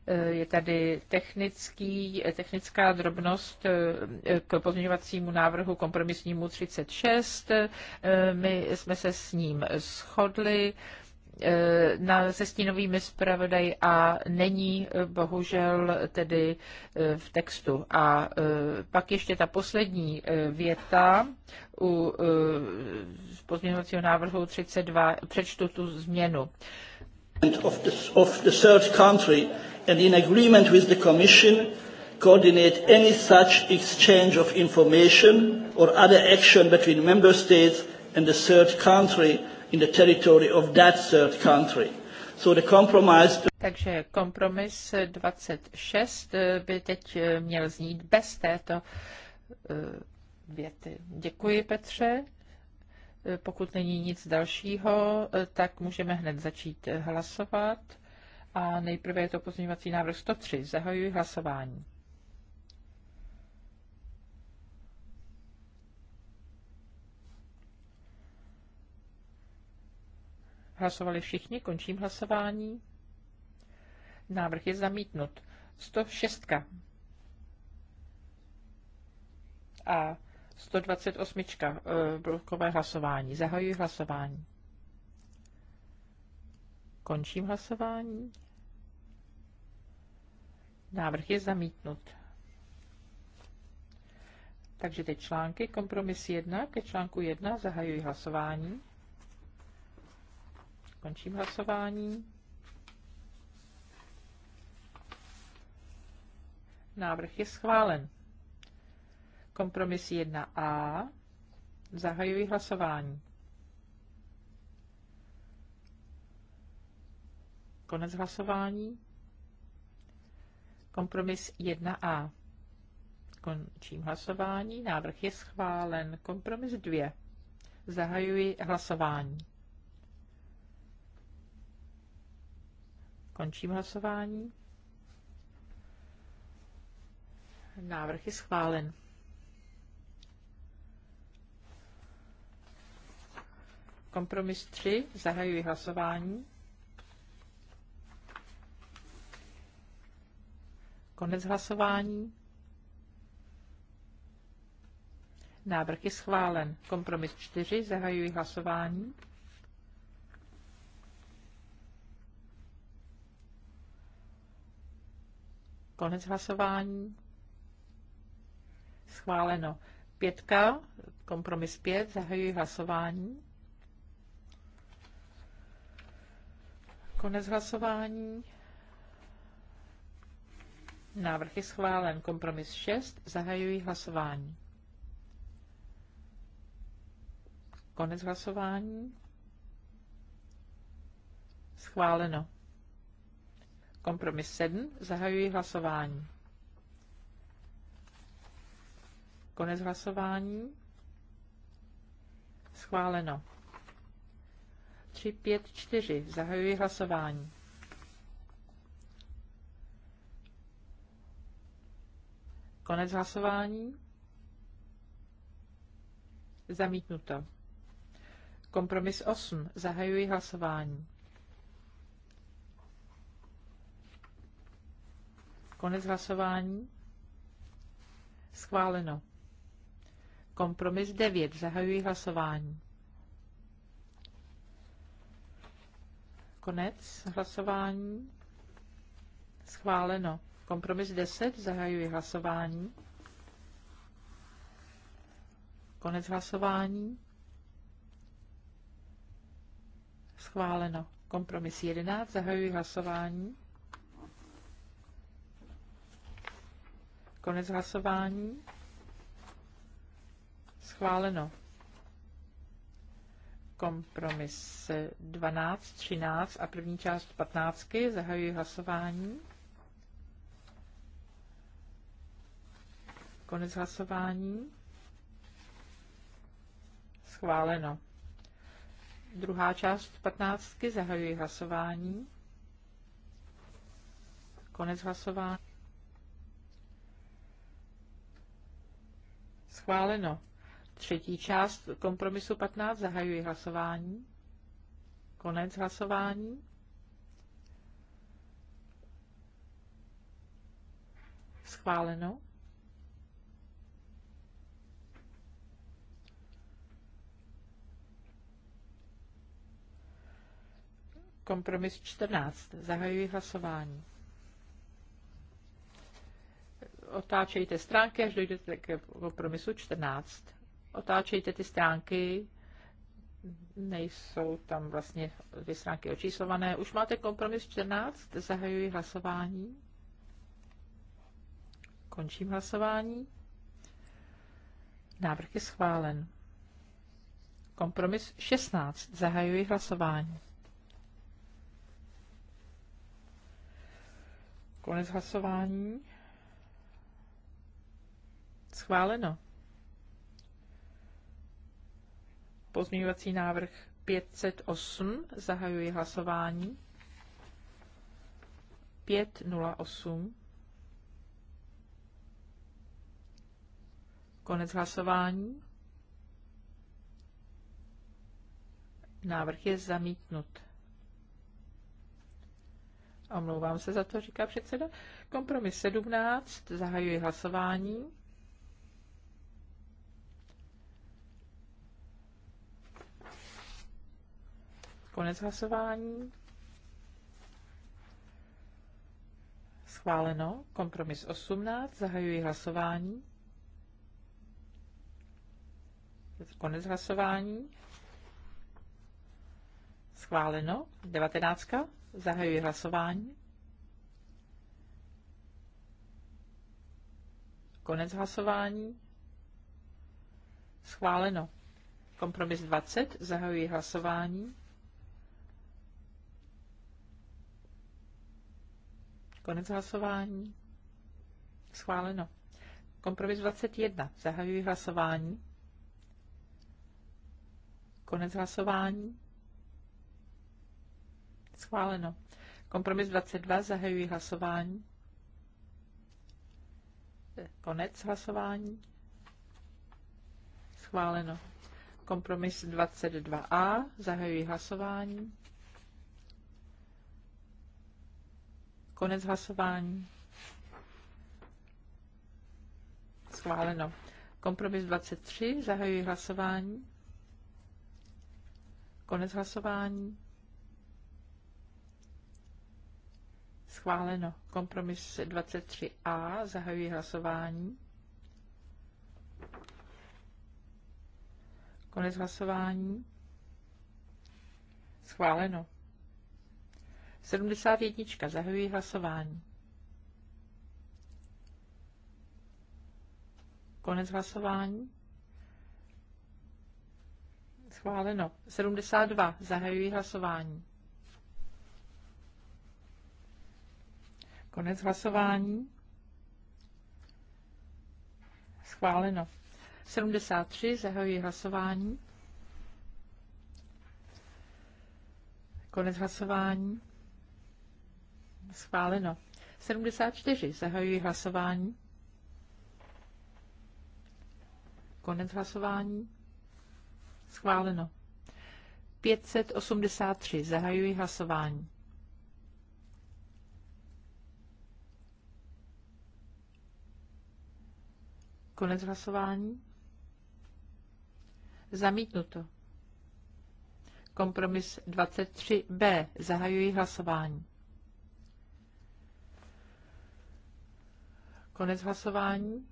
[SPEAKER 4] Eh, je tady technický, eh, technická drobnost eh, k pozměňovacímu návrhu kompromisnímu 36. My jsme se s ním shodli na, se stínovými zpravodaj a není bohužel tedy v textu. A pak ještě ta poslední věta u pozměňovacího návrhu 32, přečtu tu změnu.
[SPEAKER 2] Of the, of the third country and in agreement with the Commission coordinate any such exchange of information or other action between member states and the third country in the territory of that third country. So the compromise...
[SPEAKER 4] Takže kompromis 26 eh, by teď eh, měl znít bez této eh, věty. Děkuji, Petře. Pokud není nic dalšího, eh, tak můžeme hned začít eh, hlasovat. A nejprve je to pozměňovací návrh 103. Zahajuji hlasování. Hlasovali všichni, končím hlasování. Návrh je zamítnut. 106. A 128. Eh, blokové hlasování. Zahajuji hlasování. Končím hlasování. Návrh je zamítnut. Takže teď články. Kompromis 1 ke článku 1 zahajuji hlasování. Končím hlasování. Návrh je schválen. Kompromis 1a. Zahajuji hlasování. Konec hlasování. Kompromis 1a. Končím hlasování. Návrh je schválen. Kompromis 2. Zahajuji hlasování. Končím hlasování. Návrh je schválen. Kompromis 3. Zahajuji hlasování. Konec hlasování. Návrh je schválen. Kompromis 4. Zahajuji hlasování. Konec hlasování. Schváleno. Pětka, kompromis 5, zahajuji hlasování. Konec hlasování. Návrh je schválen. Kompromis 6. Zahajuji hlasování. Konec hlasování. Schváleno. Kompromis 7. Zahajuji hlasování. Konec hlasování. Schváleno. 3, 5, 4. Zahajuji hlasování. Konec hlasování. Zamítnuto. Kompromis 8. Zahajuji hlasování. Konec hlasování. Schváleno. Kompromis 9. Zahajuji hlasování. Konec hlasování. Schváleno. Kompromis 10. Zahajuji hlasování. Konec hlasování. Schváleno. Kompromis 11. Zahajuji hlasování. Konec hlasování. Schváleno. Kompromis 12, 13 a první část 15. Zahajuji hlasování. Konec hlasování. Schváleno. Druhá část 15. Zahajuji hlasování. Konec hlasování. Schváleno. Třetí část kompromisu 15. Zahajuji hlasování. Konec hlasování. Schváleno. Kompromis 14. Zahajuji hlasování. Otáčejte stránky, až dojdete k kompromisu 14 otáčejte ty stránky, nejsou tam vlastně dvě stránky očíslované. Už máte kompromis 14, zahajuji hlasování. Končím hlasování. Návrh je schválen. Kompromis 16. Zahajuji hlasování. Konec hlasování. Schváleno. Pozměňovací návrh 508. Zahajuji hlasování. 508. Konec hlasování. Návrh je zamítnut. Omlouvám se za to, říká předseda. Kompromis 17. Zahajuji hlasování. Konec hlasování. Schváleno. Kompromis 18. Zahajuji hlasování. Konec hlasování. Schváleno. 19. Zahajuji hlasování. Konec hlasování. Schváleno. Kompromis 20. Zahajuji hlasování. Konec hlasování. Schváleno. Kompromis 21. Zahajuji hlasování. Konec hlasování. Schváleno. Kompromis 22. Zahajuji hlasování. Konec hlasování. Schváleno. Kompromis 22a. Zahajuji hlasování. Konec hlasování. Schváleno. Kompromis 23. Zahajuji hlasování. Konec hlasování. Schváleno. Kompromis 23a. Zahajuji hlasování. Konec hlasování. Schváleno. 71. Zahajuji hlasování. Konec hlasování. Schváleno. 72. Zahajuji hlasování. Konec hlasování. Schváleno. 73. Zahajuji hlasování. Konec hlasování. Schváleno. 74. Zahajuji hlasování. Konec hlasování. Schváleno. 583. Zahajuji hlasování. Konec hlasování. Zamítnuto. Kompromis 23b. Zahajuji hlasování. Konec hlasování.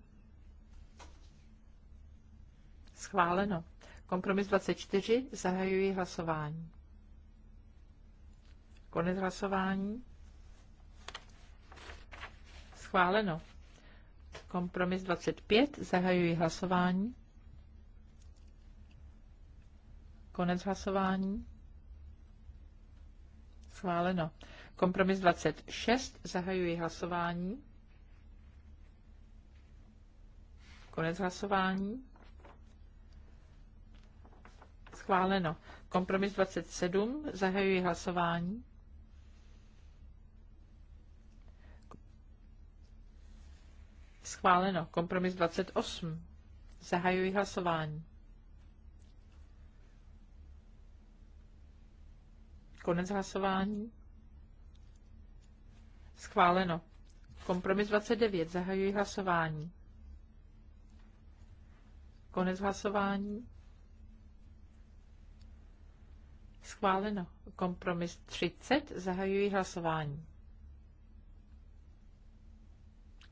[SPEAKER 4] Schváleno. Kompromis 24. Zahajuji hlasování. Konec hlasování. Schváleno. Kompromis 25. Zahajuji hlasování. Konec hlasování. Schváleno. Kompromis 26. Zahajuji hlasování. Konec hlasování. Schváleno. Kompromis 27. Zahajuji hlasování. Schváleno. Kompromis 28. Zahajuji hlasování. Konec hlasování. Schváleno. Kompromis 29. Zahajuji hlasování. Konec hlasování. Schváleno. Kompromis 30. Zahajuji hlasování.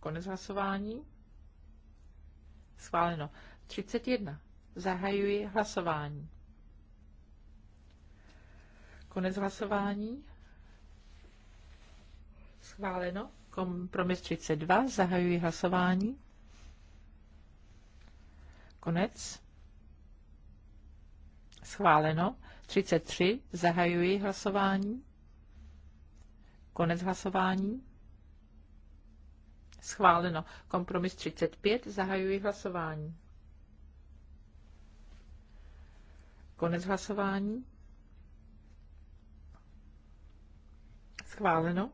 [SPEAKER 4] Konec hlasování. Schváleno. 31. Zahajuji hlasování. Konec hlasování. Schváleno. Kompromis 32. Zahajuji hlasování. Konec. Schváleno. 33. Zahajuji hlasování. Konec hlasování. Schváleno. Kompromis 35. Zahajuji hlasování. Konec hlasování. Schváleno.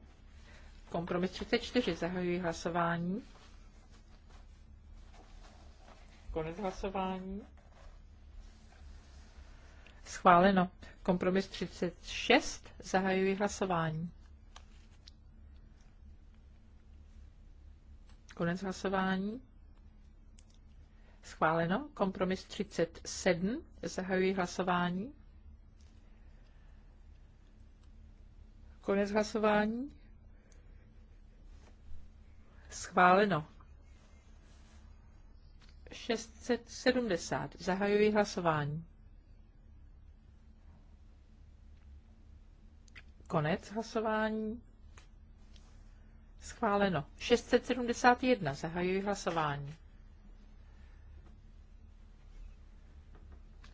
[SPEAKER 4] Kompromis 34. Zahajuji hlasování. Konec hlasování. Schváleno. Kompromis 36. Zahajuji hlasování. Konec hlasování. Schváleno. Kompromis 37. Zahajuji hlasování. Konec hlasování. Schváleno. 670. Zahajuji hlasování. Konec hlasování. Schváleno. 671. Zahajuji hlasování.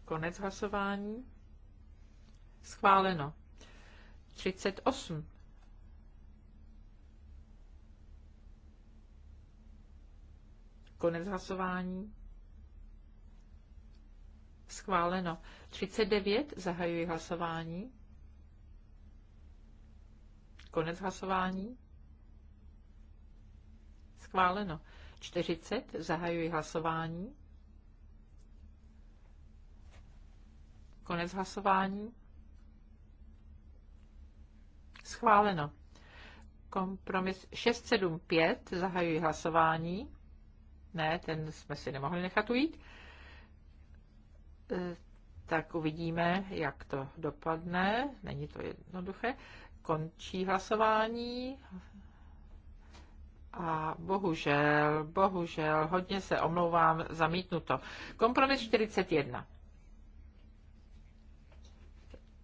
[SPEAKER 4] Konec hlasování. Schváleno. 38. Konec hlasování. Schváleno. 39. Zahajuji hlasování. Konec hlasování. Schváleno. 40. Zahajuji hlasování. Konec hlasování. Schváleno. Kompromis 675. Zahajuji hlasování. Ne, ten jsme si nemohli nechat ujít. E, tak uvidíme, jak to dopadne. Není to jednoduché. Končí hlasování. A bohužel, bohužel, hodně se omlouvám, zamítnuto. Kompromis 41.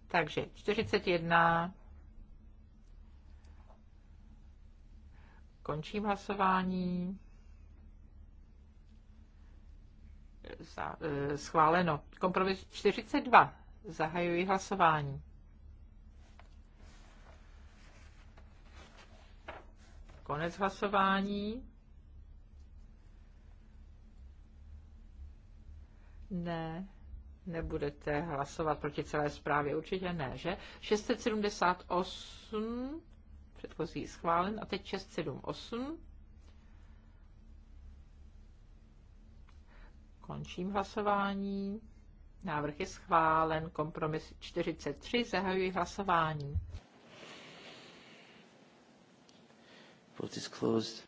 [SPEAKER 4] Takže 41. Končím hlasování. za, e, schváleno. Kompromis 42. Zahajuji hlasování. Konec hlasování. Ne, nebudete hlasovat proti celé zprávě, určitě ne, že? 678, předchozí schválen, a teď 678. Končím hlasování. Návrh je schválen. Kompromis 43. Zahajuji hlasování.
[SPEAKER 2] Vote is closed.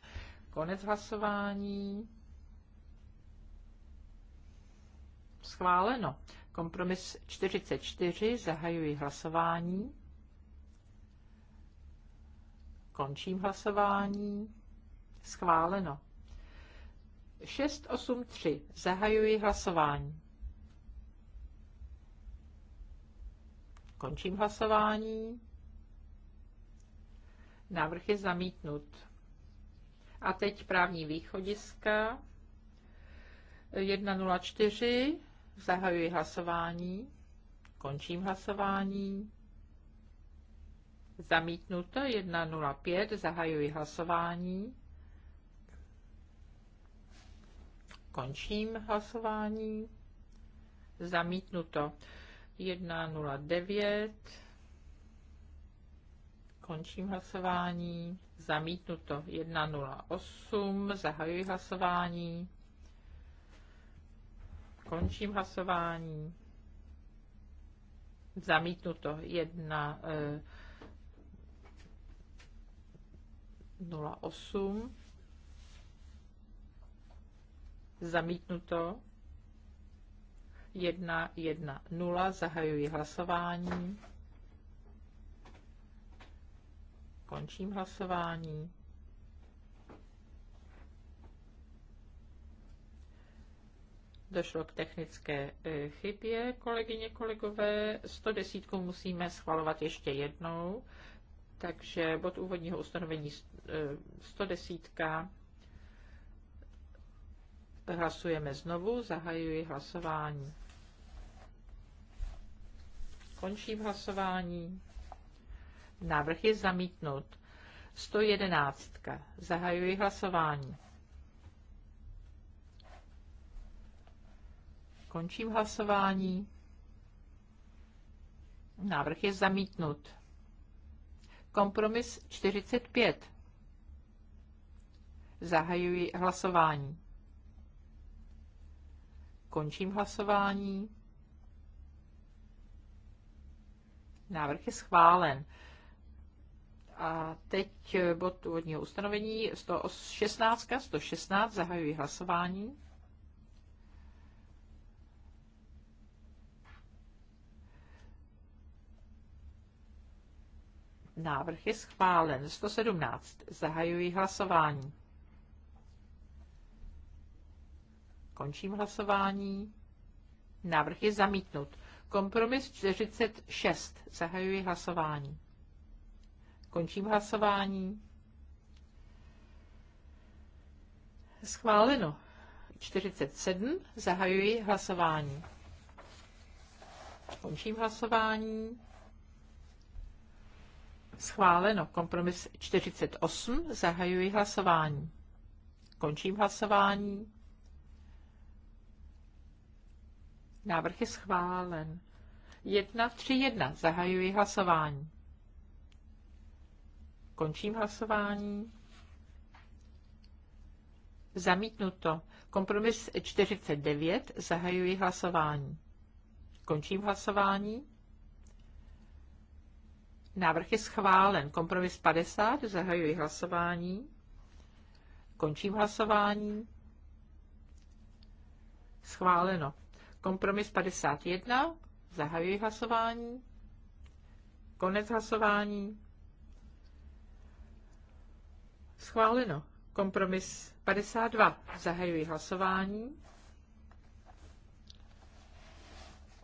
[SPEAKER 4] Konec hlasování. Schváleno. Kompromis 44. Zahajuji hlasování. Končím hlasování. Schváleno. 683. Zahajuji hlasování. Končím hlasování. Návrh je zamítnut. A teď právní východiska. 104. Zahajuji hlasování. Končím hlasování. Zamítnuto 105. Zahajuji hlasování. Končím hlasování. Zamítnuto. 1.09. Končím hlasování. Zamítnuto. 1.08. Zahajuji hlasování. Končím hlasování. Zamítnuto. 1. 08. Eh, Zamítnuto. 1, 1, 0. Zahajuji hlasování. Končím hlasování. Došlo k technické e, chybě, kolegyně, kolegové. 110 musíme schvalovat ještě jednou. Takže bod úvodního ustanovení 110 e, Hlasujeme znovu, zahajuji hlasování. Končím hlasování. Návrh je zamítnut. 111. Zahajuji hlasování. Končím hlasování. Návrh je zamítnut. Kompromis 45. Zahajuji hlasování. Končím hlasování. Návrh je schválen. A teď eh, bod úvodního ustanovení 116, 116, zahajuji hlasování. Návrh je schválen. 117. Zahajuji hlasování. Končím hlasování. Návrh je zamítnut. Kompromis 46. Zahajuji hlasování. Končím hlasování. Schváleno. 47. Zahajuji hlasování. Končím hlasování. Schváleno. Kompromis 48. Zahajuji hlasování. Končím hlasování. Návrh je schválen. 1 3 1. Zahajuji hlasování. Končím hlasování. Zamítnuto. Kompromis 49. Zahajuji hlasování. Končím hlasování. Návrh je schválen. Kompromis 50. Zahajuji hlasování. Končím hlasování. Schváleno. Kompromis 51. Zahajuji hlasování. Konec hlasování. Schváleno. Kompromis 52. Zahajuji hlasování.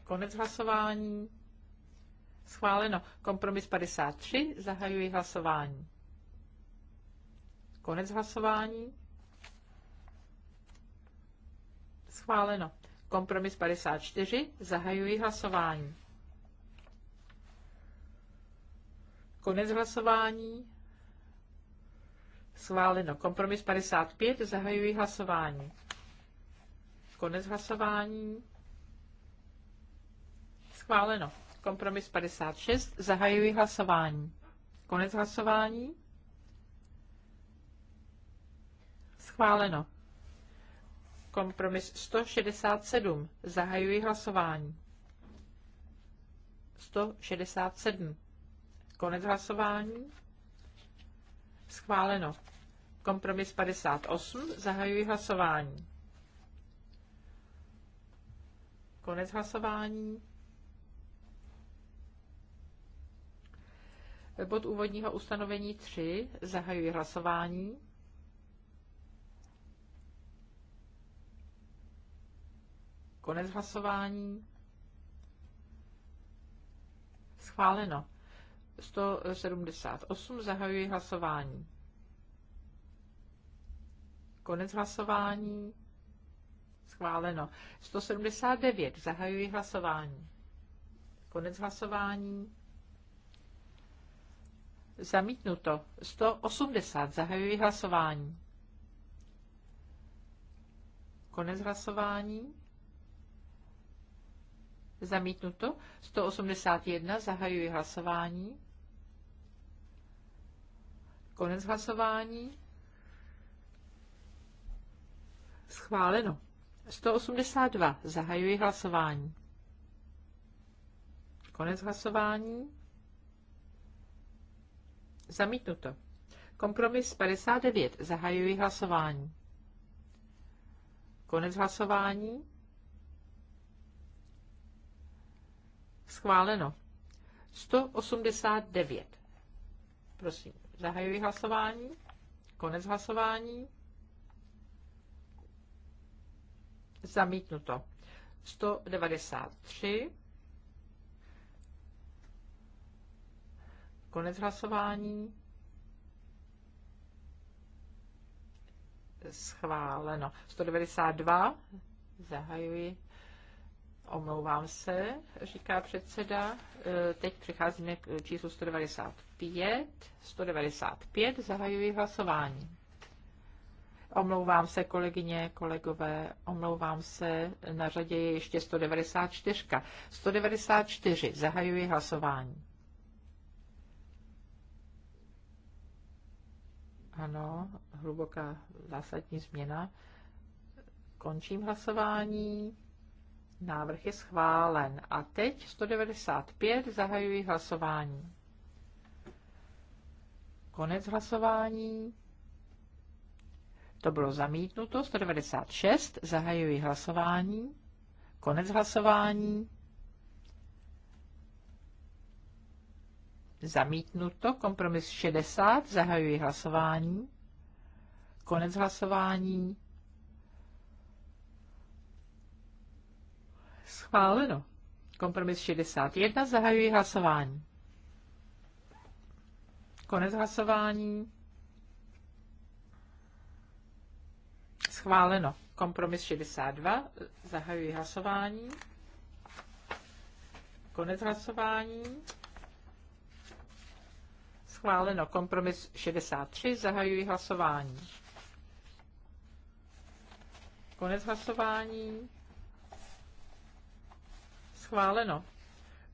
[SPEAKER 4] Konec hlasování. Schváleno. Kompromis 53. Zahajuji hlasování. Konec hlasování. Schváleno. Kompromis 54. Zahajuji hlasování. Konec hlasování. Schváleno. Kompromis 55. Zahajuji hlasování. Konec hlasování. Schváleno. Kompromis 56. Zahajuji hlasování. Konec hlasování. Schváleno. Kompromis 167. Zahajuji hlasování. 167. Konec hlasování. Schváleno. Kompromis 58. Zahajuji hlasování. Konec hlasování. Bod úvodního ustanovení 3. Zahajuji hlasování. Konec hlasování. Schváleno. 178. Zahajuji hlasování. Konec hlasování. Schváleno. 179. Zahajuji hlasování. Konec hlasování. Zamítnuto. 180. Zahajuji hlasování. Konec hlasování. Zamítnuto. 181. Zahajuji hlasování. Konec hlasování. Schváleno. 182. Zahajuji hlasování. Konec hlasování. Zamítnuto. Kompromis 59. Zahajuji hlasování. Konec hlasování. Schváleno. 189. Prosím, zahajuji hlasování. Konec hlasování. Zamítnuto. 193. Konec hlasování. Schváleno. 192. Zahajuji Omlouvám se, říká předseda. E, teď přecházíme k číslu 195. 195, zahajuji hlasování. Omlouvám se, kolegyně, kolegové, omlouvám se, na řadě je ještě 194. 194, zahajuji hlasování. Ano, hluboká zásadní změna. Končím hlasování. Návrh je schválen. A teď 195 zahajuji hlasování. Konec hlasování. To bylo zamítnuto. 196 zahajuji hlasování. Konec hlasování. Zamítnuto. Kompromis 60 zahajuji hlasování. Konec hlasování. Schváleno. Kompromis 61. Zahajuji hlasování. Konec hlasování. Schváleno. Kompromis 62. Zahajuji hlasování. Konec hlasování. Schváleno. Kompromis 63. Zahajuji hlasování. Konec hlasování. Schváleno.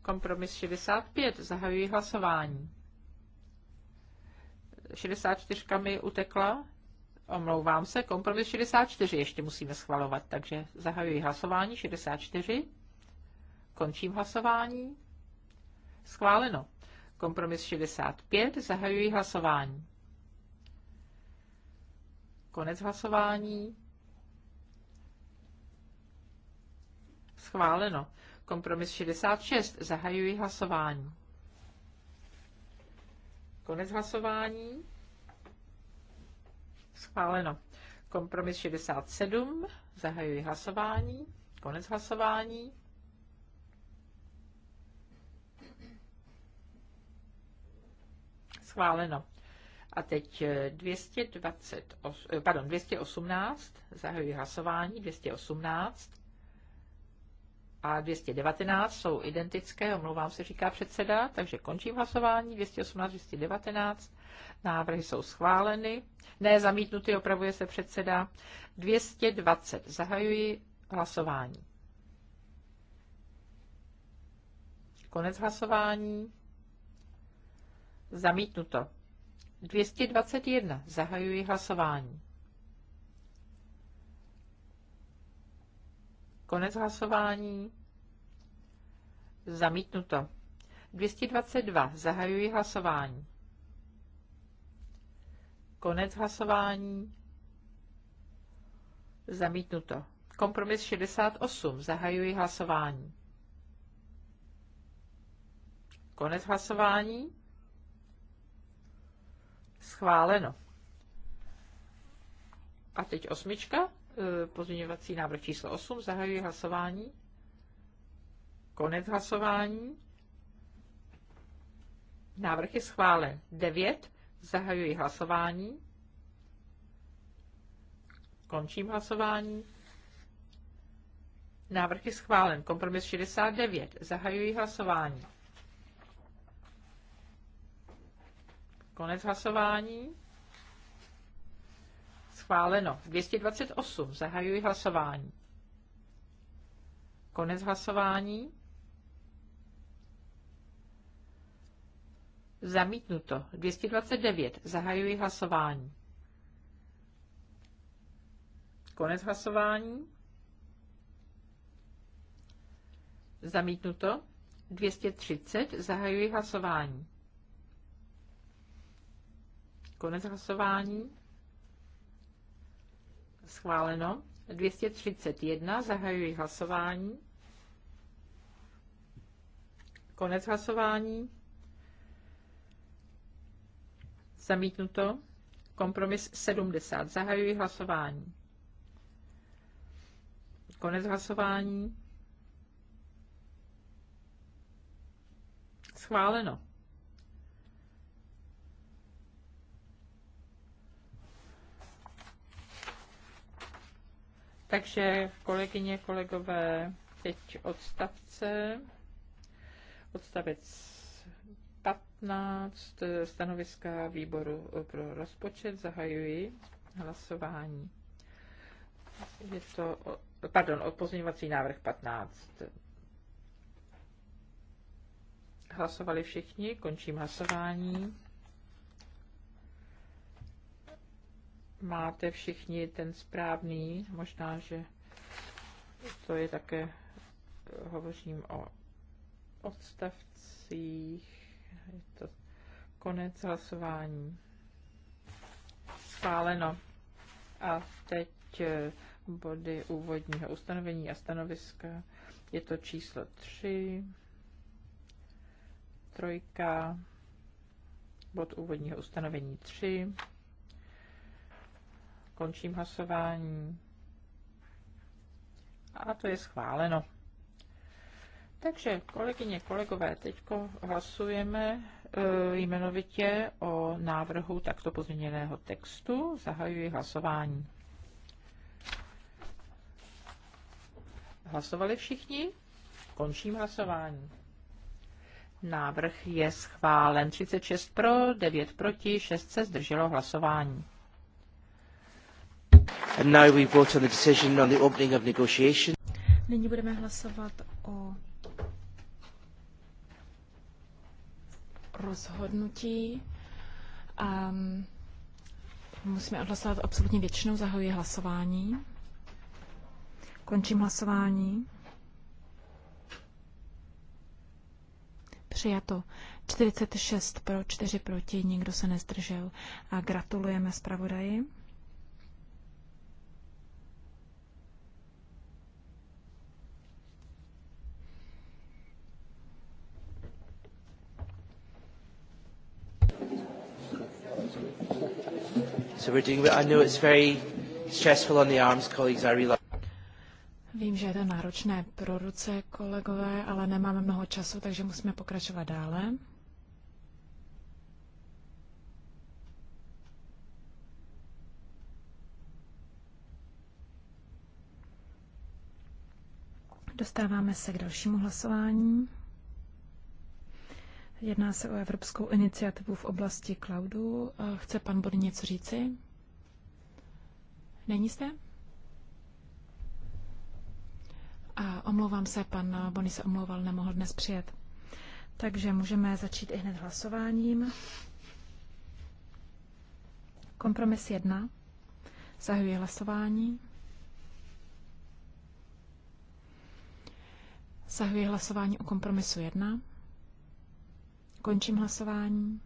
[SPEAKER 4] Kompromis 65. Zahajuji hlasování. 64 mi utekla. Omlouvám se. Kompromis 64 ještě musíme schvalovat. Takže zahajuji hlasování 64. Končím hlasování. Schváleno. Kompromis 65. Zahajuji hlasování. Konec hlasování. Schváleno. Kompromis 66. Zahajuji hlasování. Konec hlasování. Schváleno. Kompromis 67. Zahajuji hlasování. Konec hlasování. Schváleno. A teď 220, eh, eh, pardon, 218, zahajuji hlasování, 218 a 219 jsou identické, omlouvám se, říká předseda, takže končím hlasování. 218, 219, návrhy jsou schváleny. Ne, zamítnuty, opravuje se předseda. 220, zahajuji hlasování. Konec hlasování. Zamítnuto. 221, zahajuji hlasování. Konec hlasování. Zamítnuto. 222. Zahajuji hlasování. Konec hlasování. Zamítnuto. Kompromis 68. Zahajuji hlasování. Konec hlasování. Schváleno. A teď osmička. Eh, pozměňovací návrh číslo 8. Zahajuji hlasování. Konec hlasování. Návrh je schválen. 9. Zahajuji hlasování. Končím hlasování. Návrh je schválen. Kompromis 69. Zahajuji hlasování. Konec hlasování. Schváleno. 228. Zahajuji hlasování. Konec hlasování. Zamítnuto. 229. Zahajuji hlasování. Konec hlasování. Zamítnuto. 230. Zahajuji hlasování. Konec hlasování schváleno. 231, zahajuji hlasování. Konec hlasování. Zamítnuto. Kompromis 70. Zahajuji hlasování. Konec hlasování. Schváleno. Takže kolegyně, kolegové, teď odstavce. Odstavec 15 stanoviska výboru pro rozpočet. Zahajuji hlasování. Je to, pardon, pozměňovací návrh 15. Hlasovali všichni, končím hlasování. máte všichni ten správný, možná, že to je také, eh, hovořím o odstavcích, je to konec hlasování. Spáleno. A teď eh, body úvodního ustanovení a stanoviska. Je to číslo 3, trojka, bod úvodního ustanovení 3. Končím hlasování. A to je schváleno. Takže, kolegyně, kolegové, teď hlasujeme e, jmenovitě o návrhu takto pozměněného textu. Zahajuji hlasování. Hlasovali všichni? Končím hlasování. Návrh je schválen. 36 pro, 9 proti, 6 se zdrželo hlasování.
[SPEAKER 1] Nyní budeme hlasovat o rozhodnutí. Um, musíme odhlasovat absolutně většinou. Zahajuji hlasování. Končím hlasování. Přijato. 46 pro, 4 proti, nikdo se nezdržel. A gratulujeme zpravodaji.
[SPEAKER 2] So we're doing, I know it's very stressful on the arms, colleagues, I realize.
[SPEAKER 1] Vím, že je to náročné pro ruce, kolegové, ale nemáme mnoho času, takže musíme pokračovat dále. Dostáváme se k dalšímu hlasování. Jedná se o Evropskou iniciativu v oblasti cloudu. Chce pan Bod něco říci? Není zde? A omlouvám se, pan Boni se omlouval, nemohl dnes přijet. Takže můžeme začít i hned hlasováním. Kompromis 1. Zahajuji hlasování. Zahajuji hlasování o kompromisu 1. Končím hlasování.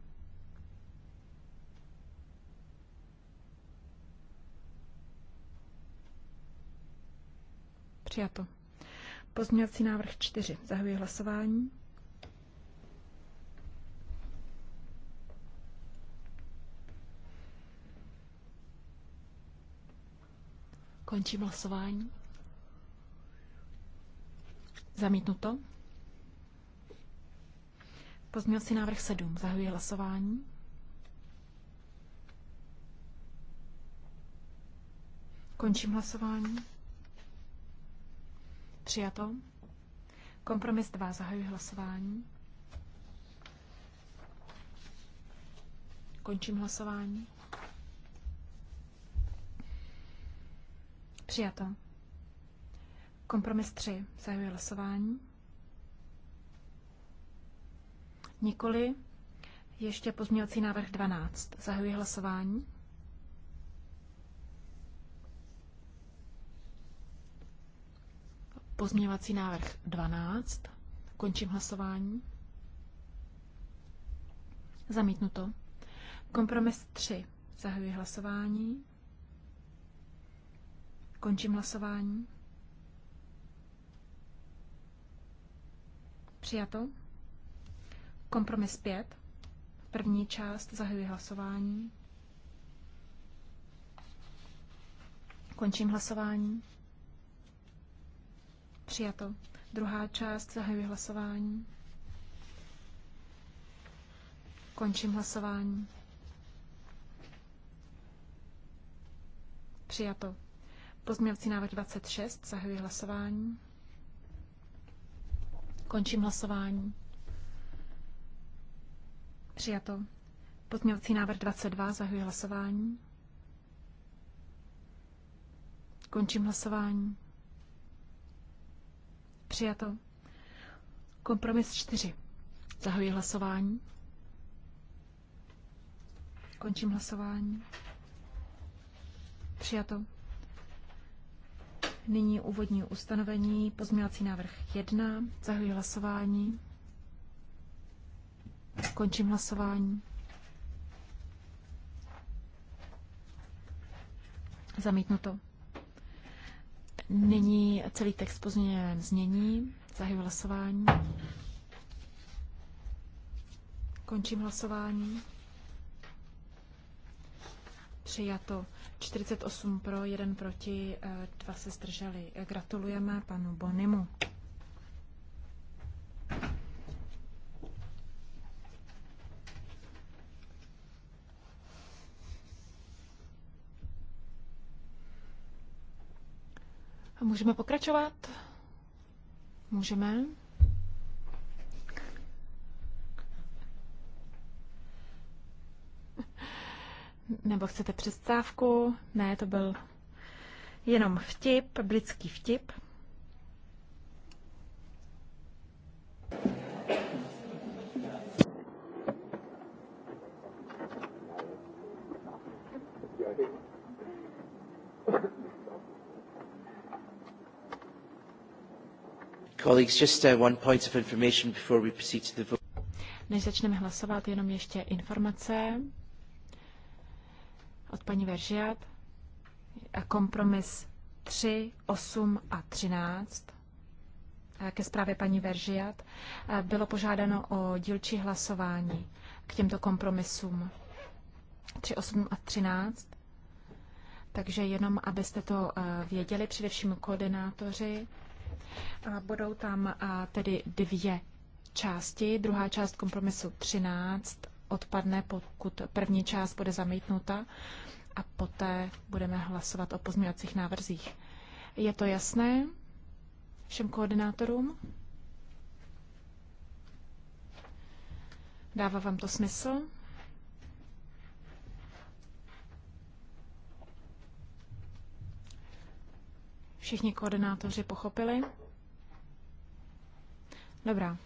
[SPEAKER 1] Přijato. Pozměňovací návrh 4. Zahajuji hlasování. Končím hlasování. Zamítnuto. Pozměňovací návrh 7. Zahajuji hlasování. Končím hlasování. Přijato. Kompromis 2. Zahajuji hlasování. Končím hlasování. Přijato. Kompromis 3. Zahajuji hlasování. Nikoli. Ještě pozměňovací návrh 12. Zahajuji hlasování. Pozměňovací návrh 12. Končím hlasování. Zamítnuto. Kompromis 3. Zahajuji hlasování. Končím hlasování. Přijato. Kompromis 5. První část zahajuji hlasování. Končím hlasování. Přijato. Druhá část zahajuji hlasování. Končím hlasování. Přijato. Pozměňovací návrh 26. Zahajuji hlasování. Končím hlasování. Přijato. Pozměňovací návrh 22. Zahuji hlasování. Končím hlasování. Přijato. Kompromis 4. Zahuji hlasování. Končím hlasování. Přijato. Nyní úvodní ustanovení, pozměňovací návrh 1. Zahuji hlasování. Končím hlasování. Zamítnuto. Nyní celý text pozměněném znění. Zahajuji hlasování. Končím hlasování. Přijato 48 pro, 1 proti, 2 eh, se zdrželi. Gratulujeme panu Bonimu. Můžeme pokračovat? Můžeme. Nebo chcete přestávku? Ne, to byl jenom vtip, britský vtip.
[SPEAKER 2] Colleagues, just uh, one point of information before we proceed to the vote.
[SPEAKER 1] Než začneme hlasovat, jenom ještě informace od paní Veržiat. Kompromis 3, 8 a 13 eh, ke zprávě paní Veržiat eh, bylo požádáno o dílčí hlasování k těmto kompromisům 3, 8 a 13. Takže jenom, abyste to eh, věděli, především koordinátoři a budou tam tedy dvě části. Druhá část kompromisu 13 odpadne, pokud první část bude zamítnuta a poté budeme hlasovat o pozměňovacích návrzích. Je to jasné všem koordinátorům? Dává vám to smysl? Všichni koordinátoři pochopili? Dobrá.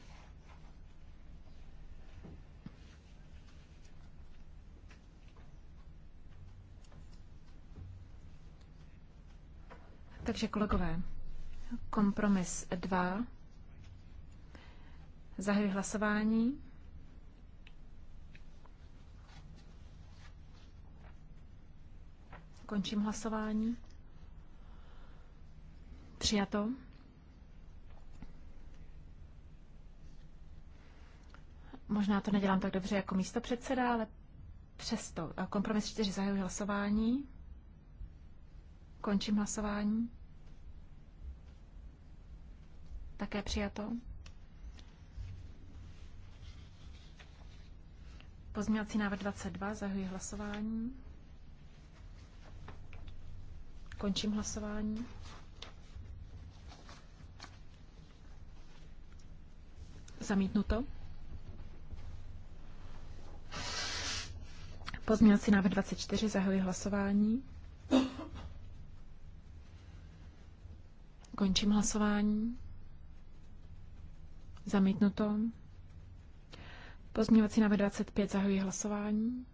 [SPEAKER 1] Takže kolegové, kompromis 2. Zahajuji hlasování. Končím hlasování. Přijato. Možná to nedělám tak dobře jako místo předseda, ale přesto. Kompromis 4 zahajuji hlasování. Končím hlasování. Také přijato. Pozměňovací návrh 22, zahajuji hlasování. Končím hlasování. Zamítnuto. Pozměňovací návrh 24, zahajuji hlasování. Končím hlasování. Zamítnuto. Pozměňovací návrh 25, zahajuji hlasování.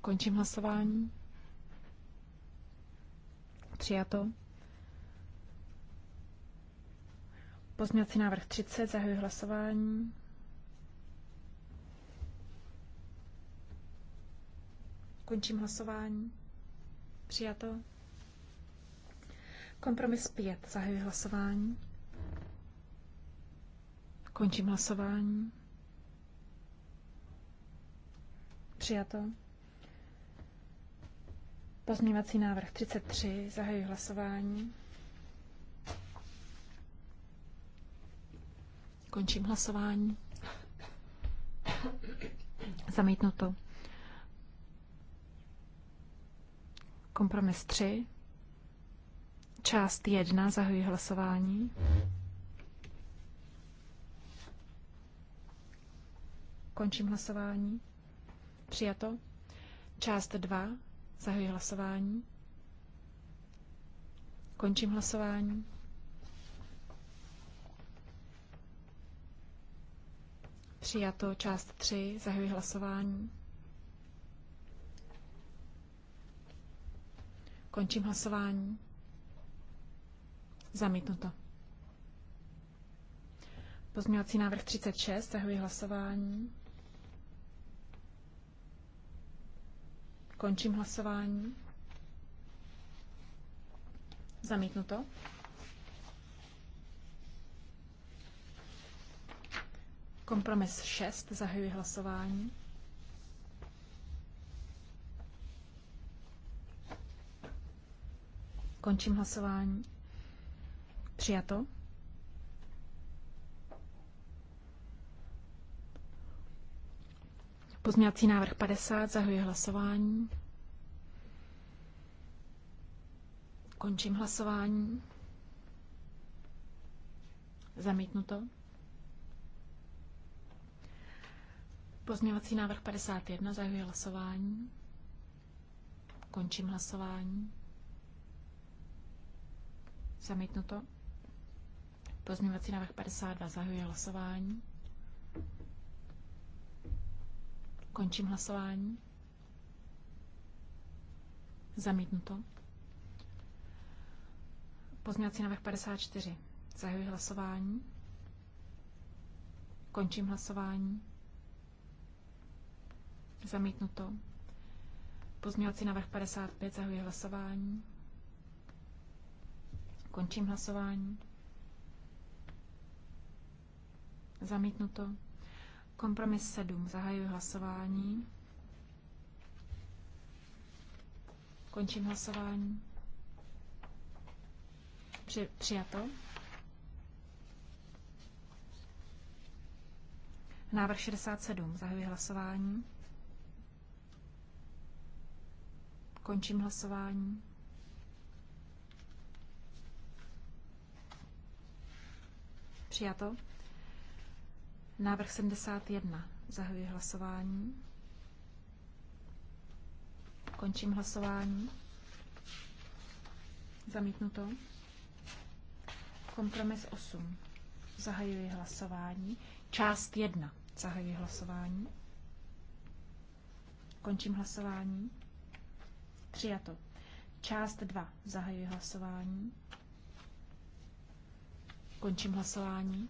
[SPEAKER 1] Končím hlasování. Přijato. Pozměňovací návrh 30, zahajuji hlasování. Končím hlasování. Přijato. Kompromis 5, zahajuji hlasování. Končím hlasování. Přijato. Pozměňovací návrh 33, zahajuji hlasování. Končím hlasování. Zamítnuto. Kompromis 3. Část 1. Zahajuji hlasování. Končím hlasování. Přijato. Část 2. Zahajuji hlasování. Končím hlasování. Přijato část 3. Zahajuji hlasování. Končím hlasování. Zamítnuto. Pozměňovací návrh 36. Zahajuji hlasování. Končím hlasování. Zamítnuto. Kompromis 6. Zahajuji hlasování. Končím hlasování. Přijato. Pozměňovací návrh 50. Zahajuji hlasování. Končím hlasování. Zamítnuto. Pozměňovací návrh 51 zahajuje hlasování. Končím hlasování. Zamítnuto. Pozměňovací návrh 52 zahajuje hlasování. Končím hlasování. Zamítnuto. Pozměňovací návrh 54. Zahajuji hlasování. Končím hlasování. Zamítnuto. Pozměňovací návrh 55 zahuje hlasování. Končím hlasování. Zamítnuto. Kompromis 7. Zahajuji hlasování. Končím hlasování. Při, přijato. Návrh 67. Zahajuji hlasování. Končím hlasování. Přijato. Návrh 71. Zahajuji hlasování. Končím hlasování. Zamítnuto. Kompromis 8. Zahajuji hlasování. Část 1. Zahajuji hlasování. Končím hlasování. Přijato. Část 2. Zahajuji hlasování. Končím hlasování.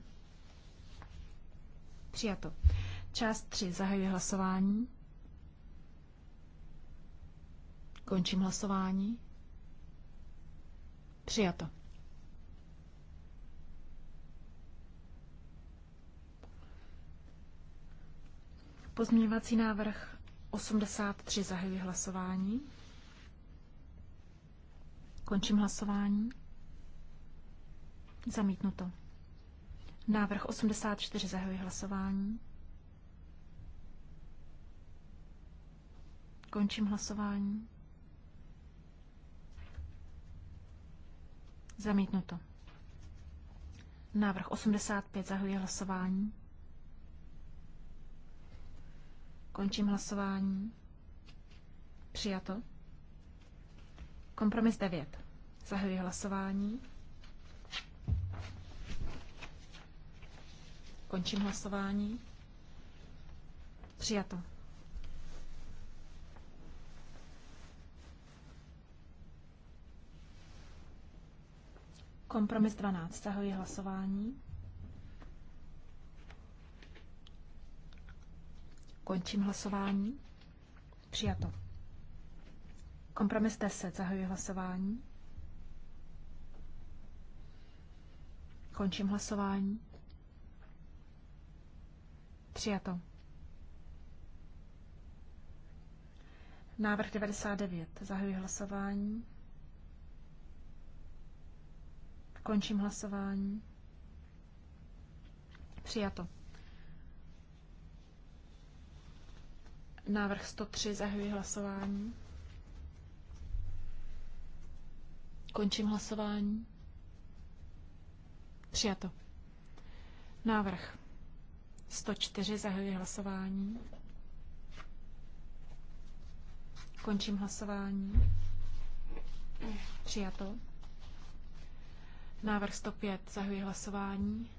[SPEAKER 1] Přijato. Část 3. Zahajuji hlasování. Končím hlasování. Přijato. Pozměňovací návrh 83 zahajuji hlasování. Končím hlasování. Zamítnuto. Návrh 84 zahajuji hlasování. Končím hlasování. Zamítnuto. Návrh 85 zahajuji hlasování. Končím hlasování. Přijato. Kompromis 9. Zahajuji hlasování. Končím hlasování. Přijato. Kompromis 12. Zahajuji hlasování. Končím hlasování. Přijato. Kompromis 10. Zahajuji hlasování. Končím hlasování. Přijato. Návrh 99. Zahajuji hlasování. Končím hlasování. Přijato. Návrh 103. Zahajuji hlasování. Končím hlasování. Přijato. Návrh 104 zahajuje hlasování. Končím hlasování. Přijato. Návrh 105 zahajuje hlasování.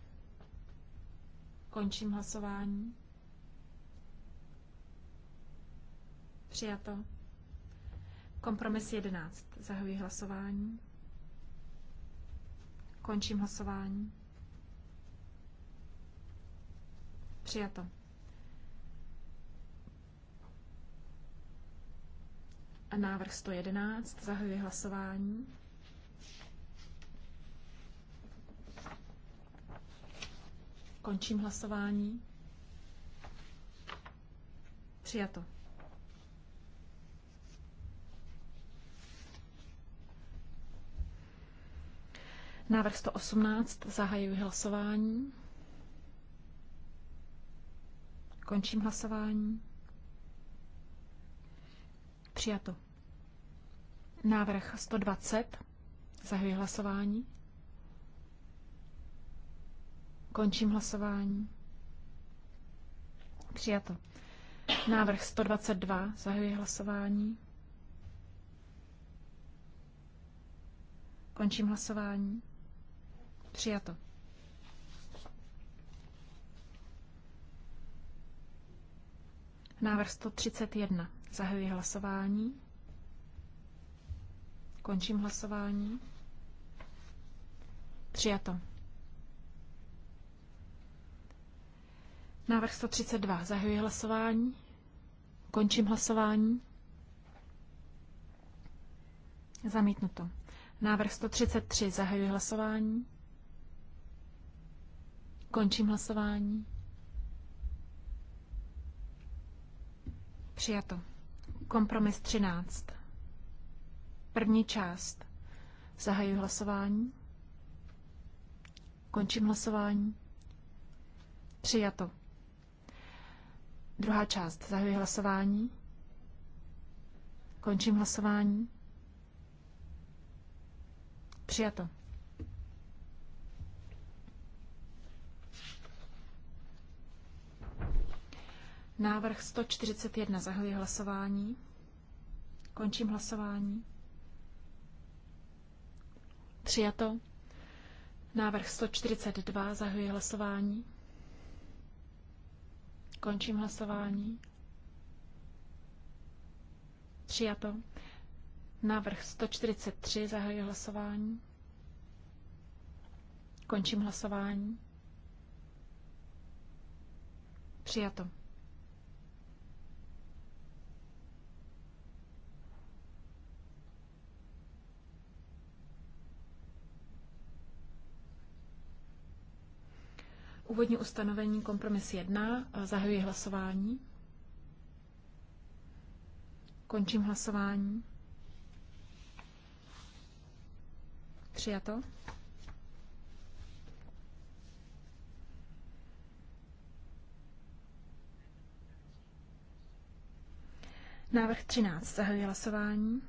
[SPEAKER 1] Končím hlasování. Přijato. Kompromis 11. Zahajuji hlasování. Končím hlasování. Přijato. A návrh 111. Zahajuji hlasování. Končím hlasování. Přijato. Návrh 118. Zahajuji hlasování. Končím hlasování. Přijato. Návrh 120. Zahajuji hlasování. Končím hlasování. Přijato. Návrh 122. Zahajuji hlasování. Končím hlasování. Přijato. Návrh 131. Zahajuji hlasování. Končím hlasování. Přijato. Návrh 132. Zahajuji hlasování. Končím hlasování. Zamítnuto. Návrh 133. Zahajuji hlasování. Končím hlasování. Přijato. Kompromis 13. První část. Zahajuji hlasování. Končím hlasování. Přijato. Druhá část. Zahajuji hlasování. Končím hlasování. Přijato. Návrh 141. Zahajuji hlasování. Končím hlasování. Přijato. Návrh 142. Zahajuji hlasování. Končím hlasování. Přijato. Návrh 143. Zahajuji hlasování. Končím hlasování. Přijato. Úvodní ustanovení kompromis 1. Zahajuji hlasování. Končím hlasování. Přijato. Návrh 13. Zahajuji hlasování.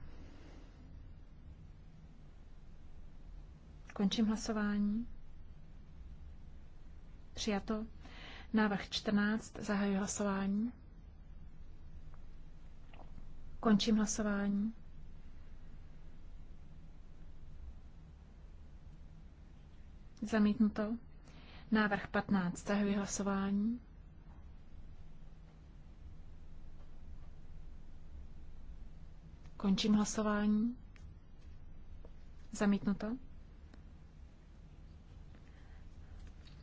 [SPEAKER 1] Končím hlasování. Přijato. Návrh 14. Zahajuji hlasování. Končím hlasování. Zamítnuto. Návrh 15. Zahajuji hlasování. Končím hlasování. Zamítnuto.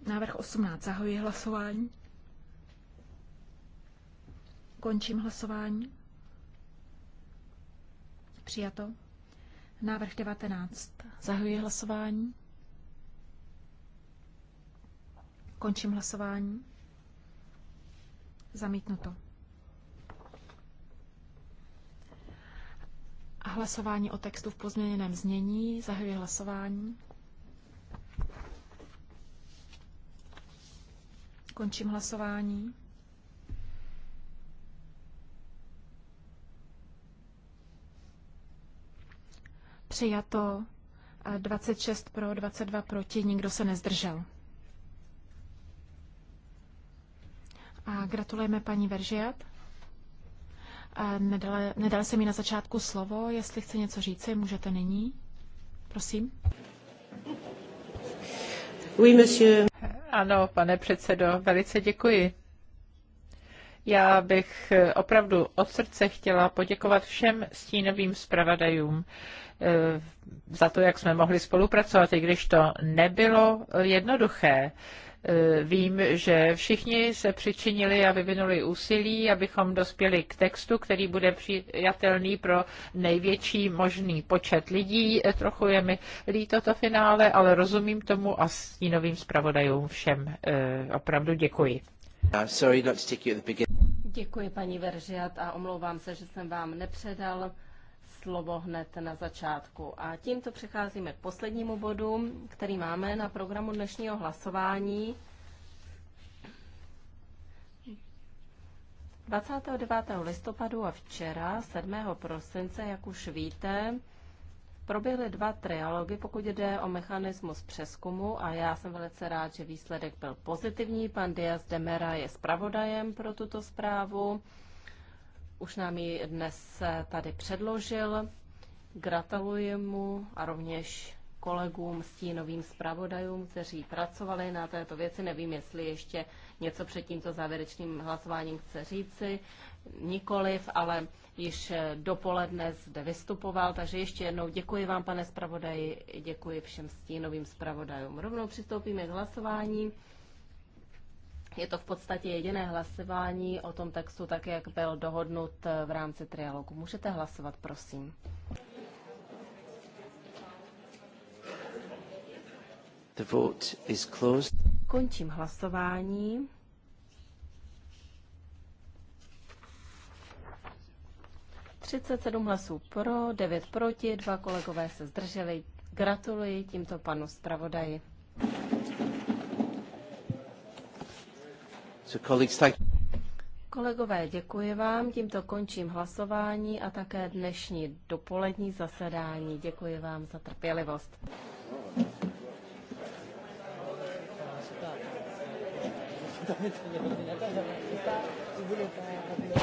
[SPEAKER 1] Návrh 18. Zahajuji hlasování. Končím hlasování. Přijato. Návrh 19. Zahajuji hlasování. Končím hlasování. Zamítnuto. A hlasování o textu v pozměněném znění. Zahajuji hlasování. Končím hlasování. Přijato 26 pro, 22 proti, nikdo se nezdržel. A gratulujeme paní Veržiat. Nedal, nedal se mi na začátku slovo, jestli chce něco říci, můžete nyní. Prosím.
[SPEAKER 3] Oui, monsieur.
[SPEAKER 4] Eh, ano, pane předsedo, velice děkuji. Já bych eh, opravdu od srdce chtěla poděkovat všem stínovým zpravodajům eh, za to, jak jsme mohli spolupracovat, i když to nebylo jednoduché. Eh, vím, že všichni se přičinili a vyvinuli úsilí, abychom dospěli k textu, který bude přijatelný pro největší možný počet lidí. Eh, trochu je mi líto to finále, ale rozumím tomu a stínovým zpravodajům všem eh, opravdu děkuji.
[SPEAKER 2] Uh,
[SPEAKER 3] děkuji, paní Veržiat, a omlouvám se, že jsem vám nepředal slovo hned na začátku. A tímto přecházíme k poslednímu bodu, který máme na programu dnešního hlasování. 29. listopadu a včera, 7. prosince, jak už víte, proběhly dva trialogy, pokud jde o mechanismus přeskumu a já jsem velice rád, že výsledek byl pozitivní. Pan Diaz Demera je zpravodajem pro tuto zprávu. Už nám ji dnes tady předložil. Gratuluji mu a rovněž kolegům, stínovým zpravodajům, kteří pracovali na této věci. Nevím, jestli ještě něco před tímto závěrečným hlasováním chce říci. Nikoliv, ale již dopoledne zde vystupoval, takže ještě jednou děkuji vám, pane zpravodaji, děkuji všem stínovým zpravodajům. Rovnou přistoupíme k hlasování. Je to v podstatě jediné hlasování o tom textu, tak jak byl dohodnut eh, v rámci trialogu. Můžete hlasovat, prosím.
[SPEAKER 2] The vote is closed.
[SPEAKER 3] Končím hlasování. Třicet sedm hlasů pro, devět proti, dva kolegové se zdrželi. Gratuluji tímto panu zpravodaji. Kolegové, děkuji vám. Tímto končím hlasování a také dnešní dopolední zasedání. Děkuji vám za trpělivost.
[SPEAKER 1] <laughs>